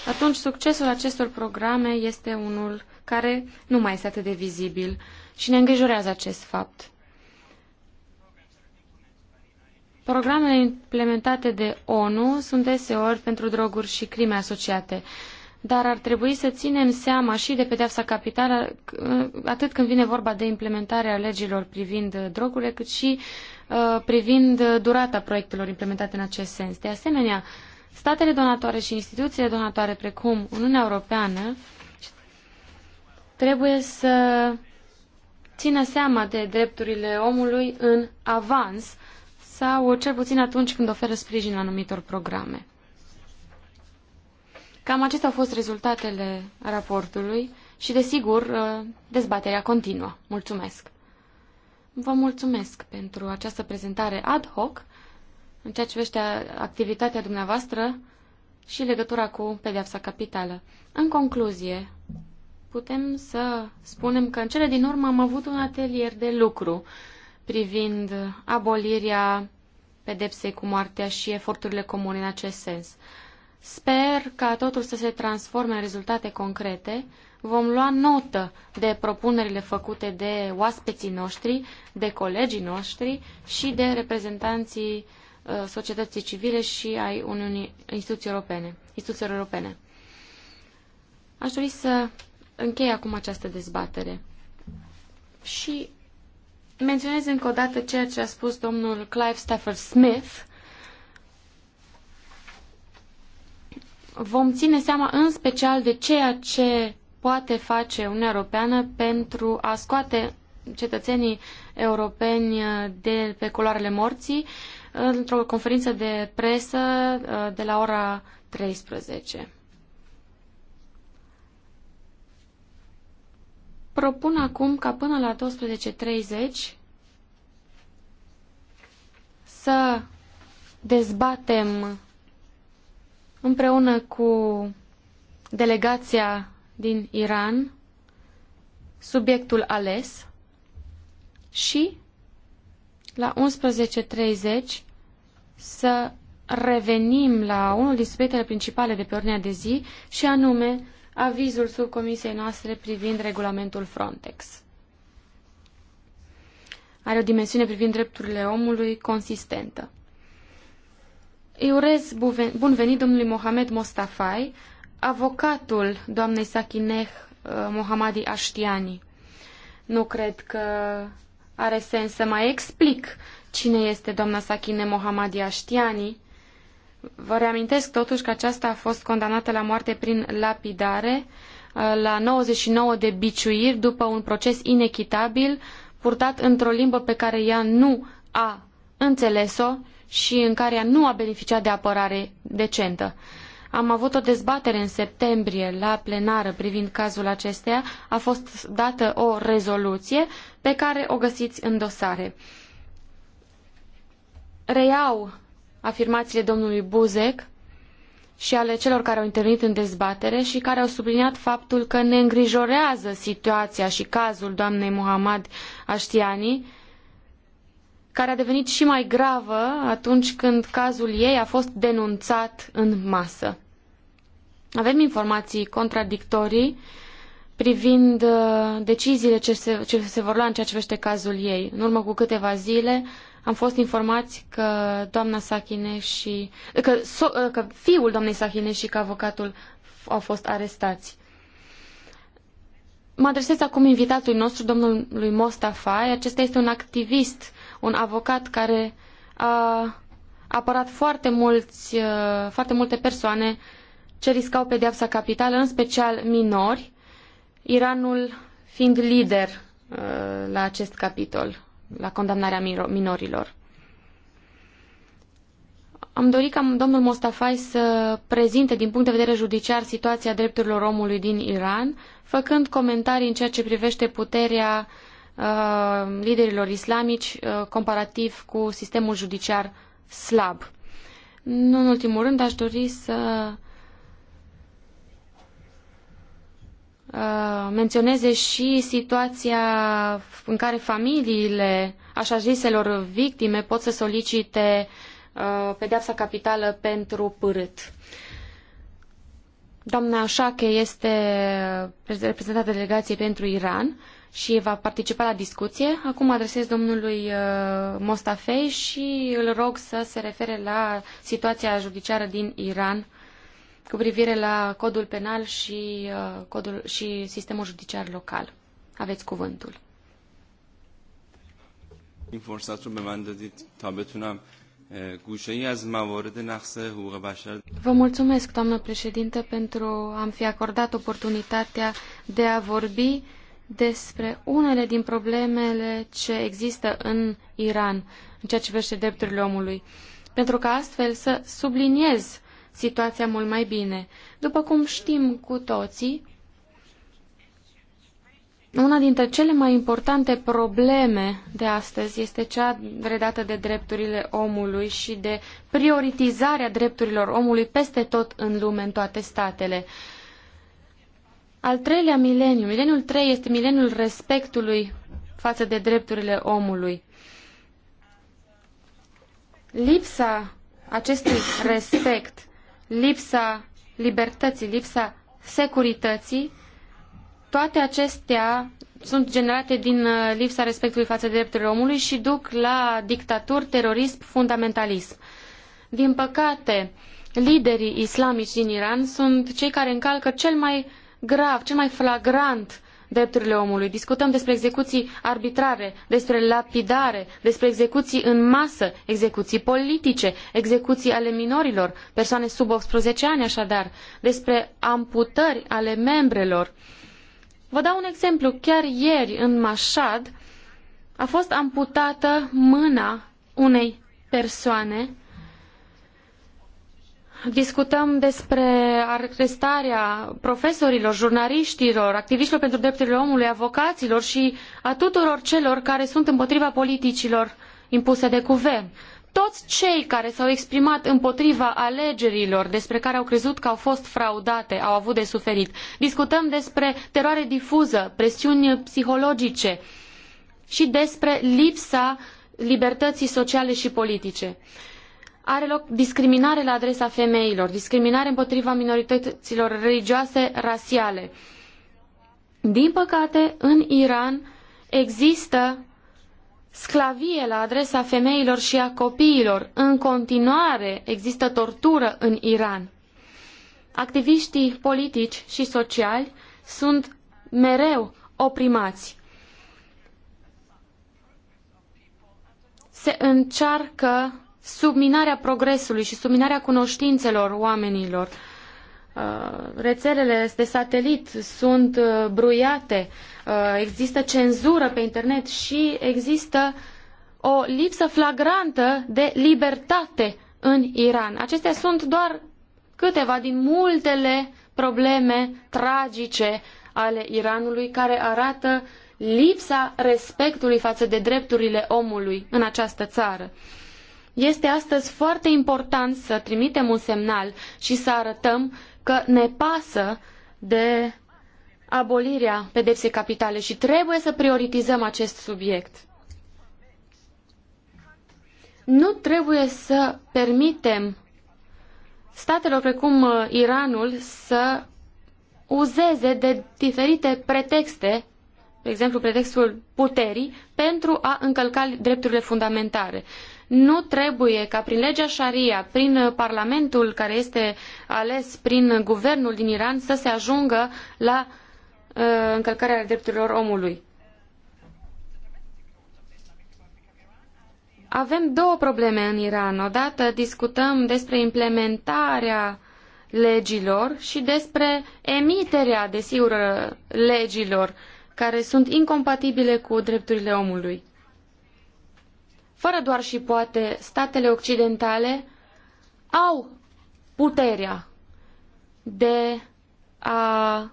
[SPEAKER 2] atunci succesul acestor programe este unul care nu mai este atât de vizibil și ne îngrijorează acest fapt. Programele implementate de ONU sunt deseori pentru droguri și crime asociate dar ar trebui să ținem seama și de pedeapsa capitală atât când vine vorba de implementarea legilor privind drogurile, cât și uh, privind durata proiectelor implementate în acest sens. De asemenea, statele donatoare și instituțiile donatoare, precum Uniunea Europeană, trebuie să țină seama de drepturile omului în avans sau cel puțin atunci când oferă sprijin anumitor programe. Cam acestea au fost rezultatele raportului și, desigur, uh, dezbaterea continuă. Mulțumesc! Vă mulțumesc pentru această prezentare ad hoc în ceea ce vește activitatea dumneavoastră și legătura cu pedeapsa capitală. În concluzie, putem să spunem că în cele din urmă am avut un atelier de lucru privind abolirea pedepsei cu moartea și eforturile comune în acest sens. Sper ca totul să se transforme în rezultate concrete. Vom lua notă de propunerile făcute de oaspeții noștri, de colegii noștri și de reprezentanții uh, societății civile și ai Uniunii instituții europene, Instituții europene. Aș dori să închei acum această dezbatere și menționez încă o dată ceea ce a spus domnul Clive Stafford Smith, vom ține seama în special de ceea ce poate face Uniunea Europeană pentru a scoate cetățenii europeni uh, de pe culoarele morții uh, într-o conferință de presă uh, de la ora 13. Propun acum ca până la 12.30 să dezbatem împreună cu delegația din Iran, subiectul ales și la 11.30 să revenim la unul din subiectele principale de pe ordinea de zi și anume avizul subcomisiei noastre privind regulamentul Frontex. Are o dimensiune privind drepturile omului consistentă. Îi urez bun venit domnului Mohamed Mostafai, avocatul doamnei Sakineh uh, Mohamadi Ashtiani. Nu cred că are sens să mai explic cine este doamna Sakine Mohamadi Ashtiani. Vă reamintesc totuși că aceasta a fost condamnată la moarte prin lapidare uh, la 99 de biciuiri după un proces inechitabil purtat într-o limbă pe care ea nu a înțeles-o și în care ea nu a beneficiat de apărare decentă. Am avut o dezbatere în septembrie la plenară privind cazul acesteia. A fost dată o rezoluție pe care o găsiți în dosare. Reiau afirmațiile domnului Buzek și ale celor care au intervenit în dezbatere și care au subliniat faptul că ne îngrijorează situația și cazul doamnei Muhammad Ashtiani, care a devenit și mai gravă atunci când cazul ei a fost denunțat în masă. Avem informații contradictorii privind uh, deciziile ce se, ce se vor lua în ceea ce vește cazul ei. În urmă cu câteva zile am fost informați că doamna Sachine și uh, că, so, uh, că fiul doamnei Sachine și că avocatul au fost arestați. Mă adresez acum invitatului nostru, domnului Mostafa. Acesta este un activist un avocat care a apărat foarte, mulți, uh, foarte multe persoane ce riscau pedeapsa capitală, în special minori, Iranul fiind lider uh, la acest capitol, la condamnarea minorilor. Am dorit ca domnul Mostafai să prezinte din punct de vedere judiciar situația drepturilor omului din Iran, făcând comentarii în ceea ce privește puterea Uh, liderilor islamici uh, comparativ cu sistemul judiciar slab. Nu în ultimul rând, aș dori să uh, menționeze și situația în care familiile așa ziselor victime pot să solicite uh, pedeapsa capitală pentru părât. Doamna Șache este reprezentată delegației pentru Iran și va participa la discuție. Acum adresez domnului uh, Mostafei și îl rog să se refere la situația judiciară din Iran cu privire la codul penal și, uh, codul, și sistemul judiciar local. Aveți cuvântul.
[SPEAKER 6] این فرصت رو به من دادید تا بتونم گوشه ای از موارد نقص حقوق بشر
[SPEAKER 2] Vă mulțumesc, doamnă președinte, pentru a-mi fi acordat oportunitatea de a vorbi despre unele din problemele ce există în Iran în ceea ce privește drepturile omului, pentru ca astfel să subliniez situația mult mai bine. După cum știm cu toții, una dintre cele mai importante probleme de astăzi este cea redată de drepturile omului și de prioritizarea drepturilor omului peste tot în lume, în toate statele. Uh, al treilea mileniu, mileniul 3, este mileniul respectului față de drepturile omului. Lipsa acestui respect, lipsa libertății, lipsa securității, toate acestea sunt generate din uh, lipsa respectului față de drepturile omului și duc la dictaturi, terorism, fundamentalism. Din păcate, liderii islamici din Iran sunt cei care încalcă cel mai grav, cel mai flagrant drepturile omului. Discutăm despre execuții arbitrare, despre lapidare, despre execuții în masă, execuții politice, execuții ale minorilor, persoane sub 18 ani așadar, despre amputări ale membrelor. Vă dau un exemplu. Chiar ieri, în Mashhad, a fost amputată mâna unei persoane discutăm despre arestarea profesorilor, jurnaliștilor, activiștilor pentru drepturile omului, avocaților și a tuturor celor care sunt împotriva politicilor impuse de guvern. Toți cei care s-au exprimat împotriva alegerilor despre care au crezut că au fost fraudate au avut de suferit. Discutăm despre teroare difuză, presiuni psihologice și despre lipsa libertății sociale și politice are loc discriminare la adresa femeilor, discriminare împotriva minorităților religioase, rasiale. Din păcate, în Iran există sclavie la adresa femeilor și a copiilor. În continuare există tortură în Iran. Activiștii politici și sociali sunt mereu oprimați. Se încearcă subminarea progresului și subminarea cunoștințelor oamenilor. Uh, rețelele de satelit sunt uh, bruiate, uh, există cenzură pe internet și există o lipsă flagrantă de libertate în Iran. Acestea sunt doar câteva din multele probleme tragice ale Iranului care arată lipsa respectului față de drepturile omului în această țară. Este astăzi foarte important să trimitem un semnal și să arătăm că ne pasă de abolirea pedepsei capitale și trebuie să prioritizăm acest subiect. Nu trebuie să permitem statelor precum uh, Iranul să uzeze de diferite pretexte, de exemplu pretextul puterii, pentru a încălca drepturile fundamentale nu trebuie ca prin legea Sharia, prin parlamentul care este ales prin guvernul din Iran să se ajungă la uh, încălcarea drepturilor omului. Avem două probleme în Iran. Odată discutăm despre implementarea legilor și despre emiterea, desigur, legilor care sunt incompatibile cu drepturile omului fără doar și poate, statele occidentale au puterea de a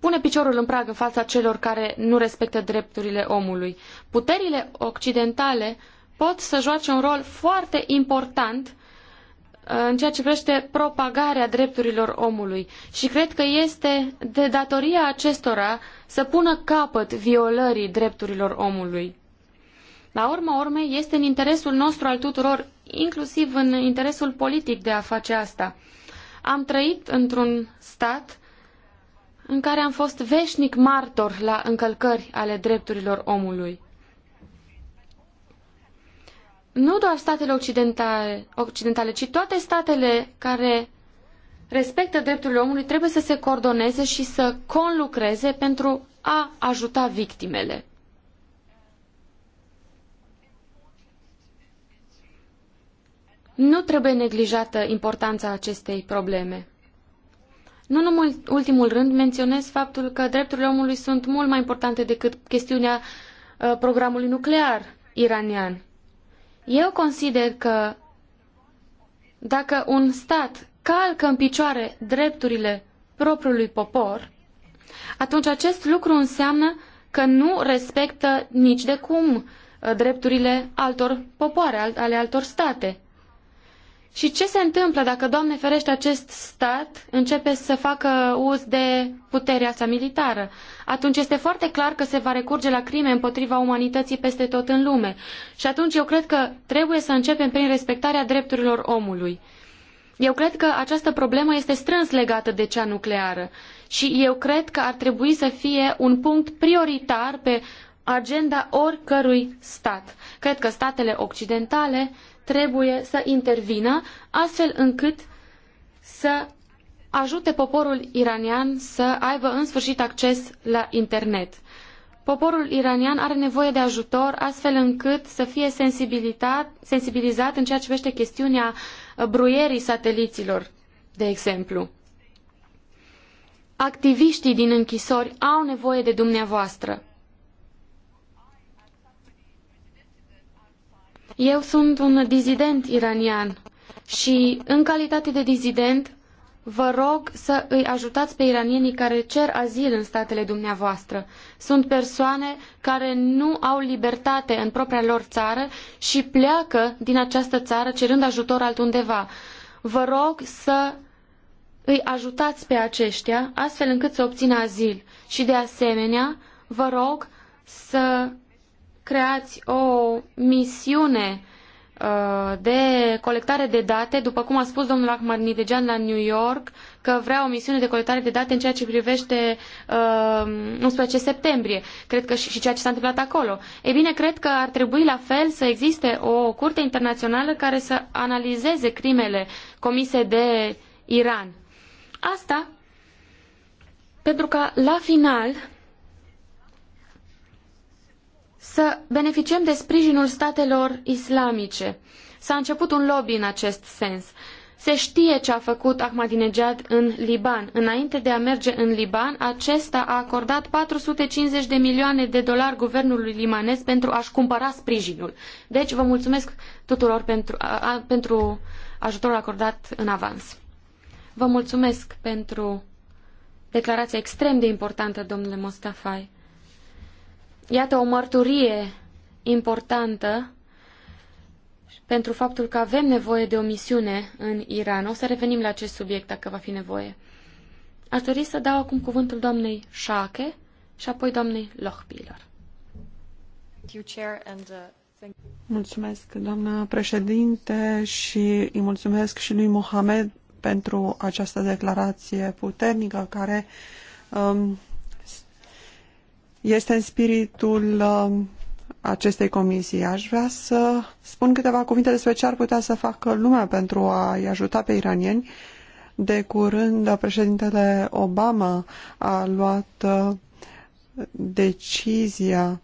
[SPEAKER 2] pune piciorul în prag în fața celor care nu respectă drepturile omului. Puterile occidentale pot să joace un rol foarte important uh, în ceea ce privește propagarea drepturilor omului și cred că este de datoria acestora să pună capăt violării drepturilor omului. La urma urmei, este în interesul nostru al tuturor, inclusiv în interesul politic de a face asta. Am trăit într-un stat în care am fost veșnic martor la încălcări ale drepturilor omului. Nu doar statele occidentale, occidentale, ci toate statele care respectă drepturile omului trebuie să se coordoneze și să conlucreze pentru a ajuta victimele. Nu trebuie neglijată importanța acestei probleme. Nu în ultimul rând menționez faptul că drepturile omului sunt mult mai importante decât chestiunea uh, programului nuclear iranian. Eu consider că dacă un stat calcă în picioare drepturile propriului popor, atunci acest lucru înseamnă că nu respectă nici de cum uh, drepturile altor popoare, ale altor state. Și ce se întâmplă dacă, Doamne ferește, acest stat începe să facă uz de puterea sa militară? Atunci este foarte clar că se va recurge la crime împotriva umanității peste tot în lume. Și atunci eu cred că trebuie să începem prin respectarea drepturilor omului. Eu cred că această problemă este strâns legată de cea nucleară și eu cred că ar trebui să fie un punct prioritar pe agenda oricărui stat. Cred că statele occidentale trebuie să intervină astfel încât să ajute poporul iranian să aibă în sfârșit acces la internet. Poporul iranian are nevoie de ajutor astfel încât să fie sensibilizat în ceea ce privește chestiunea bruierii sateliților, de exemplu. Activiștii din închisori au nevoie de dumneavoastră. Eu sunt un dizident iranian și în calitate de dizident vă rog să îi ajutați pe iranienii care cer azil în statele dumneavoastră. Sunt persoane care nu au libertate în propria lor țară și pleacă din această țară cerând ajutor altundeva. Vă rog să îi ajutați pe aceștia astfel încât să obțină azil și de asemenea vă rog să creați o misiune uh, de colectare de date, după cum a spus domnul Ahmadinejad la New York, că vrea o misiune de colectare de date în ceea ce privește uh, 11 septembrie, cred că și, și ceea ce s-a întâmplat acolo. E bine, cred că ar trebui la fel să existe o curte internațională care să analizeze crimele comise de Iran. Asta pentru că la final să beneficiem de sprijinul statelor islamice. S-a început un lobby în acest sens. Se știe ce a făcut Ahmadinejad în Liban. Înainte de a merge în Liban, acesta a acordat 450 de milioane de dolari guvernului limanez pentru a-și cumpăra sprijinul. Deci vă mulțumesc tuturor pentru, a, pentru ajutorul acordat în avans. Vă mulțumesc pentru declarația extrem de importantă, domnule Mostafai. Iată o mărturie importantă pentru faptul că avem nevoie de o misiune în Iran. O să revenim la acest subiect dacă va fi nevoie. Aș dori să dau acum cuvântul doamnei Șache și apoi doamnei Lochbiller. Uh, mulțumesc,
[SPEAKER 3] doamnă președinte, și îi mulțumesc și lui Mohamed pentru această declarație puternică care um, este în spiritul um, acestei comisii. Aș vrea să spun câteva cuvinte despre ce ar putea să facă lumea pentru a-i ajuta pe iranieni. De curând, președintele Obama a luat uh, decizia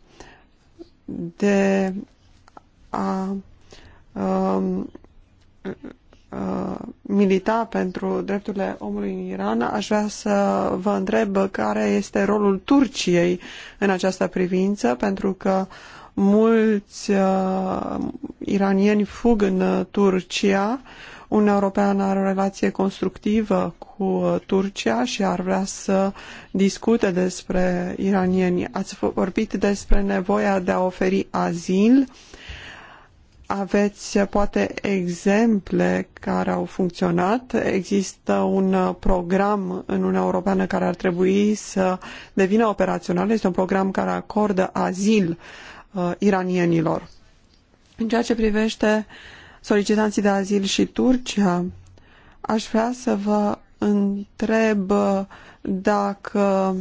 [SPEAKER 3] de a um, Uh, milita pentru drepturile omului în Iran, aș vrea să vă întreb care este rolul Turciei în această privință, pentru că mulți uh, iranieni fug în Turcia. Uniunea Europeană are o relație constructivă cu Turcia și ar vrea să discute despre iranieni. Ați vorbit despre nevoia de a oferi azil uh, aveți poate exemple care au funcționat? Există un program în Uniunea Europeană care ar trebui să devină operațional? Este un program care acordă azil uh, iranienilor. În ceea ce privește solicitanții de azil și Turcia, aș vrea să vă întreb uh, dacă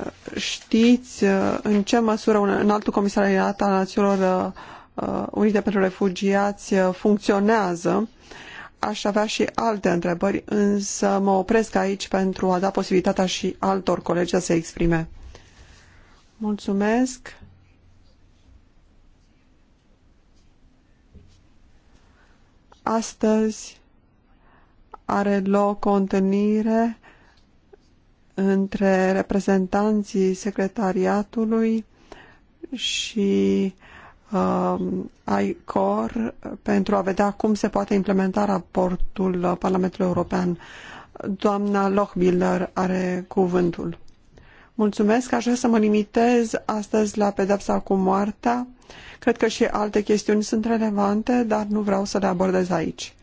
[SPEAKER 3] uh, știți uh, în ce măsură un, un altul comisariat al Națiunilor Uh, Unite pentru Refugiați uh, funcționează. Aș avea și alte întrebări, însă mă opresc aici pentru a da posibilitatea și altor colegi să se exprime. Mulțumesc! Astăzi are loc o întâlnire între reprezentanții secretariatului și Um, ICOR pentru a vedea cum se poate implementa raportul Parlamentului European. Doamna Lochbiller are cuvântul. Mulțumesc, aș vrea să mă limitez astăzi la pedepsa cu moartea. Cred că și alte chestiuni sunt relevante, dar nu vreau să le abordez aici.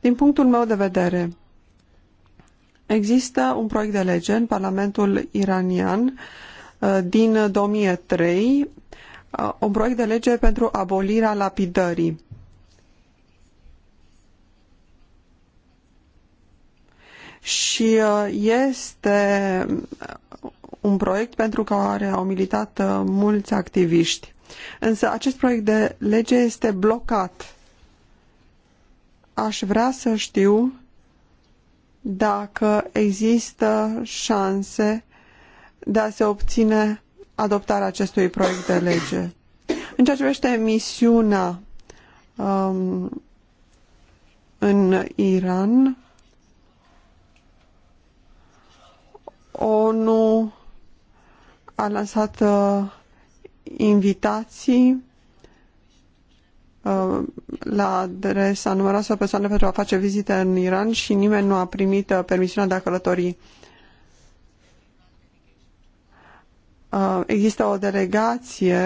[SPEAKER 3] Din punctul meu de vedere, există un proiect de lege în Parlamentul iranian uh, din 2003 Uh, un proiect de lege pentru abolirea lapidării. Și uh, este un proiect pentru care au militat uh, mulți activiști. Însă acest proiect de lege este blocat. Aș vrea să știu dacă există șanse de a se obține adoptarea acestui proiect de lege. În ceea ce privește misiunea um, în Iran, ONU a lansat uh, invitații uh, la adresa numeroase persoane pentru a face vizite în Iran și nimeni nu a primit uh, permisiunea de a călători Uh, există o delegație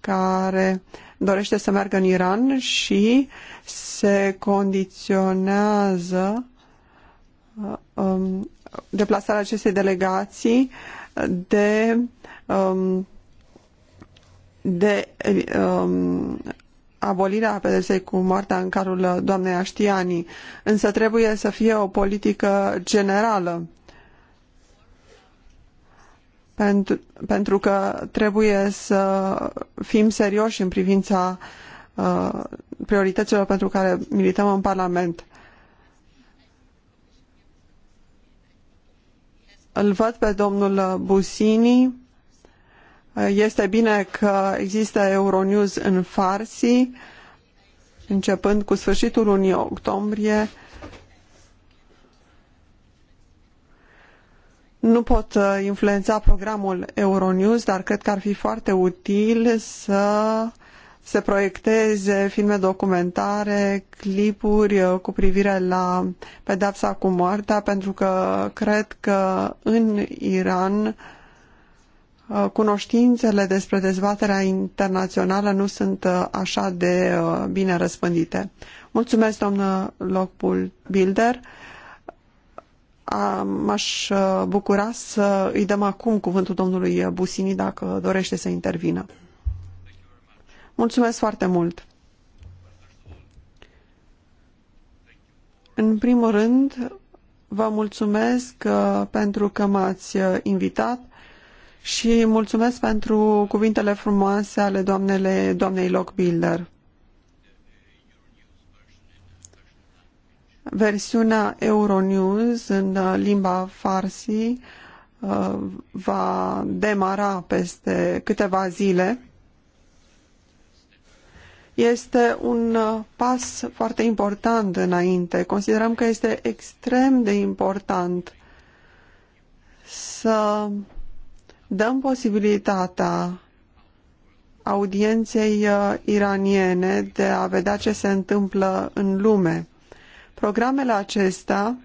[SPEAKER 3] care dorește să meargă în Iran și se condiționează uh, um, deplasarea acestei delegații de um, de um, abolirea pedepsei cu moartea în carul doamnei Aștiani, însă trebuie să fie o politică generală pentru, pentru că trebuie să fim serioși în privința uh, priorităților pentru care milităm în Parlament. Îl văd pe domnul Busini. Este bine că există Euronews în Farsi, începând cu sfârșitul lunii octombrie Nu pot uh, influența programul Euronews, dar cred că ar fi foarte util să se proiecteze filme documentare, clipuri uh, cu privire la pedepsa cu moartea, pentru că cred că în Iran uh, cunoștințele despre dezbaterea internațională nu sunt așa de bine răspândite. Mulțumesc, domnul Lockbull Bilder m-aș uh, bucura să îi dăm acum cuvântul domnului Busini dacă dorește să intervină. Mulțumesc foarte mult! În primul rând, vă mulțumesc uh, pentru că m-ați uh, invitat și mulțumesc pentru cuvintele frumoase ale doamnele, doamnei Lockbuilder. Versiunea Euronews în uh, limba farsi uh, va demara peste câteva zile. Este un uh, pas foarte important înainte. Considerăm că este extrem de important să dăm posibilitatea audienței iraniene de a vedea ce se întâmplă în lume. Programele acestea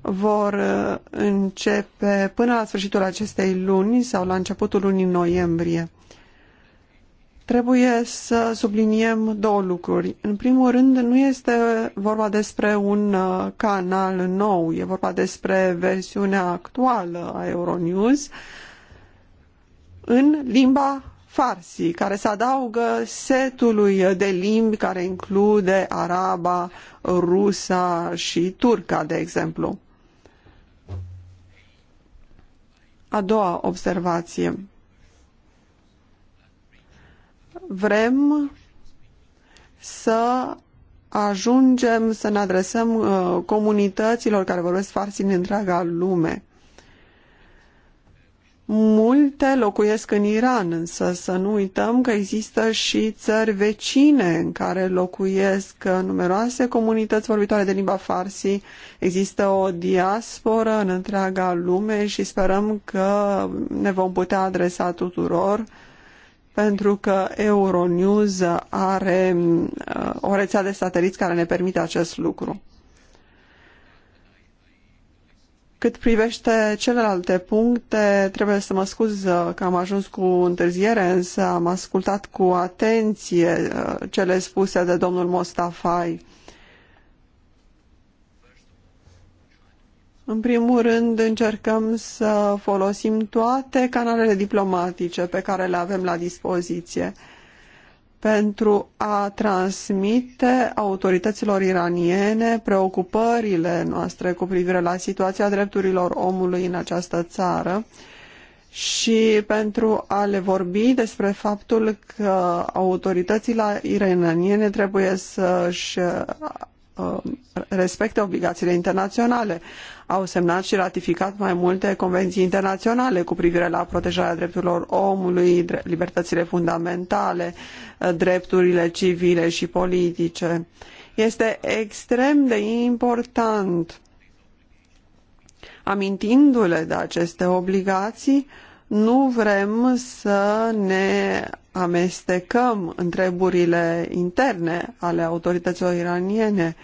[SPEAKER 3] vor uh, începe până la sfârșitul acestei luni sau la începutul lunii noiembrie. Trebuie să subliniem două lucruri. În primul rând, nu este vorba despre un uh, canal nou, e vorba despre versiunea actuală a Euronews în limba farsi, care se adaugă setului de limbi care include araba, rusa și turca, de exemplu. A doua observație. Vrem să ajungem să ne adresăm uh, comunităților care vorbesc farsi în întreaga lume. Multe locuiesc în Iran, însă să nu uităm că există și țări vecine în care locuiesc numeroase comunități vorbitoare de limba farsi. Există o diasporă în întreaga lume și sperăm că ne vom putea adresa tuturor pentru că Euronews are uh, o rețea de sateliți care ne permite acest lucru. Cât privește celelalte puncte, trebuie să mă scuz uh, că am ajuns cu întârziere, însă am ascultat cu atenție uh, cele spuse de domnul Mostafai. În primul rând, încercăm să folosim toate canalele diplomatice pe care le avem la dispoziție pentru a transmite autorităților iraniene preocupările noastre cu privire la situația drepturilor omului în această țară și pentru a le vorbi despre faptul că autoritățile iraniene trebuie să-și Uh, respecte obligațiile internaționale. Au semnat și ratificat mai multe convenții internaționale cu privire la protejarea drepturilor omului, libertățile fundamentale, uh, drepturile civile și politice. Este extrem de important, amintindu-le de aceste obligații, nu vrem să ne amestecăm în treburile interne ale autorităților iraniene.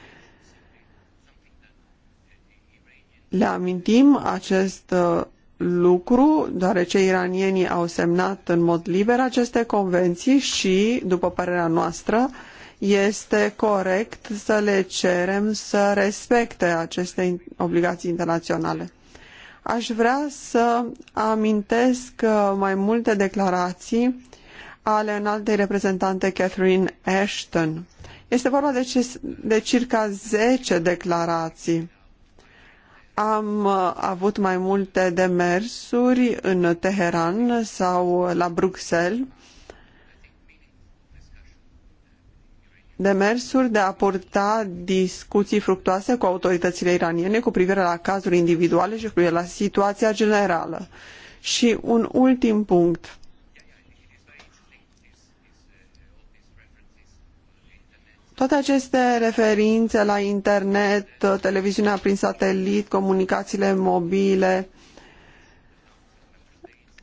[SPEAKER 3] Le amintim acest uh, lucru, deoarece iranienii au semnat în mod liber aceste convenții și, după părerea noastră, este corect să le cerem să respecte aceste obligații internaționale. Aș vrea să amintesc uh, mai multe declarații ale înaltei reprezentante Catherine Ashton. Este vorba de, de circa 10 declarații. Am uh, avut mai multe demersuri în Teheran sau la Bruxelles demersuri de a purta discuții fructoase cu autoritățile iraniene cu privire la cazuri individuale și cu privire la situația generală. Și un ultim punct. Toate aceste referințe la internet, televiziunea prin satelit, comunicațiile mobile,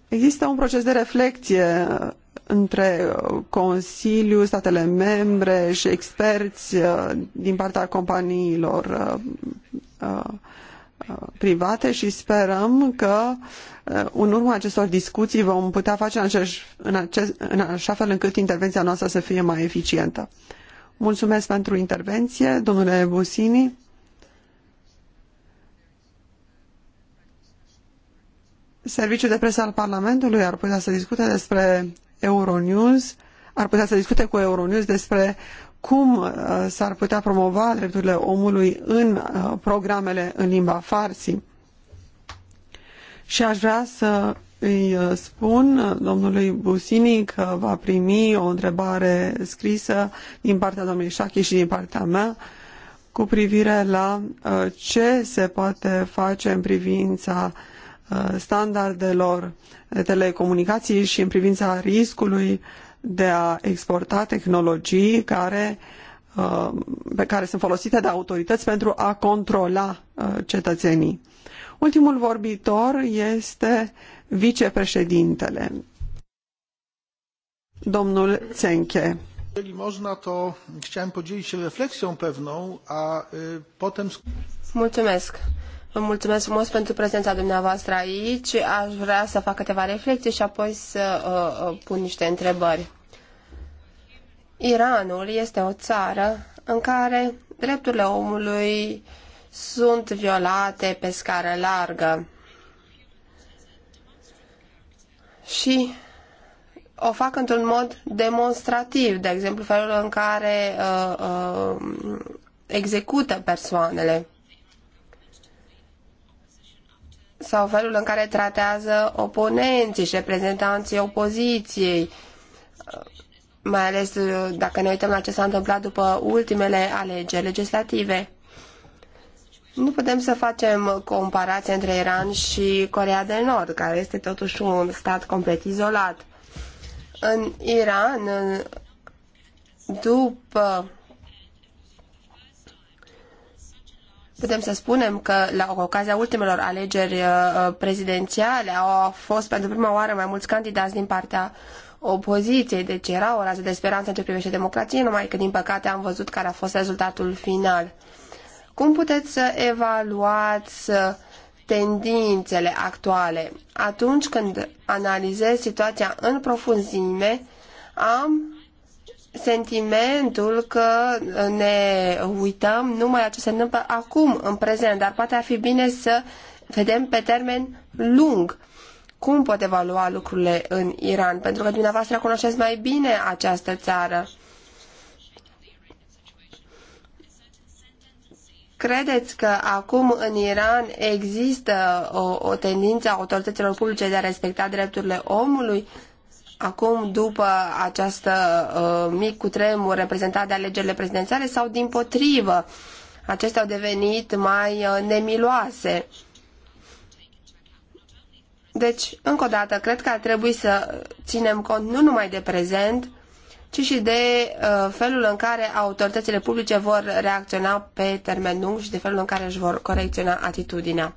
[SPEAKER 3] există un proces de reflexie între uh, Consiliu, statele membre și experți uh, din partea companiilor uh, private și sperăm că în urma acestor discuții vom putea face în, acest, în, acest, în așa fel încât intervenția noastră să fie mai eficientă. Mulțumesc pentru intervenție, domnule Busini. Serviciul de presă al Parlamentului ar putea să discute despre Euronews ar putea să discute cu Euronews despre cum uh, s-ar putea promova drepturile omului în uh, programele în limba farsi. Și aș vrea să îi uh, spun domnului Busini că va primi o întrebare scrisă din partea domnului Șachi și din partea mea cu privire la ce se poate face în privința uh, Uh, standardelor de telecomunicații și în privința riscului de a exporta tehnologii care, uh, pe care sunt folosite de autorități pentru a controla uh, cetățenii. Ultimul vorbitor este vicepreședintele, domnul Țenche.
[SPEAKER 4] Jeżeli można, to chciałem podzielić się refleksją pewną, a potem... Mulțumesc. Vă mulțumesc frumos pentru prezența dumneavoastră aici. Aș vrea să fac câteva reflexii și apoi să uh, uh, pun niște întrebări. Iranul este o țară în care drepturile omului sunt violate pe scară largă. Și o fac într-un mod demonstrativ, de exemplu felul în care uh, uh, execută persoanele sau felul în care tratează oponenții și reprezentanții opoziției, mai ales uh, dacă ne uităm la ce s-a întâmplat după ultimele alegeri legislative. Nu putem să facem comparație între Iran și Corea de Nord, care este totuși un stat complet izolat. În Iran, după Putem să spunem că la ocazia ultimelor alegeri uh, uh, prezidențiale au fost pentru prima oară mai mulți candidați din partea opoziției, deci era o rază de speranță în ce privește democrație, numai că din păcate am văzut care a fost rezultatul final. Cum puteți să evaluați uh, tendințele actuale? Atunci când analizez situația în profunzime, am sentimentul că ne uităm numai la ce se întâmplă acum, în prezent, dar poate ar fi bine să vedem pe termen lung cum pot evalua lucrurile în Iran, pentru că dumneavoastră cunoașteți mai bine această țară. Credeți că acum în Iran există o, o tendință a autorităților publice de a respecta drepturile omului? acum după această uh, mic cutremur reprezentat de alegerile prezidențiale sau din potrivă acestea au devenit mai uh, nemiloase. Deci, încă o dată, cred că ar trebui să ținem cont nu numai de prezent, ci și de uh, felul în care autoritățile publice vor reacționa pe termen lung și de felul în care își vor corecționa atitudinea.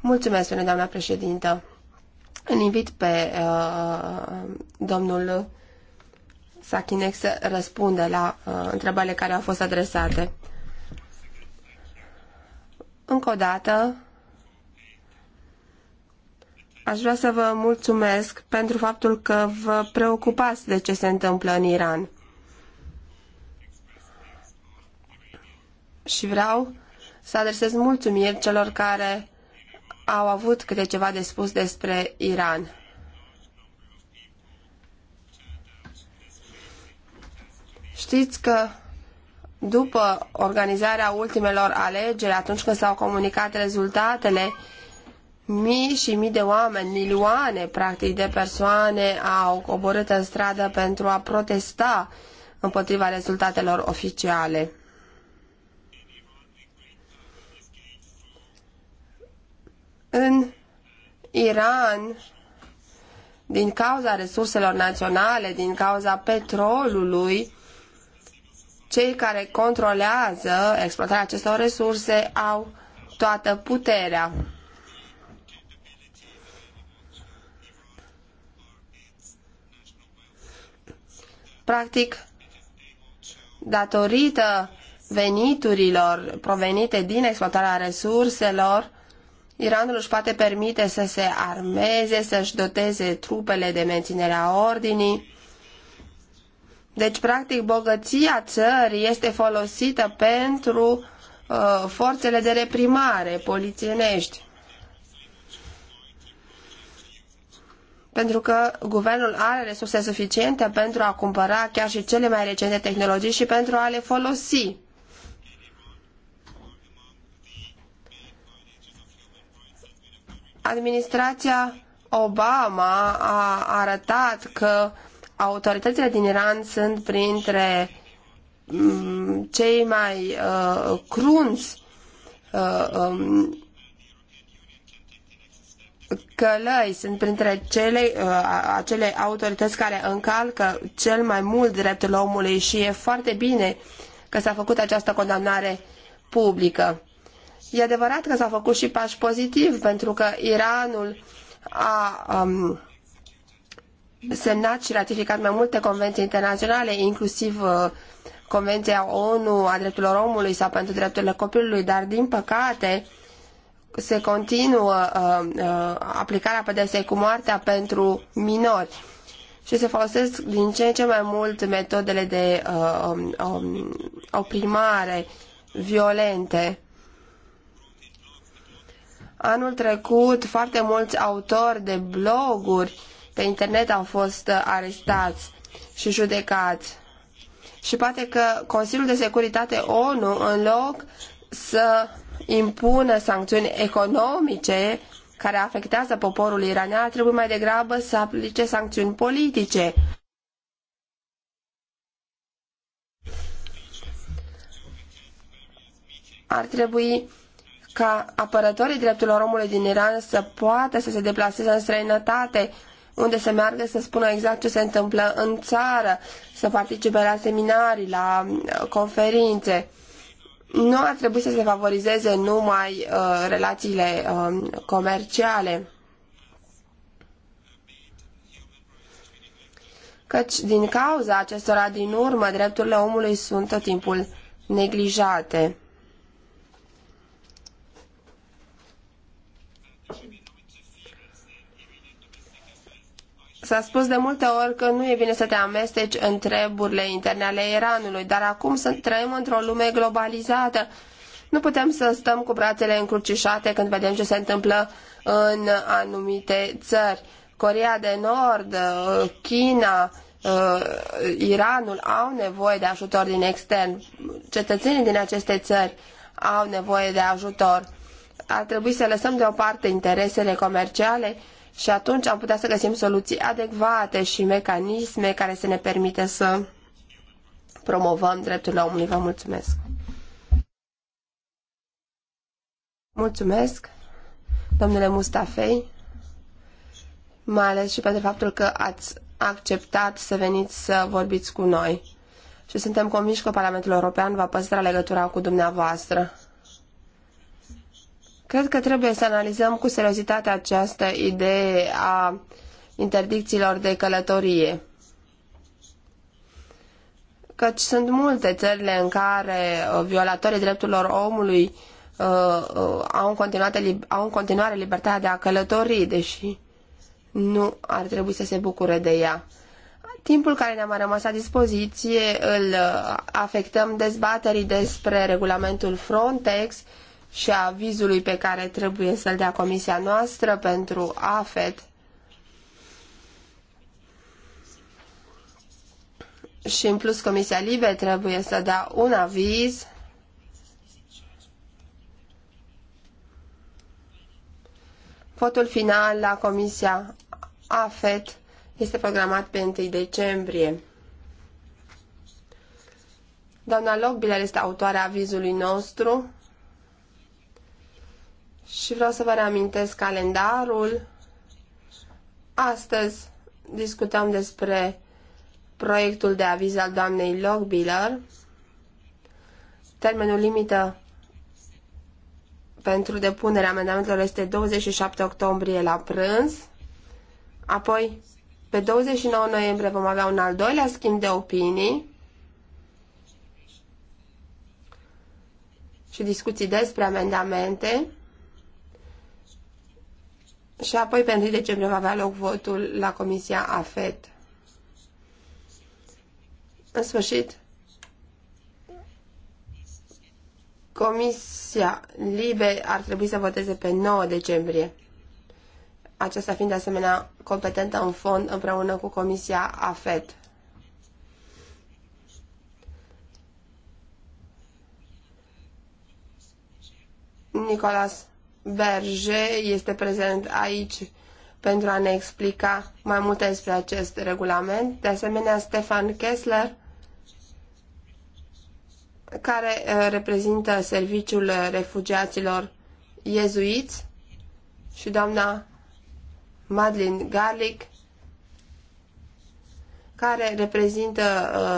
[SPEAKER 4] Mulțumesc, doamna președintă. Îl invit pe uh, domnul Sachinec să răspundă la uh, întrebările care au fost adresate. Încă o dată, aș vrea să vă mulțumesc pentru faptul că vă preocupați de ce se întâmplă în Iran. Și vreau să adresez mulțumiri celor care au avut câte ceva de spus despre Iran. Știți că după organizarea ultimelor alegeri, atunci când s-au comunicat rezultatele, mii și mii de oameni, milioane practic de persoane au coborât în stradă pentru a protesta împotriva rezultatelor oficiale. În Iran, din cauza resurselor naționale, din cauza petrolului, cei care controlează exploatarea acestor resurse au toată puterea. Practic, datorită veniturilor provenite din exploatarea resurselor, Iranul își poate permite să se armeze, să-și doteze trupele de menținere a ordinii. Deci, practic, bogăția țării este folosită pentru uh, forțele de reprimare polițienești. Pentru că guvernul are resurse suficiente pentru a cumpăra chiar și cele mai recente tehnologii și pentru a le folosi. Administrația Obama a arătat că autoritățile din Iran sunt printre mm, cei mai uh, crunți uh, um, călăi, sunt printre cele, uh, acele autorități care încalcă cel mai mult dreptul omului și e foarte bine că s-a făcut această condamnare publică. E adevărat că s-au făcut și pași pozitivi, pentru că Iranul a um, semnat și ratificat mai multe convenții internaționale, inclusiv uh, Convenția ONU a drepturilor omului sau pentru drepturile copilului, dar din păcate se continuă uh, uh, aplicarea pedepsei cu moartea pentru minori și se folosesc din ce în ce mai mult metodele de uh, um, um, oprimare violente. Anul trecut, foarte mulți autori de bloguri pe internet au fost uh, arestați și judecați. Și poate că Consiliul de Securitate ONU, în loc să impună sancțiuni economice care afectează poporul iranian, trebuie mai degrabă să aplice sancțiuni politice. Ar trebui ca apărătorii drepturilor omului din Iran să poată să se deplaseze în străinătate, unde să meargă să spună exact ce se întâmplă în țară, să participe la seminarii, la uh, conferințe. Nu ar trebui să se favorizeze numai uh, relațiile uh, comerciale. Căci din cauza acestora din urmă, drepturile omului sunt tot timpul neglijate. S-a spus de multe ori că nu e bine să te amesteci în treburile interne ale Iranului, dar acum să trăim într-o lume globalizată. Nu putem să stăm cu brațele încrucișate când vedem ce se întâmplă în anumite țări. Coreea de Nord, uh, China, uh, Iranul au nevoie de ajutor din extern. Cetățenii din aceste țări au nevoie de ajutor. Ar trebui să lăsăm deoparte interesele comerciale și atunci am putea să găsim soluții adecvate și mecanisme care să ne permite să promovăm drepturile omului. Vă mulțumesc! Mulțumesc, domnule Mustafei, mai ales și pentru faptul că ați acceptat să veniți să vorbiți cu noi. Și suntem convinși că Parlamentul European va păstra legătura cu dumneavoastră. Cred că trebuie să analizăm cu seriozitate această idee a interdicțiilor de călătorie. Căci sunt multe țările în care uh, violatorii drepturilor omului uh, uh au, în au în continuare libertatea de a călători, deși nu ar trebui să se bucure de ea. Timpul care ne-a mai rămas la dispoziție îl uh, afectăm dezbaterii despre regulamentul Frontex, și a avizului pe care trebuie să-l dea comisia noastră pentru AFET și în plus Comisia Libe trebuie să dea un aviz Votul final la Comisia AFET este programat pe 1 decembrie. Doamna Lobbiler este autoarea avizului nostru și vreau să vă reamintesc calendarul. Astăzi discutăm despre proiectul de aviz al doamnei Logbiller. Termenul limită pentru depunerea amendamentelor este 27 octombrie la prânz. Apoi, pe 29 noiembrie vom avea un al doilea schimb de opinii și discuții despre amendamente. Și apoi pe 1 decembrie va avea loc votul la Comisia AFET. În sfârșit, Comisia Libe ar trebui să voteze pe 9 decembrie, aceasta fiind de asemenea competentă în fond împreună cu Comisia AFET. Nicolas Berger este prezent aici pentru a ne explica mai multe despre acest regulament. De asemenea, Stefan Kessler, care uh, reprezintă serviciul refugiaților iezuiți și doamna Madeline Garlic, care reprezintă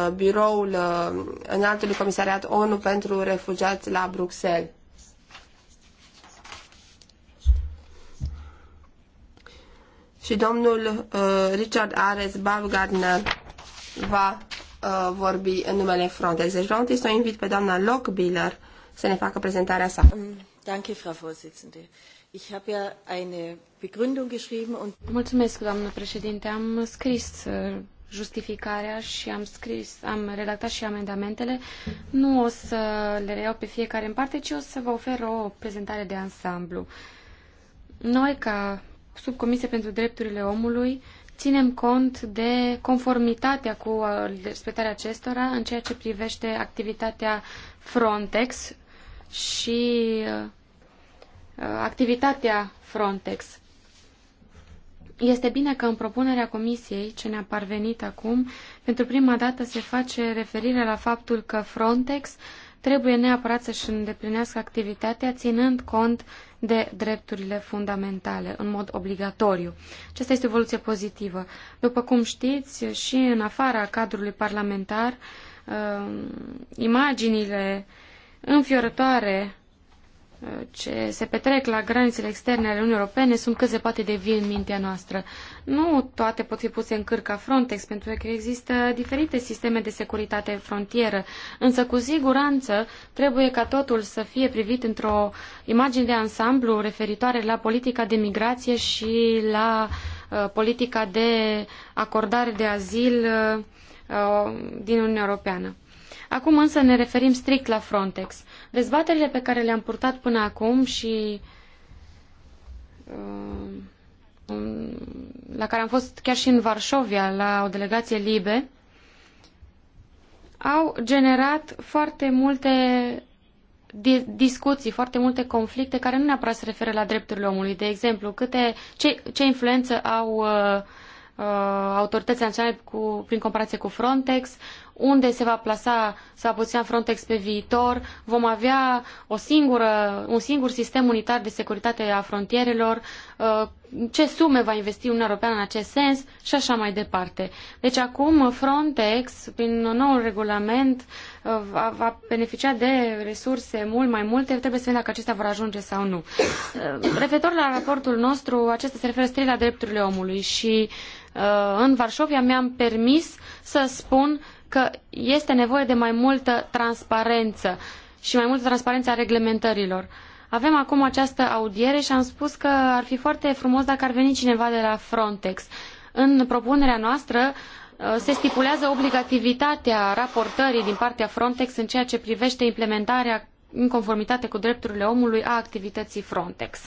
[SPEAKER 4] uh, biroul uh, înaltului comisariat ONU pentru refugiați la Bruxelles. și domnul uh, Richard Ares Baumgartner va uh, vorbi în numele Frontex. Deci vreau întâi să o invit pe doamna Lockbiller să ne facă prezentarea sa.
[SPEAKER 5] Mm, danke, Frau Vorsitzende. Ich habe ja eine
[SPEAKER 2] Begründung geschrieben und Mulțumesc, doamnă președinte. Am scris uh, justificarea și am scris, am redactat și amendamentele. Nu o să le reiau pe fiecare în parte, ci o să vă ofer o prezentare de ansamblu. Noi, ca subcomisie pentru drepturile omului, ținem cont de conformitatea cu uh, respectarea acestora în ceea ce privește activitatea Frontex și uh, uh, activitatea Frontex. Este bine că în propunerea comisiei ce ne-a parvenit acum, pentru prima dată se face referire la faptul că Frontex uh, trebuie neapărat să-și îndeplinească activitatea ținând cont de drepturile fundamentale în mod obligatoriu. Aceasta este o evoluție pozitivă. După cum știți, și în afara cadrului parlamentar, uh, imaginile înfiorătoare uh, ce se petrec la granițele externe ale Uniunii Europene sunt cât se poate de vii în mintea noastră. Nu toate pot fi puse în cârca Frontex, pentru că există diferite sisteme de securitate frontieră, însă cu siguranță trebuie ca totul să fie privit într-o imagine de ansamblu referitoare la politica de migrație și la uh, politica de acordare de azil uh, uh din Uniunea Europeană. Acum însă ne referim strict la Frontex. Dezbaterile pe care le-am purtat până acum și uh, la care am fost chiar și în Varșovia, la o delegație libe, au generat foarte multe discuții, foarte multe conflicte care nu neapărat se referă la drepturile omului. De exemplu, câte, ce, ce influență au uh, uh autoritățile naționale cu, prin comparație cu Frontex, unde se va plasa sau puțin Frontex pe viitor. Vom avea o singură, un singur sistem unitar de securitate a frontierelor, uh, ce sume va investi Uniunea Europeană în acest sens și așa mai departe. Deci acum Frontex, prin noul regulament, uh, va, va beneficia de resurse mult mai multe. Trebuie să vedem dacă acestea vor ajunge sau nu. Uh, referitor la raportul nostru, acesta se referă strict la drepturile omului și în Varșovia mi-am permis să spun că este nevoie de mai multă transparență și mai multă transparență a reglementărilor. Avem acum această audiere și am spus că ar fi foarte frumos dacă ar veni cineva de la Frontex. În propunerea noastră uh, se stipulează obligativitatea raportării din partea Frontex în ceea ce privește implementarea în conformitate cu drepturile omului a activității Frontex.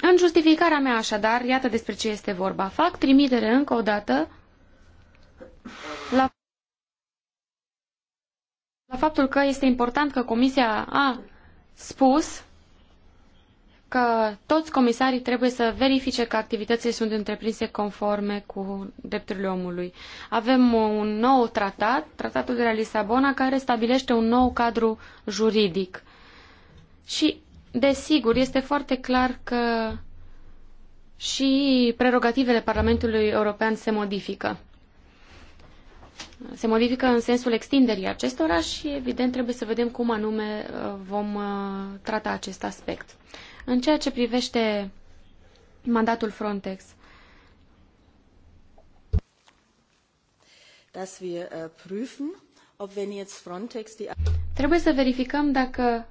[SPEAKER 2] În justificarea mea așadar, iată despre ce este vorba. Fac trimitere încă o dată la, la faptul că este important că Comisia a spus că toți comisarii trebuie să verifice că activitățile sunt întreprinse conforme cu drepturile omului. Avem un nou tratat, tratatul de la Lisabona, care stabilește un nou cadru juridic. Și, desigur, este foarte clar că și prerogativele Parlamentului European se modifică se modifică în sensul extinderii acestora și, evident, trebuie să vedem cum anume uh, vom uh, trata acest aspect. În ceea ce privește mandatul Frontex,
[SPEAKER 5] dass wir äh, prüfen, ob wenn jetzt
[SPEAKER 2] Frontex die Trebuie să verificăm dacă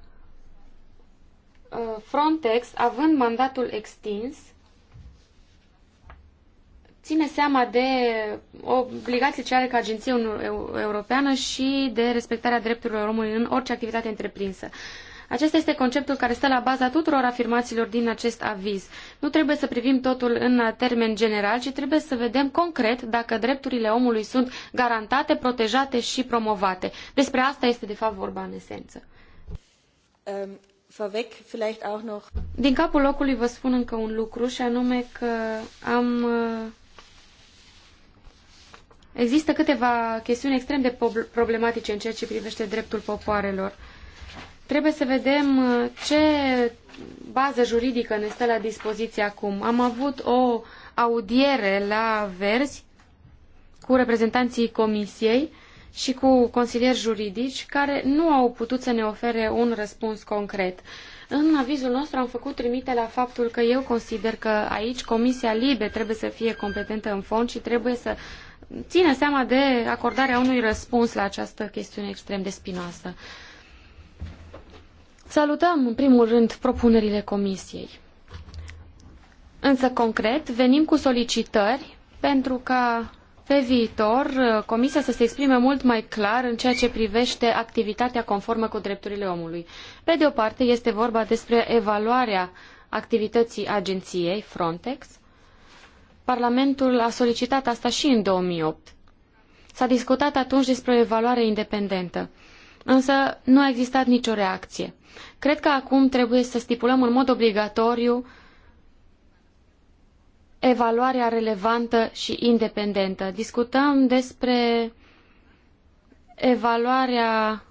[SPEAKER 2] uh, Frontex, având mandatul extins, ține seama de obligațiile ce are ca agenție europeană și de respectarea drepturilor omului în orice activitate întreprinsă. Acesta este conceptul care stă la baza tuturor afirmațiilor din acest aviz. Nu trebuie să privim totul în termen general, ci trebuie să vedem concret dacă drepturile omului sunt garantate, protejate și promovate. Despre asta este de fapt vorba în esență. Um, Din capul locului vă spun încă un lucru și anume că am Există câteva chestiuni extrem de problematice în ceea ce privește dreptul popoarelor. Trebuie să vedem uh, ce bază juridică ne stă la dispoziție acum. Am avut o audiere la Verzi cu reprezentanții Comisiei și cu consilieri juridici care nu au putut să ne ofere un răspuns concret. În avizul nostru am făcut trimite la faptul că eu consider că aici Comisia Libe trebuie să fie competentă în fond și trebuie să ține seama de acordarea unui răspuns la această chestiune extrem de spinoasă. Salutăm, în primul rând, propunerile Comisiei. Însă, concret, venim cu solicitări pentru ca pe viitor Comisia să se exprime mult mai clar în ceea ce privește activitatea conformă cu drepturile omului. Pe de o parte, este vorba despre evaluarea activității agenției Frontex Parlamentul a solicitat asta și în 2008. S-a discutat atunci despre o evaluare independentă, însă nu a existat nicio reacție. Cred că acum trebuie să stipulăm în mod obligatoriu evaluarea relevantă și independentă. Discutăm despre evaluarea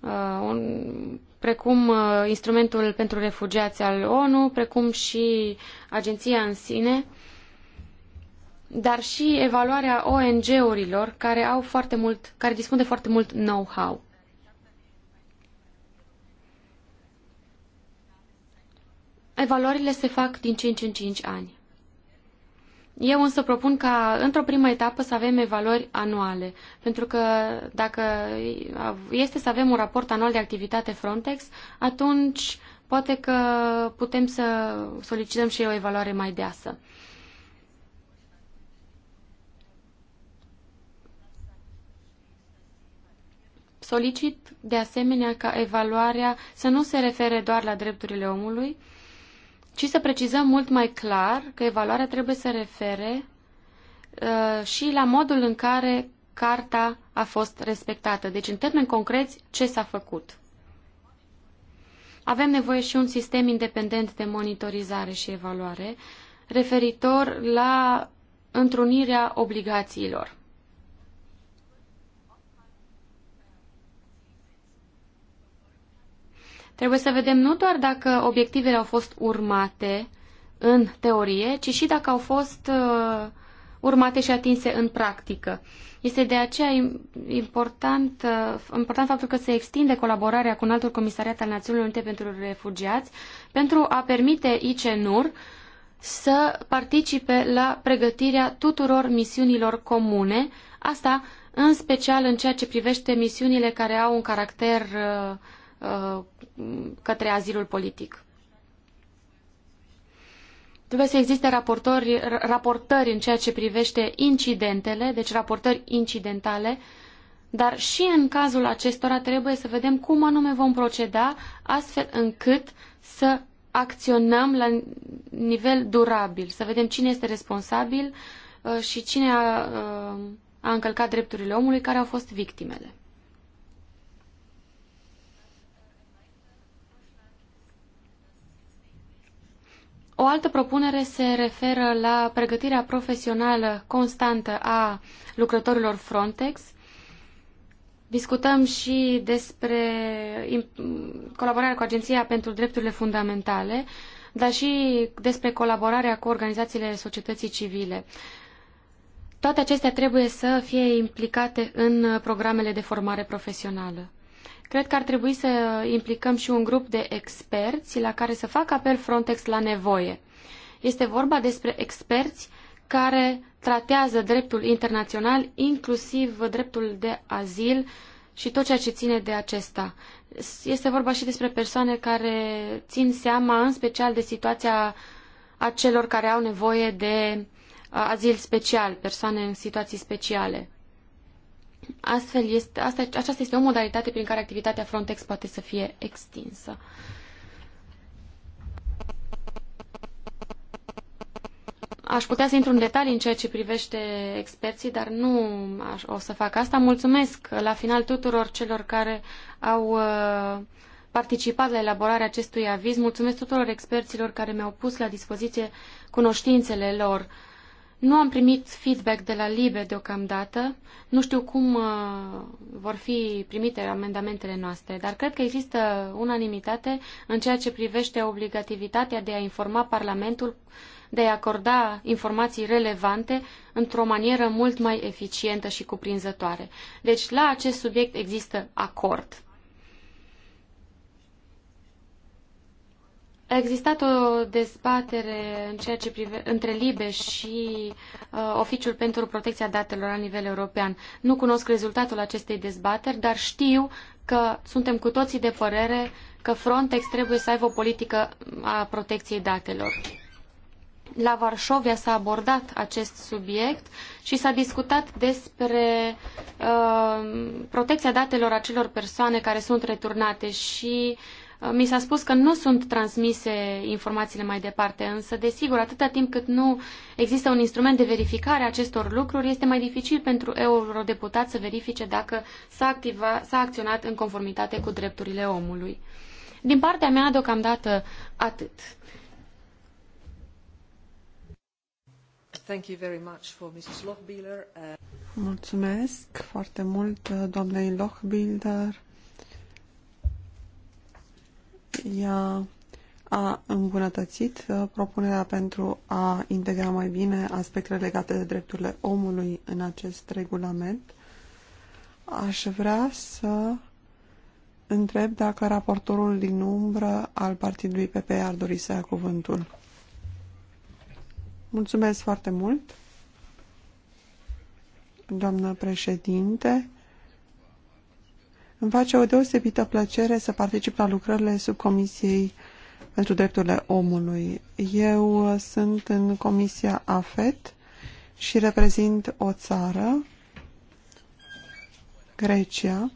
[SPEAKER 2] uh, un, precum uh, instrumentul pentru refugiați al ONU, precum și agenția în sine. Uh, dar și evaluarea ONG-urilor care au foarte mult, care dispun de foarte mult know-how. Evaluările se fac din 5 în 5 ani. Eu însă propun ca într-o primă etapă să avem evaluări anuale, pentru că dacă este să avem un raport anual de activitate Frontex, atunci poate că putem să solicităm și o evaluare mai deasă. Solicit de asemenea ca evaluarea să nu se refere doar la drepturile omului, ci să precizăm mult mai clar că evaluarea trebuie să refere uh, și la modul în care carta a fost respectată. Deci, în termeni concreți, ce s-a făcut. Avem nevoie și un sistem independent de monitorizare și evaluare referitor la întrunirea obligațiilor. Trebuie să vedem nu doar dacă obiectivele au fost urmate în teorie, ci și dacă au fost uh, urmate și atinse în practică. Este de aceea important, uh, important faptul că se extinde colaborarea cu un altul comisariat al Națiunilor Unite pentru Refugiați pentru a permite ICNUR să participe la pregătirea tuturor misiunilor comune, asta în special în ceea ce privește misiunile care au un caracter uh, Uh, către azilul politic. Trebuie să existe raportori, raportări în ceea ce privește incidentele, deci raportări incidentale, dar și în cazul acestora trebuie să vedem cum anume vom proceda astfel încât să acționăm la nivel durabil, să vedem cine este responsabil uh, și cine a, uh, a încălcat drepturile omului, care au fost victimele. O altă propunere se referă la pregătirea profesională constantă a lucrătorilor Frontex. Discutăm și despre colaborarea cu Agenția pentru Drepturile Fundamentale, dar și despre colaborarea cu organizațiile societății civile. Toate acestea trebuie să fie implicate în programele de formare profesională. Cred că ar trebui să implicăm și un grup de experți la care să facă apel Frontex la nevoie. Este vorba despre experți care tratează dreptul internațional, inclusiv dreptul de azil și tot ceea ce ține de acesta. Este vorba și despre persoane care țin seama în special de situația acelor care au nevoie de uh, azil special, persoane în situații speciale. Astfel, este, asta, aceasta este o modalitate prin care activitatea Frontex poate să fie extinsă. Aș putea să intru în detalii în ceea ce privește experții, dar nu aș, o să fac asta. Mulțumesc la final tuturor celor care au uh, participat la elaborarea acestui aviz. Mulțumesc tuturor experților care mi-au pus la dispoziție cunoștințele lor. Nu am primit feedback de la LIBE deocamdată. Nu știu cum uh, vor fi primite amendamentele noastre, dar cred că există unanimitate în ceea ce privește obligativitatea de a informa Parlamentul, de a acorda informații relevante într-o manieră mult mai eficientă și cuprinzătoare. Deci la acest subiect există acord. A existat o dezbatere în ceea ce prive, între LIBE și uh, Oficiul pentru Protecția Datelor la nivel european. Nu cunosc rezultatul acestei dezbateri, dar știu că suntem cu toții de părere că Frontex trebuie să aibă o politică a protecției datelor. La Varșovia s-a abordat acest subiect și s-a discutat despre uh, protecția datelor acelor persoane care sunt returnate și uh, mi s-a spus că nu sunt transmise informațiile mai departe, însă, desigur, atâta timp cât nu există un instrument de verificare a acestor lucruri, este mai dificil pentru eurodeputat să verifice dacă s-a, activa, s-a acționat în conformitate cu drepturile omului. Din partea mea, deocamdată, atât.
[SPEAKER 1] Uh,
[SPEAKER 3] Mulțumesc foarte mult uh, doamnei Lochbilder ea a îmbunătățit uh, propunerea pentru a integra mai bine aspectele legate de drepturile omului în acest regulament. Aș vrea să întreb dacă raportorul din umbră al partidului PP ar dori să ia cuvântul. Mulțumesc foarte mult, doamnă președinte. Îmi face o deosebită plăcere să particip la lucrările subcomisiei pentru drepturile omului. Eu sunt în comisia AFET și reprezint o țară, Grecia,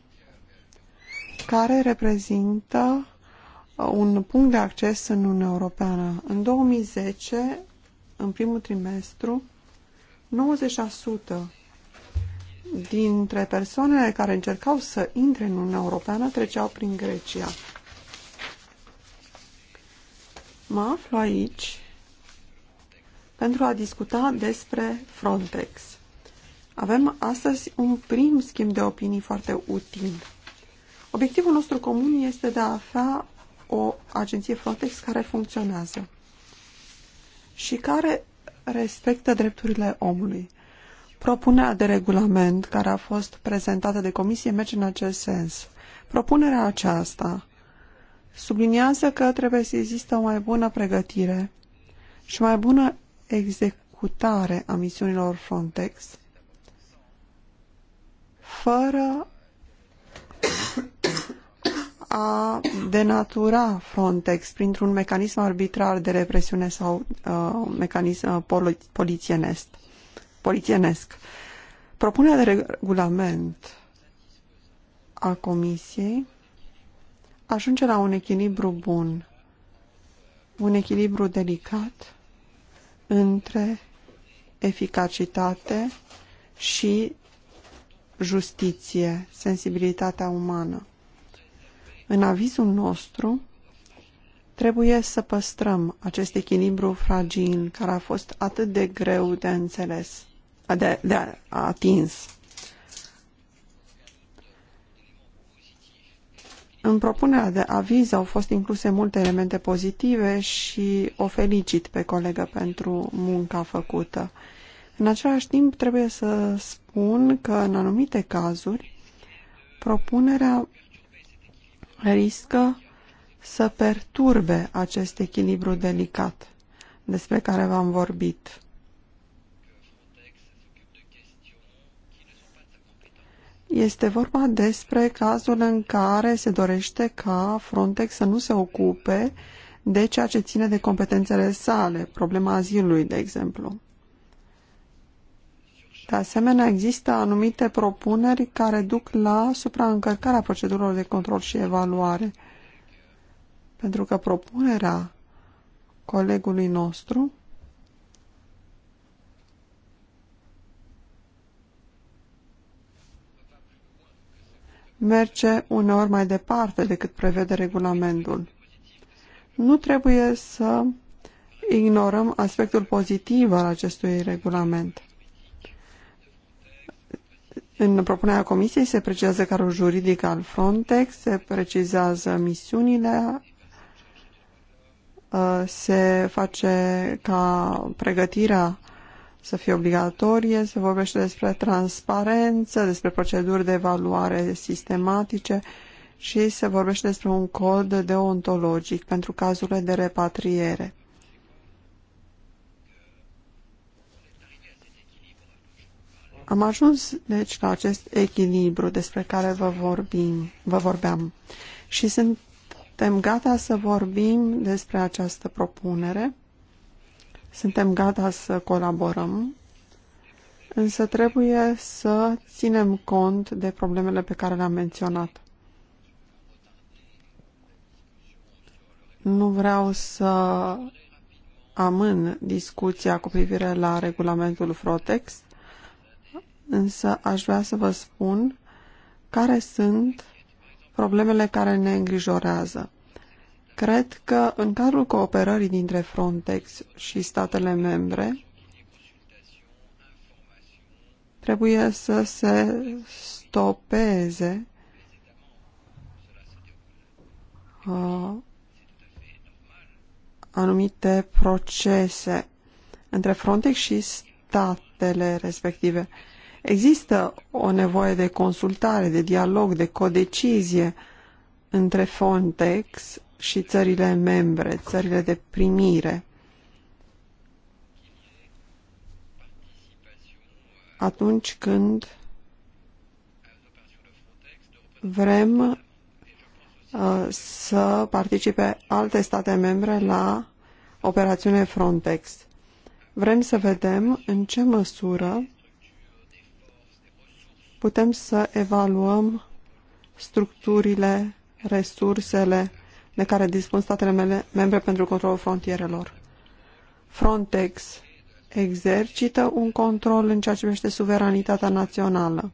[SPEAKER 3] care reprezintă un punct de acces în Uniunea Europeană. În 2010, în primul trimestru, 90% dintre persoanele care încercau să intre în Uniunea Europeană treceau prin Grecia. Mă aflu aici pentru a discuta despre Frontex. Avem astăzi un prim schimb de opinii foarte util. Obiectivul nostru comun este de a avea o agenție Frontex care funcționează și care respectă drepturile omului. Propunerea de regulament care a fost prezentată de comisie merge în acest sens. Propunerea aceasta subliniază că trebuie să există o mai bună pregătire și mai bună executare a misiunilor Frontex fără a denatura Frontex printr-un mecanism arbitrar de represiune sau uh, mecanism uh, polițienest polițienesc. Propunerea de regulament a Comisiei ajunge la un echilibru bun, un echilibru delicat între eficacitate și justiție, sensibilitatea umană. În avizul nostru, trebuie să păstrăm acest echilibru fragil care a fost atât de greu de înțeles de, de atins. În propunerea de aviz au fost incluse multe elemente pozitive și o felicit pe colegă pentru munca făcută. În același timp, trebuie să spun că, în anumite cazuri, propunerea riscă să perturbe acest echilibru delicat despre care v-am vorbit. Este vorba despre cazul în care se dorește ca Frontex să nu se ocupe de ceea ce ține de competențele sale, problema azilului, de exemplu. De asemenea, există anumite propuneri care duc la supraîncărcarea procedurilor de control și evaluare. Pentru că propunerea colegului nostru merge uneori mai departe decât prevede regulamentul. Nu trebuie să ignorăm aspectul pozitiv al acestui regulament. În propunerea Comisiei se precizează carul juridic al Frontex, se precizează misiunile, uh, se face ca pregătirea să fie obligatorie, se vorbește despre transparență, despre proceduri de evaluare sistematice și se vorbește despre un cod deontologic pentru cazurile de repatriere. Am ajuns, deci, la acest echilibru despre care vă, vorbim, vă vorbeam și suntem gata să vorbim despre această propunere suntem gata să colaborăm, însă trebuie să ținem cont de problemele pe care le-am menționat. Nu vreau să amân discuția cu privire la regulamentul Frotex, însă aș vrea să vă spun care sunt problemele care ne îngrijorează. Cred că în cadrul cooperării dintre Frontex și statele membre trebuie să se stopeze uh, anumite procese între Frontex și statele respective. Există o nevoie de consultare, de dialog, de codecizie între Frontex și țările membre, țările de primire. Atunci când vrem uh, să participe alte state membre la operațiune Frontex. Vrem să vedem în ce măsură putem să evaluăm structurile, resursele, de care dispun statele mele, membre pentru controlul frontierelor. Frontex exercită un control în ceea ce privește suveranitatea națională.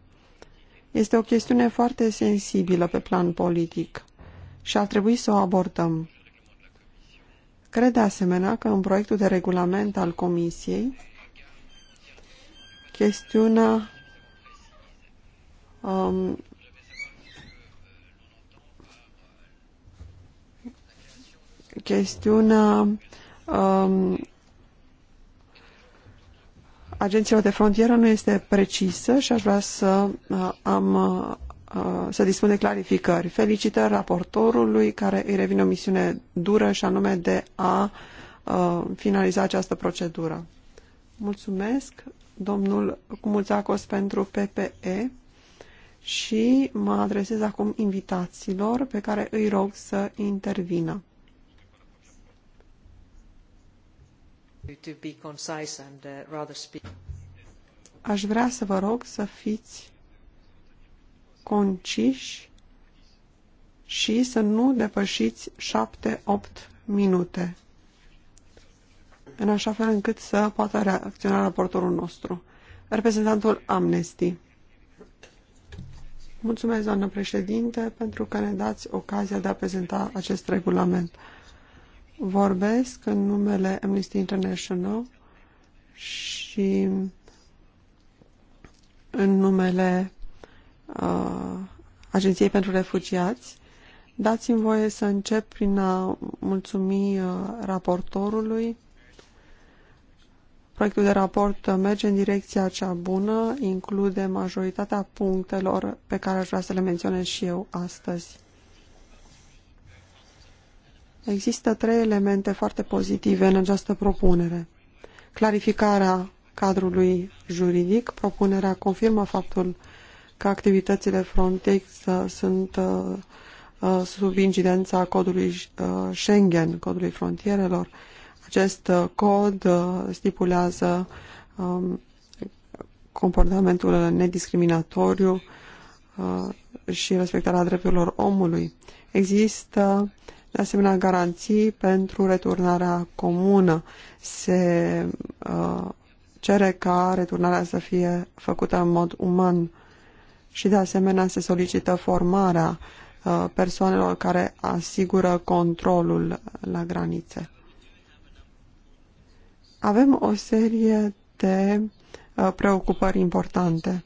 [SPEAKER 3] Este o chestiune foarte sensibilă pe plan politic și ar trebui să o abordăm. Cred de asemenea că în proiectul de regulament al Comisiei chestiunea um, chestiunea um, agențiilor de frontieră nu este precisă și aș vrea să uh, am uh, uh, să dispun de clarificări. Felicitări raportorului care îi revine o misiune dură și anume de a uh, finaliza această procedură. Mulțumesc domnul Cumuțacos pentru PPE și mă adresez acum invitațiilor pe care îi rog să intervină.
[SPEAKER 1] Uh,
[SPEAKER 3] Aș vrea să vă rog să fiți conciși și să nu depășiți 7-8 minute, în așa fel încât să poată reacționa raportorul nostru. Reprezentantul Amnesty. Mulțumesc, doamnă președinte, pentru că ne dați ocazia de a prezenta acest regulament. Vorbesc în numele Amnesty International și în numele uh, Agenției pentru Refugiați. Dați-mi voie să încep prin a mulțumi uh, raportorului. Proiectul de raport uh, merge în direcția cea bună, include majoritatea punctelor pe care aș vrea să le menționez și eu astăzi. Există trei elemente foarte pozitive în această propunere. Clarificarea cadrului juridic, propunerea confirmă faptul că activitățile Frontex uh, sunt uh, uh, sub incidența codului Schengen, codului frontierelor. Acest cod stipulează um, comportamentul nediscriminatoriu și respectarea drepturilor omului. Există de asemenea garanții pentru returnarea comună. Se uh, cere ca returnarea să fie făcută în mod uman și de asemenea se solicită formarea uh, persoanelor care asigură controlul la granițe. Avem o serie de uh, preocupări importante.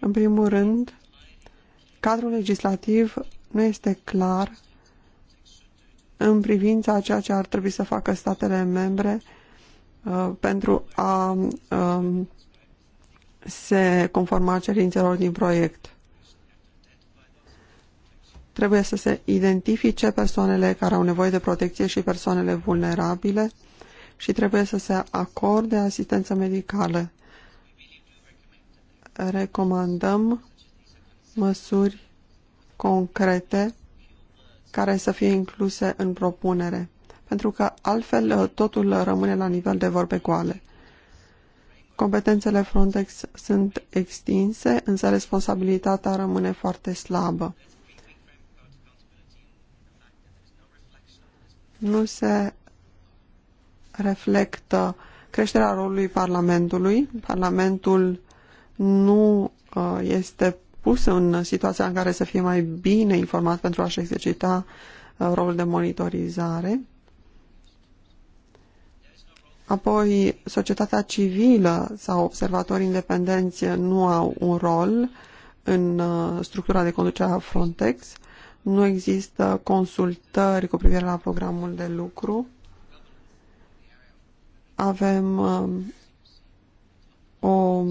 [SPEAKER 3] În primul rând, cadrul legislativ nu este clar în privința a ceea ce ar trebui să facă statele membre uh, pentru a um, se conforma cerințelor din proiect. Trebuie să se identifice persoanele care au nevoie de protecție și persoanele vulnerabile și trebuie să se acorde asistență medicală. Recomandăm măsuri concrete care să fie incluse în propunere, pentru că altfel uh, totul rămâne la nivel de vorbe goale. Competențele Frontex sunt extinse, însă responsabilitatea rămâne foarte slabă. Nu se reflectă creșterea rolului Parlamentului. Parlamentul nu uh, este pus în situația în care să fie mai bine informat pentru a-și exercita uh, rolul de monitorizare. Apoi, societatea civilă sau observatorii independenți nu au un rol în uh, structura de conducere a Frontex. Nu există consultări cu privire la programul de lucru. Avem um, o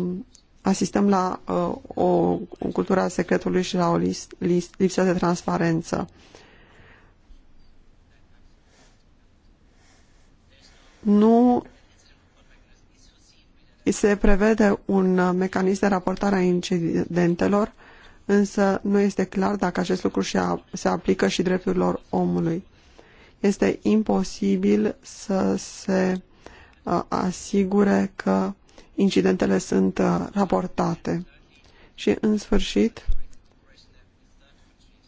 [SPEAKER 3] asistăm la uh, o, o cultură a secretului și la o lis, lis, lipsă de transparență. Nu se prevede un mecanism de raportare a incidentelor, însă nu este clar dacă acest lucru se aplică și drepturilor omului. Este imposibil să se uh, asigure că incidentele sunt uh, raportate. Și, în sfârșit,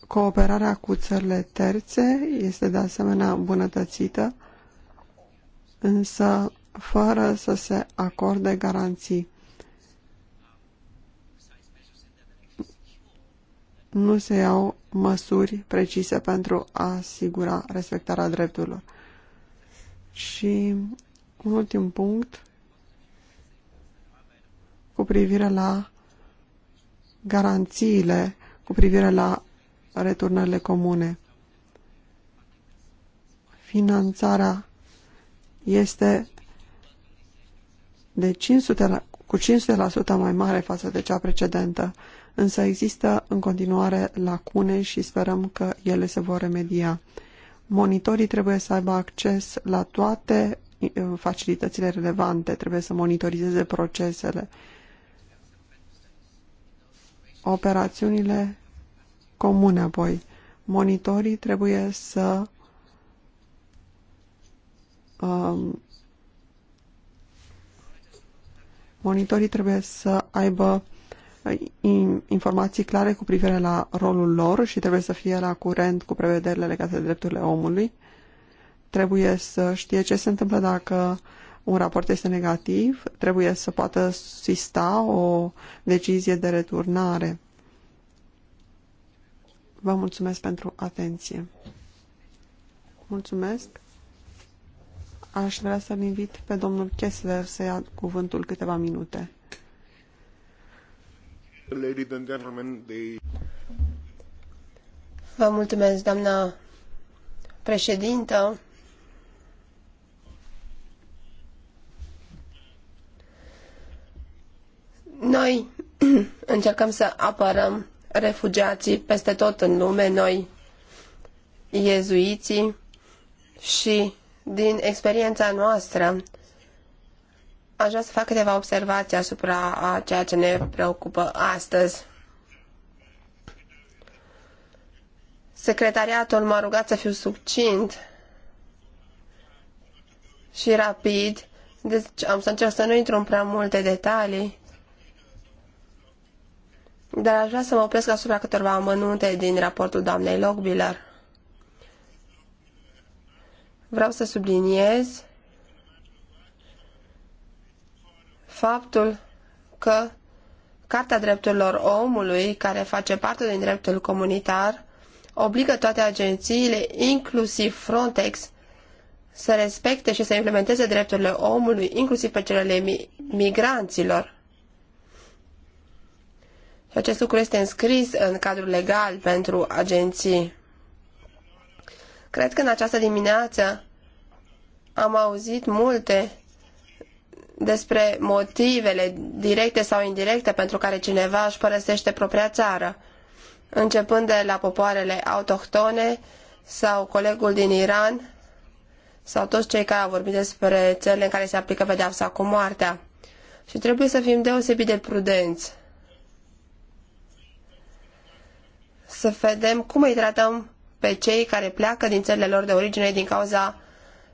[SPEAKER 3] cooperarea cu țările terțe este de asemenea îmbunătățită, însă fără să se acorde garanții. Nu se iau măsuri precise pentru a asigura respectarea drepturilor. Și un ultim punct cu privire la garanțiile cu privire la returnările comune. Finanțarea este de 500, cu 500% mai mare față de cea precedentă, însă există în continuare lacune și sperăm că ele se vor remedia. Monitorii trebuie să aibă acces la toate eh, facilitățile relevante, trebuie să monitorizeze procesele, operațiunile comune apoi. Monitorii trebuie să um, monitorii trebuie să aibă uh, informații clare cu privire la rolul lor și trebuie să fie la curent cu prevederile legate de drepturile omului. Trebuie să știe ce se întâmplă dacă un raport este negativ, trebuie să poată sista o decizie de returnare. Vă mulțumesc pentru atenție. Mulțumesc. Aș vrea să-l invit pe domnul Kessler să ia cuvântul câteva minute.
[SPEAKER 4] Vă mulțumesc, doamna președintă. Noi încercăm să apărăm refugiații peste tot în lume, noi iezuiții și din experiența noastră aș vrea să fac câteva observații asupra a ceea ce ne preocupă astăzi. Secretariatul m-a rugat să fiu succint și rapid, deci am să încerc să nu intru în prea multe detalii, dar aș vrea să mă opresc asupra câteva amănunte din raportul doamnei Logbiller. Vreau să subliniez faptul că Carta Drepturilor Omului, care face parte din dreptul comunitar, obligă toate agențiile, inclusiv Frontex, să respecte și să implementeze drepturile omului, inclusiv pe cele migranților. Și acest lucru este înscris în cadrul legal pentru agenții. Cred că în această dimineață am auzit multe despre motivele directe sau indirecte pentru care cineva își părăsește propria țară, începând de la popoarele autohtone sau colegul din Iran sau toți cei care au vorbit despre țările în care se aplică pedeapsa cu moartea. Și trebuie să fim deosebit de prudenți. să vedem cum îi tratăm pe cei care pleacă din țările lor de origine din cauza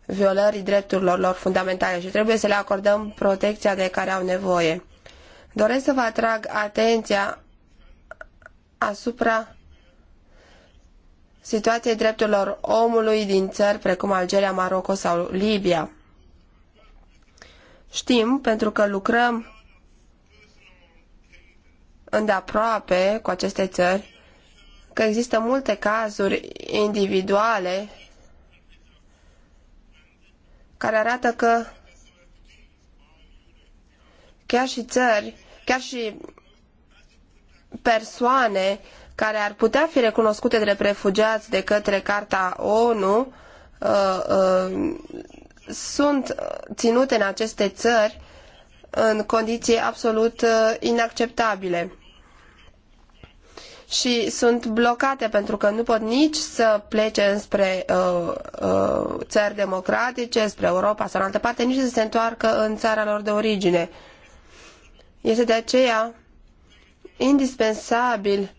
[SPEAKER 4] violării drepturilor lor fundamentale și trebuie să le acordăm protecția de care au nevoie. Doresc să vă atrag atenția asupra situației drepturilor omului din țări precum Algeria, Maroco sau Libia. Știm, pentru că lucrăm îndeaproape cu aceste țări, că există multe cazuri individuale care arată că chiar și țări, chiar și persoane care ar putea fi recunoscute drept refugiați de către Carta ONU uh, uh, sunt ținute în aceste țări în condiții absolut uh, inacceptabile și sunt blocate pentru că nu pot nici să plece spre uh, uh, țări democratice, spre Europa sau în altă parte, nici să se întoarcă în țara lor de origine. Este de aceea indispensabil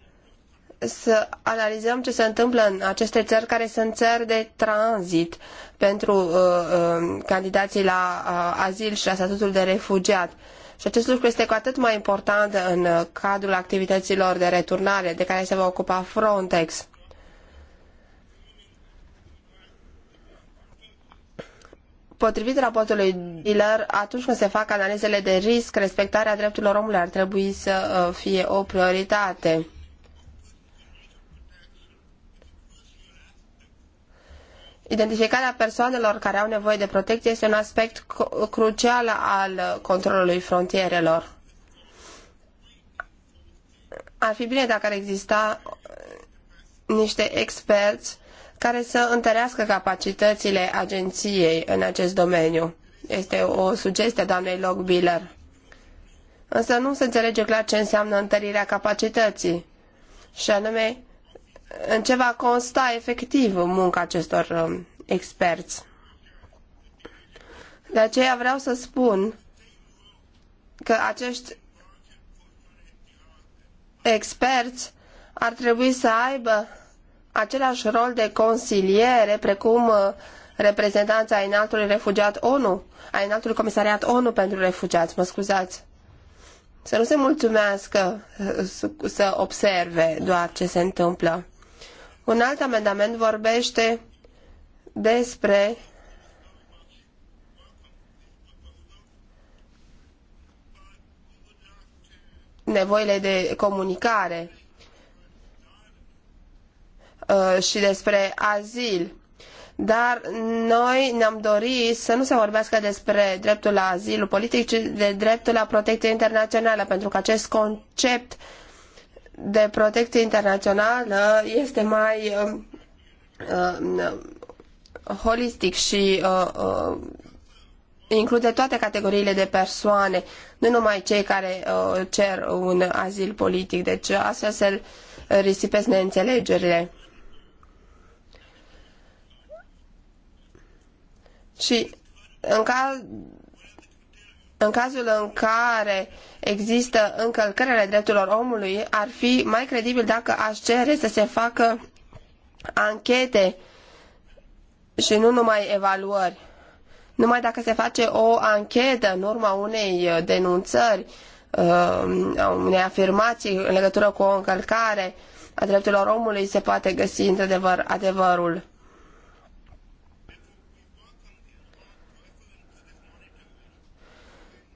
[SPEAKER 4] să analizăm ce se întâmplă în aceste țări care sunt țări de tranzit pentru uh, uh, candidații la uh, azil și la statutul de refugiat. Uh, și acest lucru este cu atât mai important în cadrul activităților de returnare de care se va ocupa Frontex. Potrivit raportului Diller, atunci când se fac analizele de risc, respectarea drepturilor omului ar trebui să uh, fie o prioritate. Identificarea persoanelor care au nevoie de protecție este un aspect crucial al controlului frontierelor. Ar fi bine dacă ar exista niște experți care să întărească capacitățile agenției în acest domeniu. Este o sugestie doamnei Logbiller. Însă nu se înțelege clar ce înseamnă întărirea capacității, și anume în ce va consta efectiv munca acestor um, experți. De aceea vreau să spun că acești experți ar trebui să aibă același rol de consiliere precum uh, reprezentanța ai înaltului refugiat ONU, ai înaltului comisariat ONU pentru refugiați, mă scuzați. Să nu se mulțumească uh, să observe doar ce se întâmplă. Un alt amendament vorbește despre nevoile de comunicare uh, și despre azil. Dar noi ne-am dorit să nu se vorbească despre dreptul la azil politic, ci de dreptul la protecție internațională, pentru că acest concept uh, de protecție internațională este mai uh, holistic și uh, uh, include toate categoriile de persoane, nu numai cei care uh, cer un azil politic. Deci astfel se risipesc neînțelegerile. Și în caz în cazul în care există încălcări ale drepturilor omului, ar fi mai credibil dacă aș cere să se facă anchete și nu numai evaluări. Numai dacă se face o anchetă în urma unei denunțări, um, unei afirmații în legătură cu o încălcare a drepturilor omului, se poate găsi într-adevăr adevărul.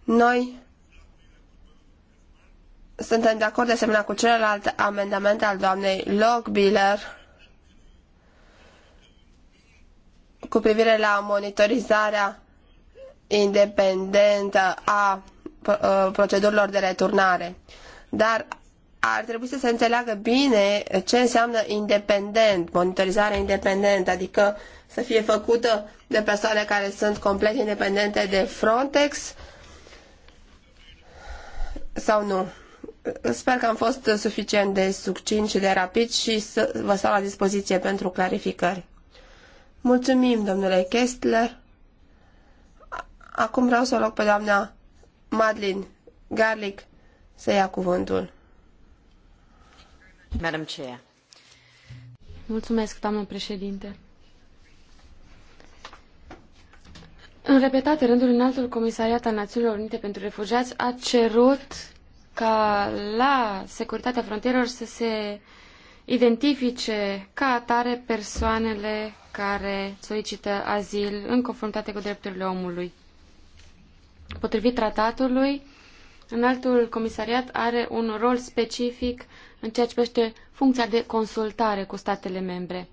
[SPEAKER 4] Noi suntem de acord de asemenea cu celălalt amendament al doamnei Logbiller cu privire la monitorizarea independentă a uh, procedurilor de returnare. Dar ar trebui să se înțeleagă bine ce înseamnă independent, monitorizarea independentă, adică să fie făcută de persoane care sunt complet independente de Frontex sau nu. Sper că am fost suficient de succint și de rapid și să vă stau la dispoziție pentru clarificări. Mulțumim, domnule Kestler. Acum vreau să o rog pe doamna Madlin Garlic să ia cuvântul. Madam Chair.
[SPEAKER 2] Mulțumesc, doamnă președinte. În repetate rânduri, înaltul comisariat al Națiunilor Unite pentru Refugiați a cerut ca la securitatea frontierelor să se identifice ca atare persoanele care solicită azil în conformitate cu drepturile omului. Potrivit tratatului, înaltul comisariat are un rol specific în ceea ce privește funcția de consultare cu statele membre.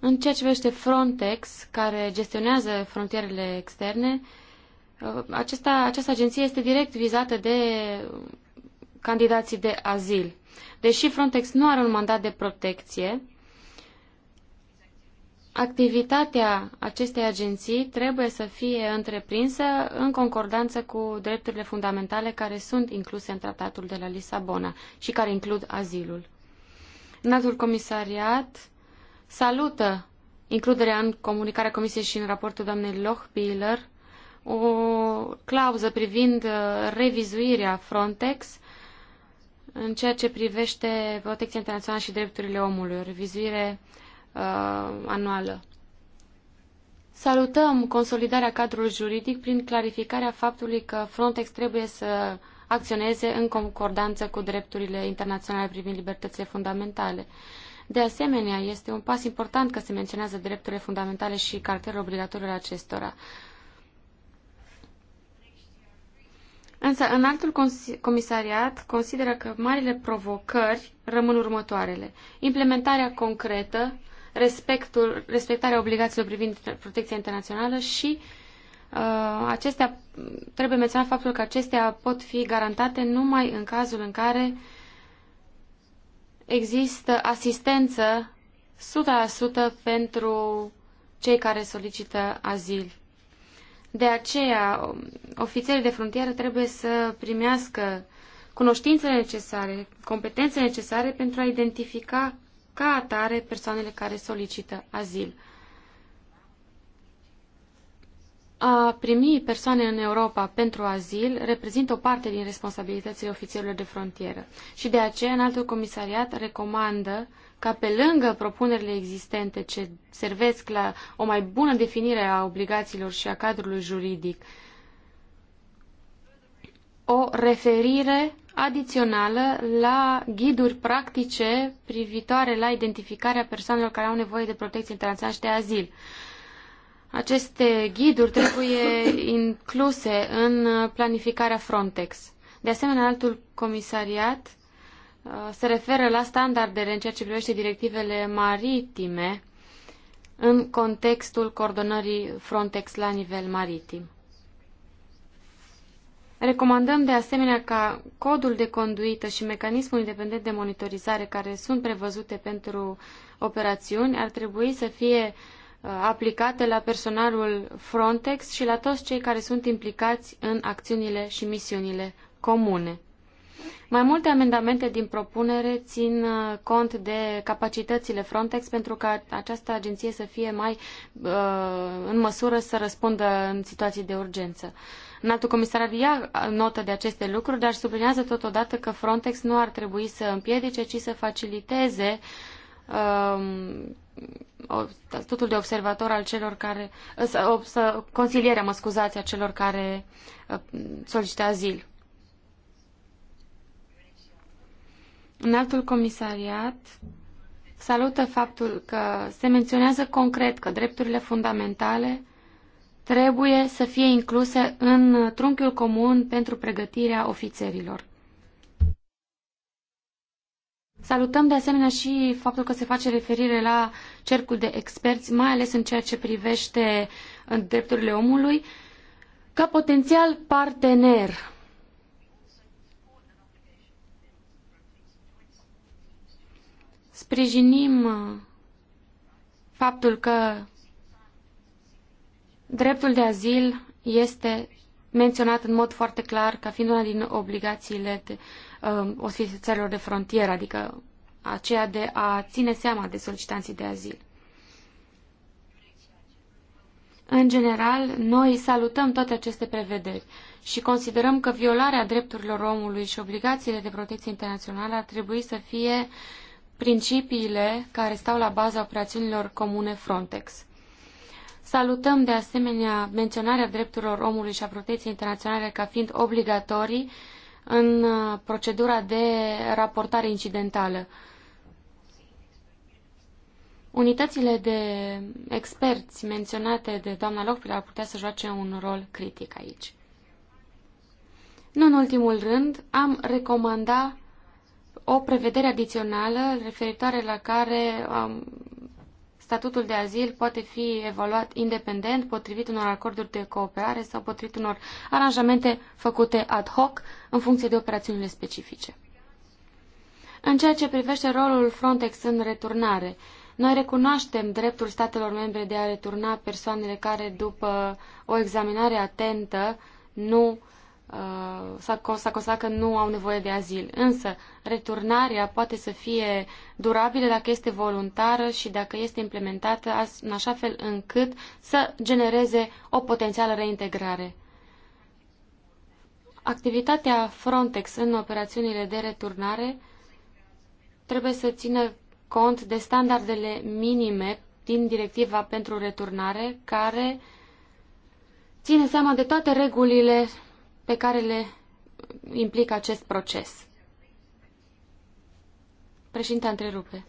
[SPEAKER 2] În ceea ce vește Frontex, care gestionează frontierele externe, uh, aceasta această agenție este direct vizată de candidații de azil. Deși Frontex nu are un mandat de protecție, activitatea acestei agenții trebuie să fie întreprinsă în concordanță cu drepturile fundamentale care sunt incluse în tratatul de la Lisabona și care includ azilul. Înaltul comisariat salută includerea în comunicarea Comisiei și în raportul doamnei Lochbiller o clauză privind uh, revizuirea Frontex în ceea ce privește protecția internațională și drepturile omului, o revizuire uh, anuală. Salutăm consolidarea cadrului juridic prin clarificarea faptului că Frontex trebuie să acționeze în concordanță cu drepturile internaționale privind libertățile fundamentale. Uh, de asemenea, este un pas important că se menționează drepturile fundamentale și caracterul obligatoriu al acestora. Însă, în altul comisariat consideră că marile provocări rămân următoarele. Implementarea concretă, respectul, respectarea obligațiilor privind protecția internațională și uh, acestea, trebuie menționat faptul că acestea pot fi garantate numai în cazul în care uh, există asistență 100% pentru cei care solicită azil. De aceea, ofițerii de frontieră trebuie să primească cunoștințele necesare, competențele necesare pentru a identifica ca atare persoanele care solicită azil. A primi persoane în Europa pentru azil reprezintă o parte din responsabilitățile ofițerilor de frontieră și de aceea înaltul comisariat recomandă ca pe lângă propunerile existente ce servesc la o mai bună definire a obligațiilor și a cadrului juridic, o referire adițională la ghiduri practice privitoare la identificarea persoanelor care au nevoie de protecție internațională și de azil. Aceste ghiduri trebuie incluse în uh, planificarea Frontex. De asemenea, altul comisariat uh, se referă la standardele în ceea ce privește directivele maritime în contextul coordonării Frontex la nivel maritim. Recomandăm de asemenea ca codul de conduită și mecanismul independent de monitorizare care sunt prevăzute pentru operațiuni ar trebui să fie uh, Uh, aplicate la personalul Frontex și la toți cei care sunt implicați în acțiunile și misiunile comune. Mai multe amendamente din propunere țin uh, cont de capacitățile Frontex pentru ca această agenție să fie mai uh, în măsură să răspundă în situații de urgență. Înaltul comisar ia notă de aceste lucruri, dar sublinează totodată că Frontex nu ar trebui să împiedice, ci să faciliteze uh, statutul de observator al celor care, să, să, consilierea, mă scuzați, a celor care uh, solicită azil. În altul comisariat salută faptul că se menționează concret că drepturile fundamentale trebuie să fie incluse în trunchiul comun pentru pregătirea ofițerilor. Salutăm de asemenea și faptul că se face referire la cercul de experți, mai ales în ceea ce privește uh, drepturile omului, ca potențial partener. Sprijinim uh, faptul că dreptul de azil este menționat în mod foarte clar ca fiind una din obligațiile de, um, ofițerilor de frontieră, adică aceea de a ține seama de solicitanții de azil. În general, noi salutăm toate aceste prevederi și considerăm că violarea drepturilor omului și obligațiile de protecție internațională ar trebui să fie principiile care stau la baza operațiunilor comune Frontex. Salutăm de asemenea menționarea drepturilor omului și a protecției internaționale ca fiind obligatorii în uh, procedura de raportare incidentală. Unitățile de experți menționate de doamna Locpil ar putea să joace un rol critic aici. Nu în ultimul rând, am recomanda o prevedere adițională referitoare la care Statutul de azil poate fi evaluat independent, potrivit unor acorduri de cooperare sau potrivit unor aranjamente făcute ad hoc în funcție de operațiunile specifice. În ceea ce privește rolul Frontex în returnare, noi recunoaștem dreptul statelor membre de a returna persoanele care, după o examinare atentă, nu Uh, s-a constat că nu au nevoie de azil. Însă, returnarea poate să fie durabilă dacă este voluntară și dacă este implementată în așa fel încât să genereze o potențială reintegrare. Activitatea Frontex în operațiunile de returnare trebuie să țină cont de standardele minime din directiva pentru returnare, care ține seama de toate regulile pe care le implică acest proces. Președinte, întrerupe.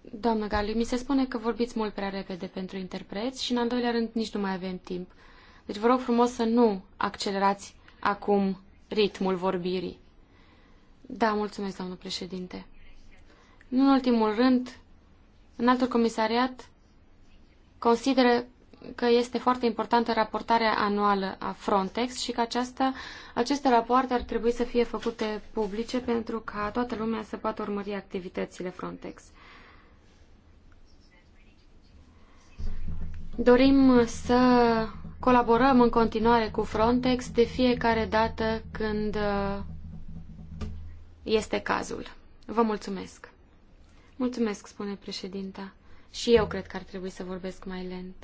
[SPEAKER 2] Doamnă Gali, mi se spune că vorbiți mult prea repede pentru interpreți și, în al doilea rând, nici nu mai avem timp. Deci vă rog frumos să nu accelerați acum ritmul vorbirii. Da, mulțumesc, doamnă președinte. Nu în ultimul rând, în altul comisariat consideră că este foarte importantă raportarea anuală a Frontex și că aceasta, aceste rapoarte ar trebui să fie făcute publice pentru ca toată lumea să poată urmări activitățile Frontex. Dorim să colaborăm în continuare cu Frontex de fiecare dată când uh, este cazul. Vă mulțumesc. Mulțumesc, spune președinta. Și eu cred că ar trebui să vorbesc mai lent.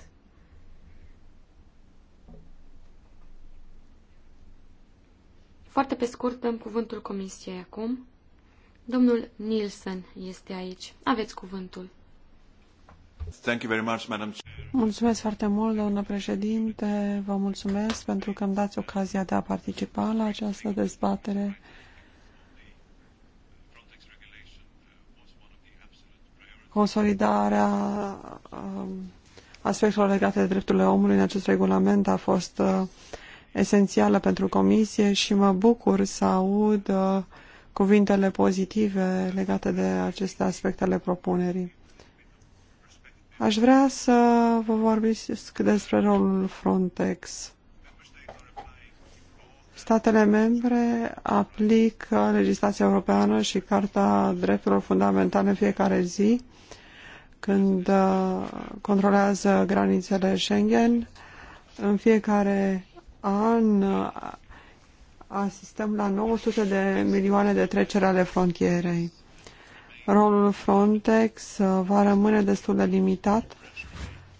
[SPEAKER 2] Foarte pe scurt dăm cuvântul comisiei acum. Domnul Nielsen este aici. Aveți cuvântul.
[SPEAKER 3] Thank you very much, Madam Mulțumesc foarte mult, doamnă președinte. Vă mulțumesc pentru că îmi dați ocazia de a participa la această dezbatere. Consolidarea um, aspectelor legate de drepturile omului în acest regulament a fost uh, esențială pentru comisie și mă bucur să aud uh, cuvintele pozitive legate de aceste aspecte ale propunerii. Aș vrea să vă vorbesc despre rolul Frontex. Statele membre aplică legislația europeană și Carta Drepturilor Fundamentale în fiecare zi când uh, controlează granițele Schengen. În fiecare an asistăm la 900 de milioane de trecere ale frontierei. Rolul Frontex uh, va rămâne destul de limitat.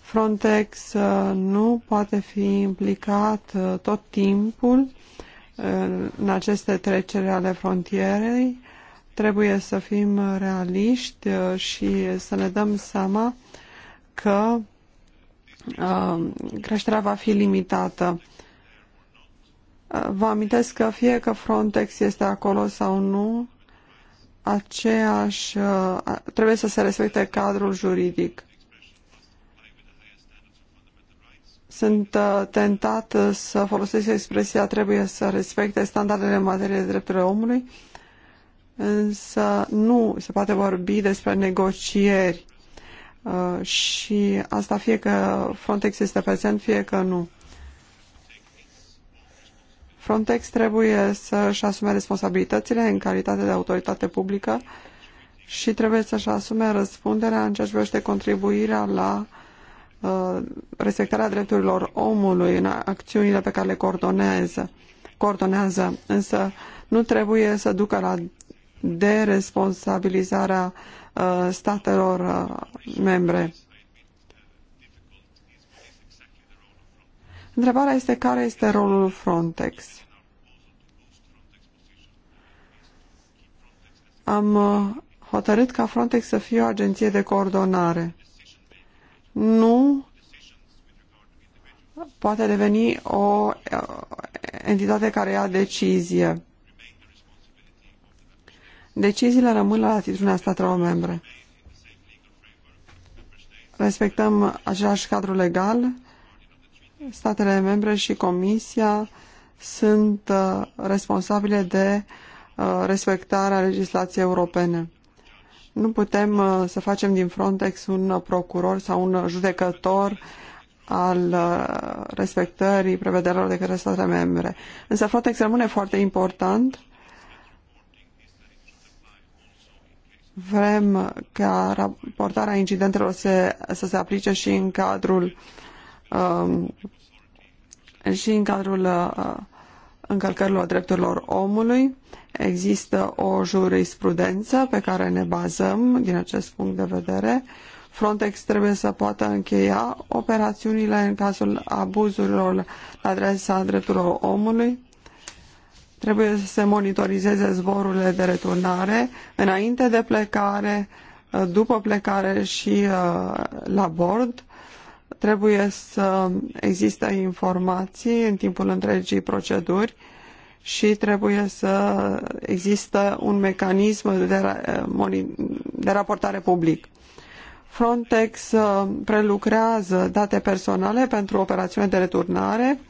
[SPEAKER 3] Frontex uh, nu poate fi implicat uh, tot timpul în aceste trecere ale frontierei. Trebuie să fim realiști și să ne dăm seama că creșterea va fi limitată Vă amintesc că fie că Frontex este acolo sau nu, aceeași, uh, trebuie să se respecte cadrul juridic. Sunt uh, tentat uh, să folosesc expresia trebuie să respecte standardele în materie de drepturile omului, însă nu se poate vorbi despre negocieri și asta fie că Frontex este prezent, fie că nu. Frontex trebuie să-și asume responsabilitățile în calitate de autoritate publică și trebuie să-și asume răspunderea în ceea ce privește contribuirea la uh, respectarea drepturilor omului în acțiunile pe care le coordonează. coordonează. Însă nu trebuie să ducă la deresponsabilizarea uh, statelor uh, membre. Întrebarea este care este rolul Frontex. Am uh, hotărât ca Frontex să fie o agenție de coordonare. Nu poate deveni o uh, entitate care ia decizie. Deciziile rămân la latitudinea statelor membre. Respectăm același cadru legal, statele membre și Comisia sunt uh, responsabile de uh, respectarea legislației europene. Nu putem uh, să facem din Frontex un procuror sau un judecător al respectării prevederilor de către statele membre. Însă Frontex rămâne foarte important. Vrem ca raportarea incidentelor să, să se aplice și în cadrul uh, Um, și în cadrul uh, încălcărilor drepturilor omului există o jurisprudență pe care ne bazăm din acest punct de vedere. Frontex trebuie să poată încheia operațiunile în cazul abuzurilor la adresa drepturilor omului. Trebuie să se monitorizeze zborurile de returnare înainte de plecare, după plecare și uh, la bord Trebuie să existe informații în timpul întregii proceduri și trebuie să există un mecanism de, de raportare public. Frontex uh, prelucrează date personale pentru operațiune de returnare.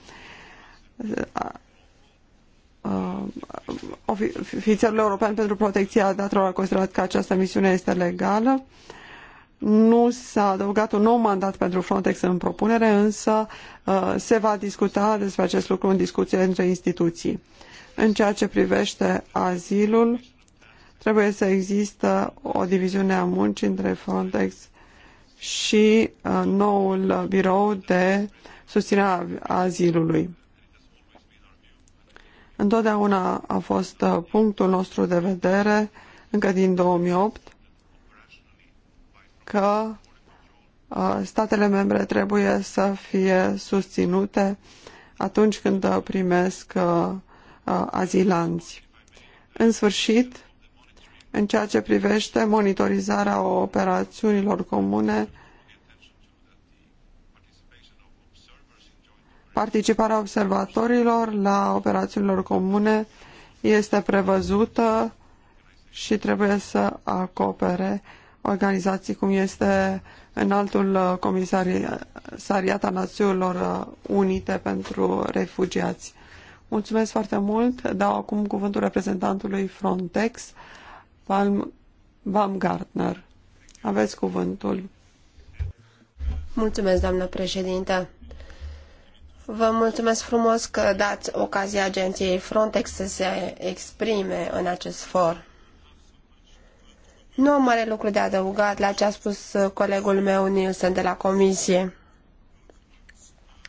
[SPEAKER 3] Uh, ofițerul European pentru Protecția Datelor a considerat că această misiune este legală. Nu s-a adăugat un nou mandat pentru Frontex în propunere, însă uh, se va discuta despre acest lucru în discuție între instituții. În ceea ce privește azilul, trebuie să există o diviziune a muncii între Frontex și uh, noul birou de susținere a azilului. Întotdeauna a fost uh, punctul nostru de vedere, încă din 2008, că uh, statele membre trebuie să fie susținute atunci când uh, primesc uh, azilanți. În sfârșit, în ceea ce privește monitorizarea operațiunilor comune, participarea observatorilor la operațiunilor comune este prevăzută și trebuie să acopere organizații cum este înaltul uh, comisariat al Națiunilor uh, Unite pentru Refugiați. Mulțumesc foarte mult. Dau acum cuvântul reprezentantului Frontex, Palm Baumgartner. Aveți cuvântul.
[SPEAKER 4] Mulțumesc, doamnă președintă. Vă mulțumesc frumos că dați ocazia agenției Frontex să se exprime în acest for. Nu am mare lucru de adăugat la ce a spus uh, colegul meu Nielsen de la comisie.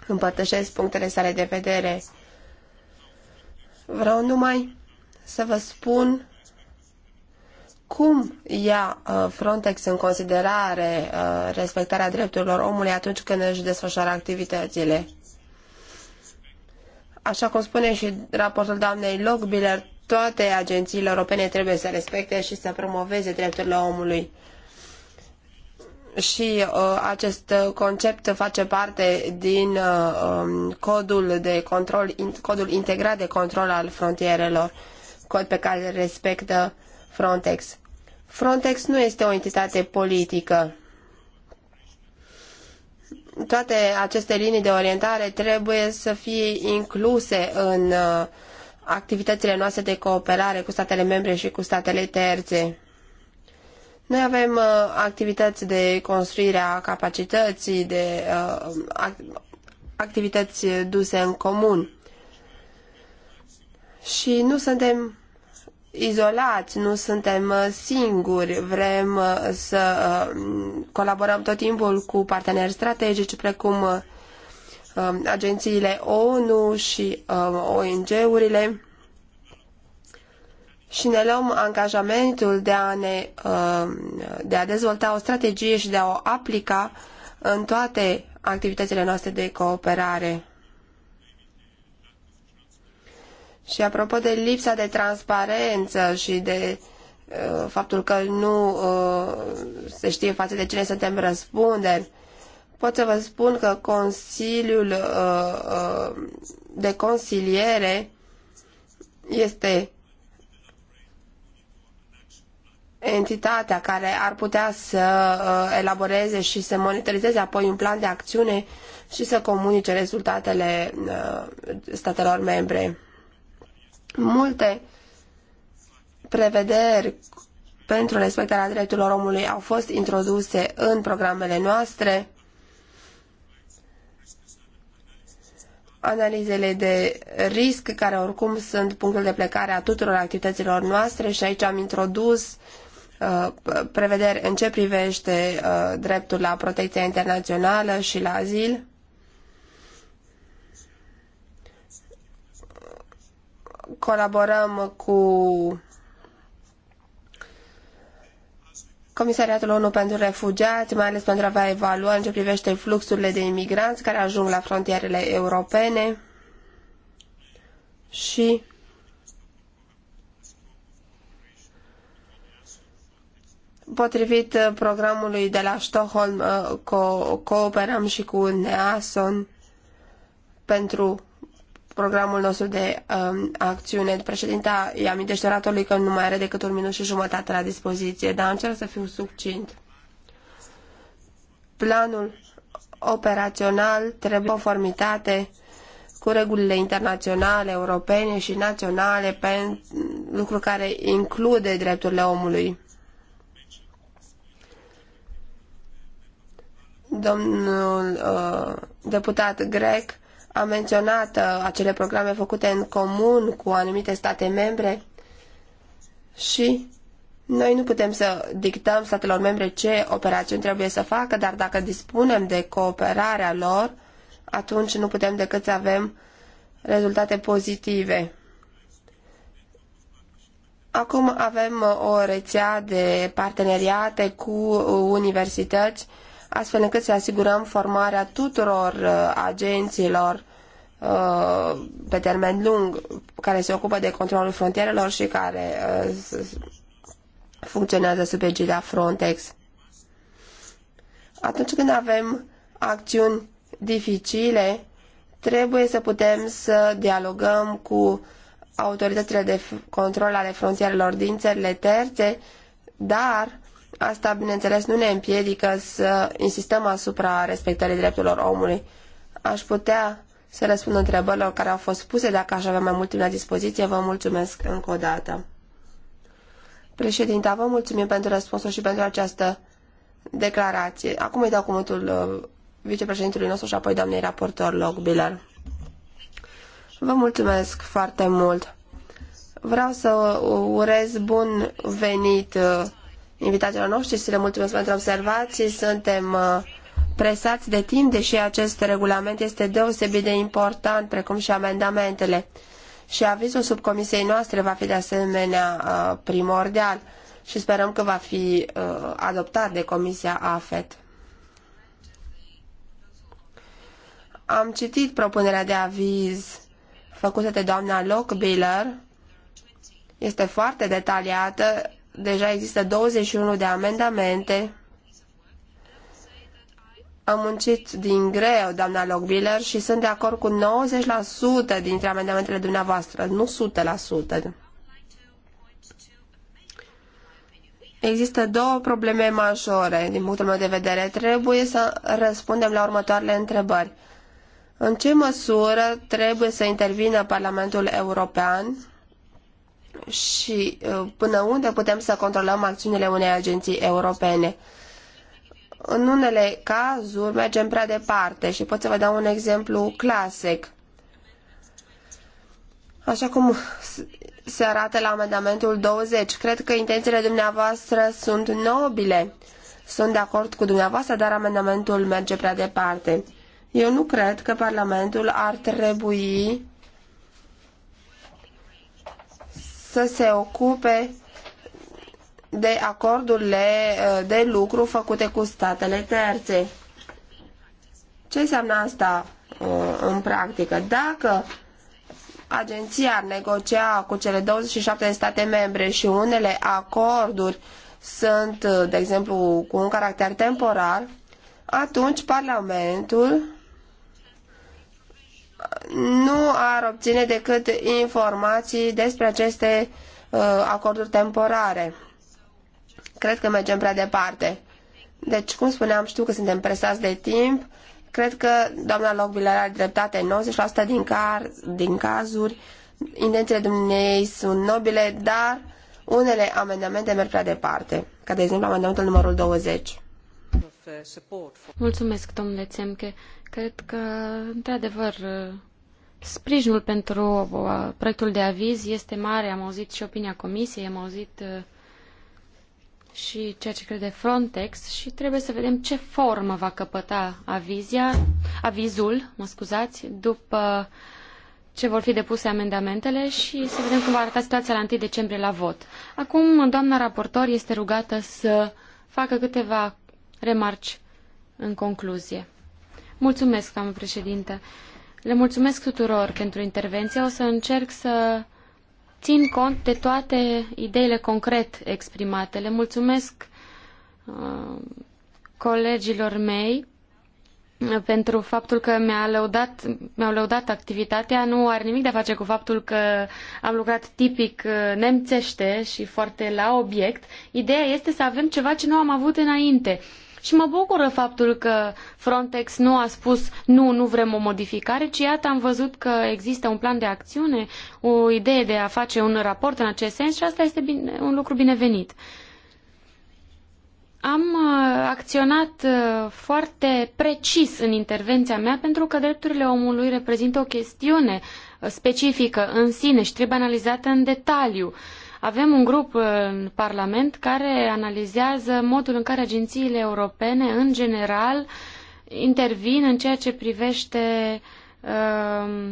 [SPEAKER 4] Împărtășesc punctele sale de vedere. Vreau numai să vă spun cum ia uh, Frontex în considerare uh, respectarea drepturilor omului atunci când își desfășoară activitățile. Așa cum spune și raportul doamnei Logbiller, toate agențiile europene trebuie să respecte și să promoveze drepturile omului. Și uh, acest concept face parte din uh, um, codul, de control, in, codul integrat de control al frontierelor, cod pe care respectă Frontex. Frontex nu este o entitate politică. Toate aceste linii de orientare trebuie să fie incluse în uh, activitățile noastre de cooperare cu statele membre și cu statele terțe. Noi avem uh, activități de construire a capacității, de uh, activități duse în comun. Și nu suntem izolați, nu suntem uh, singuri, vrem uh, să uh, colaborăm tot timpul cu parteneri strategici precum Um, agențiile ONU și um, ONG-urile și ne luăm angajamentul de a, ne, um, de a dezvolta o strategie și de a o aplica în toate activitățile noastre de cooperare. Și apropo de lipsa de transparență și de uh, faptul că nu uh, se știe față de cine suntem răspunderi, pot să vă spun că Consiliul uh, uh, de Consiliere este entitatea care ar putea să uh, elaboreze și să monitorizeze apoi un plan de acțiune și să comunice rezultatele uh, statelor membre. Multe prevederi pentru respectarea drepturilor omului au fost introduse în programele noastre analizele de risc, care oricum sunt punctul de plecare a tuturor activităților noastre și aici am introdus uh, prevederi în ce privește uh, dreptul la protecția internațională și la azil. Colaborăm cu Comisariatul ONU pentru Refugiați, mai ales pentru a avea evalua în ce privește fluxurile de imigranți care ajung la frontierele europene și potrivit uh, programului de la Stockholm uh, co cooperăm și cu NEASON pentru programul nostru de um, acțiune. Președinta îi amintește oratorului că nu mai are decât un minut și jumătate la dispoziție, dar încerc să fiu succint. Planul operațional trebuie conformitate cu regulile internaționale, europene și naționale, pe lucru care include drepturile omului. Domnul uh, deputat grec am menționat uh, acele programe făcute în comun cu anumite state membre și noi nu putem să dictăm statelor membre ce operațiuni trebuie să facă, dar dacă dispunem de cooperarea lor, atunci nu putem decât să avem rezultate pozitive. Acum avem uh, o rețea de parteneriate cu universități astfel încât să asigurăm formarea tuturor uh, agenților uh, pe termen lung care se ocupă de controlul frontierelor și care uh, funcționează sub egida Frontex. Atunci când avem acțiuni dificile, trebuie să putem să dialogăm cu autoritățile de control ale frontierelor din țările terțe, dar Asta, bineînțeles, nu ne împiedică să insistăm asupra respectării drepturilor omului. Aș putea să răspund întrebărilor care au fost puse dacă aș avea mai mult timp la dispoziție. Vă mulțumesc încă o dată. Președinta, vă mulțumim pentru răspunsul și pentru această declarație. Acum îi dau cuvântul uh, vicepreședintelui nostru și apoi doamnei raportor Logbiller. Vă mulțumesc foarte mult. Vreau să urez bun venit uh, invitațiilor noștri și le mulțumesc pentru observații. Suntem uh, presați de timp, deși acest regulament este deosebit de important, precum și amendamentele. Și avizul subcomisiei noastre va fi de asemenea uh, primordial și sperăm că va fi uh, adoptat de Comisia AFET. Am citit propunerea de aviz făcută de doamna Lockbiller. Este foarte detaliată deja există 21 de amendamente. Am muncit din greu, doamna Lockbiller, și sunt de acord cu 90% dintre amendamentele dumneavoastră, nu 100%. Există două probleme majore, din punctul meu de vedere. Trebuie să răspundem la următoarele întrebări. În ce măsură trebuie să intervină Parlamentul European și uh, până unde putem să controlăm acțiunile unei agenții europene. În unele cazuri mergem prea departe și pot să vă dau un exemplu clasic. Așa cum se arată la amendamentul 20, cred că intențiile dumneavoastră sunt nobile. Sunt de acord cu dumneavoastră, dar amendamentul merge prea departe. Eu nu cred că Parlamentul ar trebui să se ocupe de acordurile uh, de lucru făcute cu statele terțe. Ce înseamnă asta uh, în practică? Dacă agenția ar negocia cu cele 27 de state membre și unele acorduri sunt, uh, de exemplu, cu un caracter temporar, atunci Parlamentul nu ar obține decât informații despre aceste uh, acorduri temporare. Cred că mergem prea departe. Deci, cum spuneam, știu că suntem presați de timp. Cred că doamna Logbiller are dreptate în 90% din, car, din cazuri. Intențiile dumneei sunt nobile, dar unele amendamente merg prea departe, ca de exemplu amendamentul numărul 20.
[SPEAKER 2] Mulțumesc, domnule Țemche. Cred că, într-adevăr, sprijinul pentru uh, proiectul de aviz este mare. Am auzit și opinia comisiei, am auzit uh, și ceea ce crede Frontex și trebuie să vedem ce formă va căpăta avizia, avizul, mă scuzați, după ce vor fi depuse amendamentele și să vedem cum va arăta situația la 1 decembrie la vot. Acum, doamna raportor este rugată să facă câteva remarci în concluzie. Mulțumesc, președinte. Le mulțumesc tuturor pentru intervenție. O să încerc să țin cont de toate ideile concret exprimate. Le mulțumesc uh, colegilor mei pentru faptul că mi-a lăudat, mi-au lăudat activitatea nu are nimic de a face cu faptul că am lucrat tipic uh, nemțește și foarte la obiect. Ideea este să avem ceva ce nu am avut înainte. Uh, și mă bucură faptul că Frontex nu a spus nu, nu vrem o modificare, ci iată am văzut că există un plan de acțiune, o idee de a face un raport în acest sens și asta este bine, un lucru binevenit. Am uh, acționat uh, foarte precis în intervenția mea pentru că drepturile omului reprezintă o chestiune uh, specifică în sine și trebuie analizată în detaliu. Uh, avem un grup în Parlament care analizează modul în care agențiile europene, în general, intervin în ceea ce privește uh,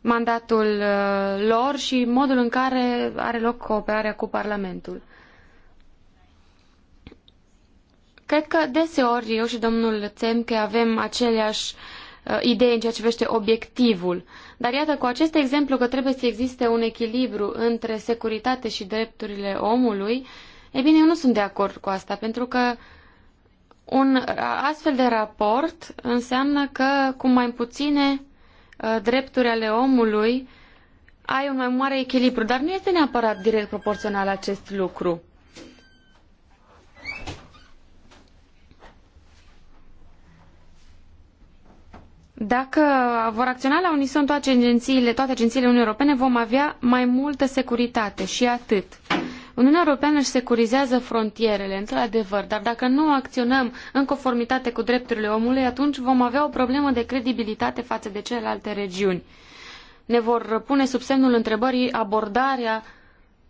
[SPEAKER 2] mandatul uh, lor și modul în care are loc cooperarea cu Parlamentul. Cred că deseori eu și domnul Țemche avem aceleași uh, Uh, idee în ceea ce vește obiectivul. Dar iată, cu acest exemplu că trebuie să existe un echilibru între securitate și drepturile omului, e bine, eu nu sunt de acord cu asta, pentru că un astfel de raport înseamnă că cu mai puține uh, drepturi ale omului ai un mai mare echilibru, dar nu este neapărat direct proporțional acest lucru. Dacă vor acționa la unison toate agențiile, toate agențiile Uniunii Europene, vom avea mai multă securitate și atât. Uniunea Europeană își securizează frontierele, într-adevăr, dar dacă nu acționăm în conformitate cu drepturile omului, atunci vom avea o problemă de credibilitate față de celelalte regiuni. Ne vor pune sub semnul întrebării abordarea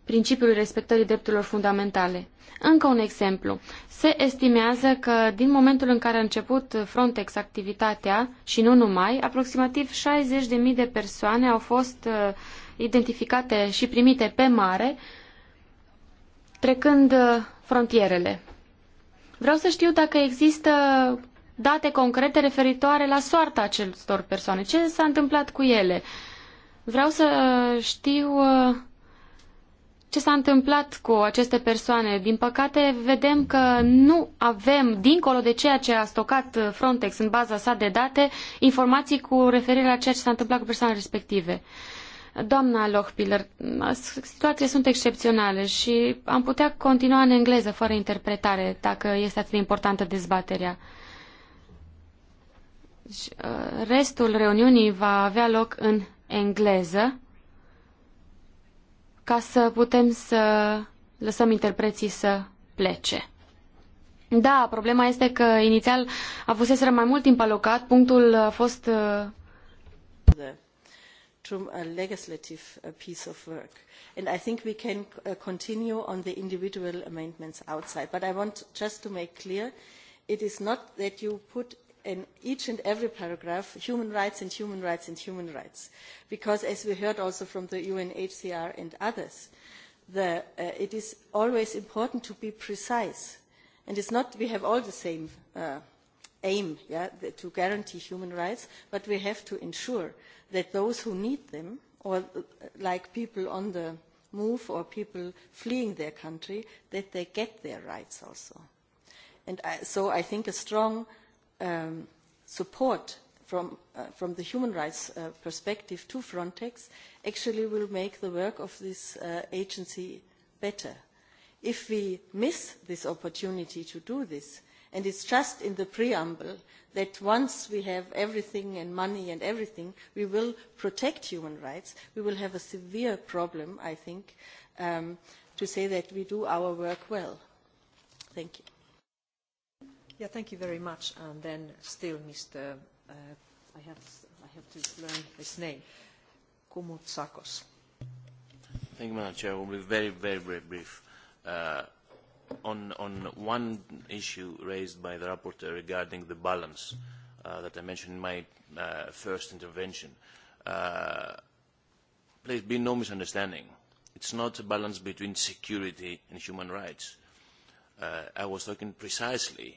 [SPEAKER 2] principiul respectării drepturilor fundamentale. Încă un exemplu. Se estimează că din momentul în care a început Frontex activitatea, și nu numai, aproximativ 60.000 de persoane au fost uh, identificate și primite pe mare, trecând uh, frontierele. Vreau să știu dacă există date concrete referitoare la soarta acestor persoane. Ce s-a întâmplat cu ele? Vreau să uh, știu ce s-a întâmplat cu aceste persoane. Din păcate, vedem că nu avem, dincolo de ceea ce a stocat Frontex în baza sa de date, informații cu referire la ceea ce s-a întâmplat cu persoanele respective. Doamna Lochpiller, situațiile sunt excepționale și am putea continua în engleză fără interpretare, dacă este atât de importantă dezbaterea. Deci, uh, restul reuniunii va avea loc în engleză ca să putem să lăsăm interpreții să plece. Da, problema este că inițial a avuseseră mai mult timp alocat, punctul a fost uh,
[SPEAKER 5] to a uh, legislative uh, piece of work. And I think we can continue on the individual amendments outside. But I want just to make clear, it is not that you put in each and every paragraph human rights and human rights and human rights because as we heard also from the UNHCR and others the, uh, it is always important to be precise and it's not we have all the same uh, aim yeah, to guarantee human rights but we have to ensure that those who need them or uh, like people on the move or people fleeing their country that they get their rights also and I, so I think a strong um, support from, uh, from, the human rights uh, perspective to Frontex actually will make the work of this uh, agency better. If we miss this opportunity to do this, and it's just in the preamble that once we have everything and money and everything, we will protect human rights, we will have a severe problem, I think, um, to say that we do our work well. Thank you.
[SPEAKER 1] Yeah, thank you very much. And then still, Mr. Uh, I have I have to learn his name. Kumut Thank
[SPEAKER 6] you, Madam Chair. I will be very, very, very brief. Uh, on, on one issue raised by the rapporteur regarding the balance uh, that I mentioned in my uh, first intervention, uh, please be no misunderstanding. It's not a balance between security and human rights. Uh, I was talking precisely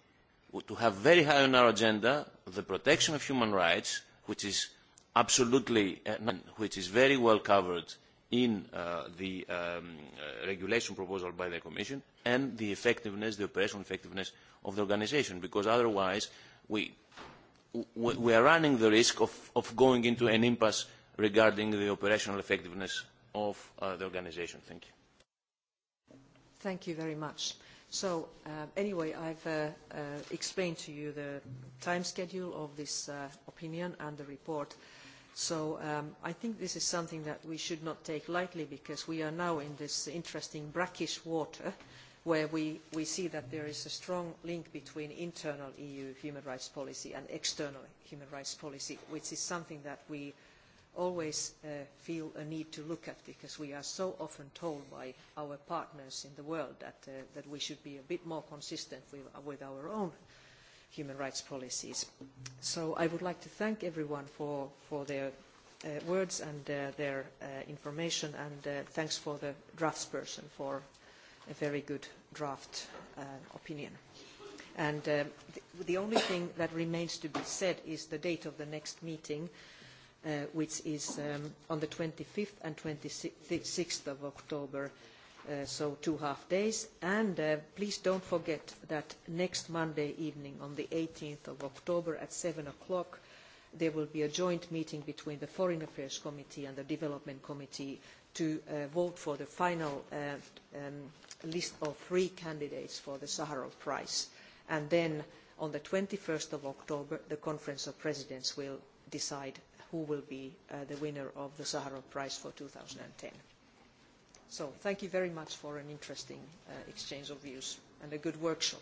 [SPEAKER 6] to have very high on our agenda the protection of human rights, which is absolutely, uh, which is very well covered in uh, the um, uh, regulation proposal by the Commission, and the effectiveness, the operational effectiveness of the organisation, because otherwise we, we, are running the risk of, of going into an impasse regarding the operational effectiveness of the organisation. Thank you.
[SPEAKER 1] Thank you very much. So uh, anyway, I've uh, uh, explained to you the time schedule of this uh, opinion and the report. So um, I think this is something that we should not take lightly because we are now in this interesting brackish water where we, we see that there is a strong link between internal EU human rights policy and external human rights policy, which is something that we uh, always uh, feel a need to look at because we are so often told by our partners in the world that, uh, that we should be a bit more consistent with, uh, with, our own human rights policies. So I would like to thank everyone for, for their uh, words and uh, their uh, information and thanks for the draftsperson for a very good draft opinion. And um, the, the only thing that remains to be said is the date of the next meeting. Uh, which is um, on the 25th and 26th of October, uh, so two half days. And uh, please don't forget that next Monday evening, on the 18th of October at 7 o'clock, there will be a joint meeting between the Foreign Affairs Committee and the Development Committee to uh, vote for the final uh, um, list of three candidates for the Sakharov Prize. And then on the 21st of October, the Conference of Presidents will decide who will be uh, the winner of the Sakharov Prize for 2010. So thank you very much for an interesting uh, exchange of views and a good workshop.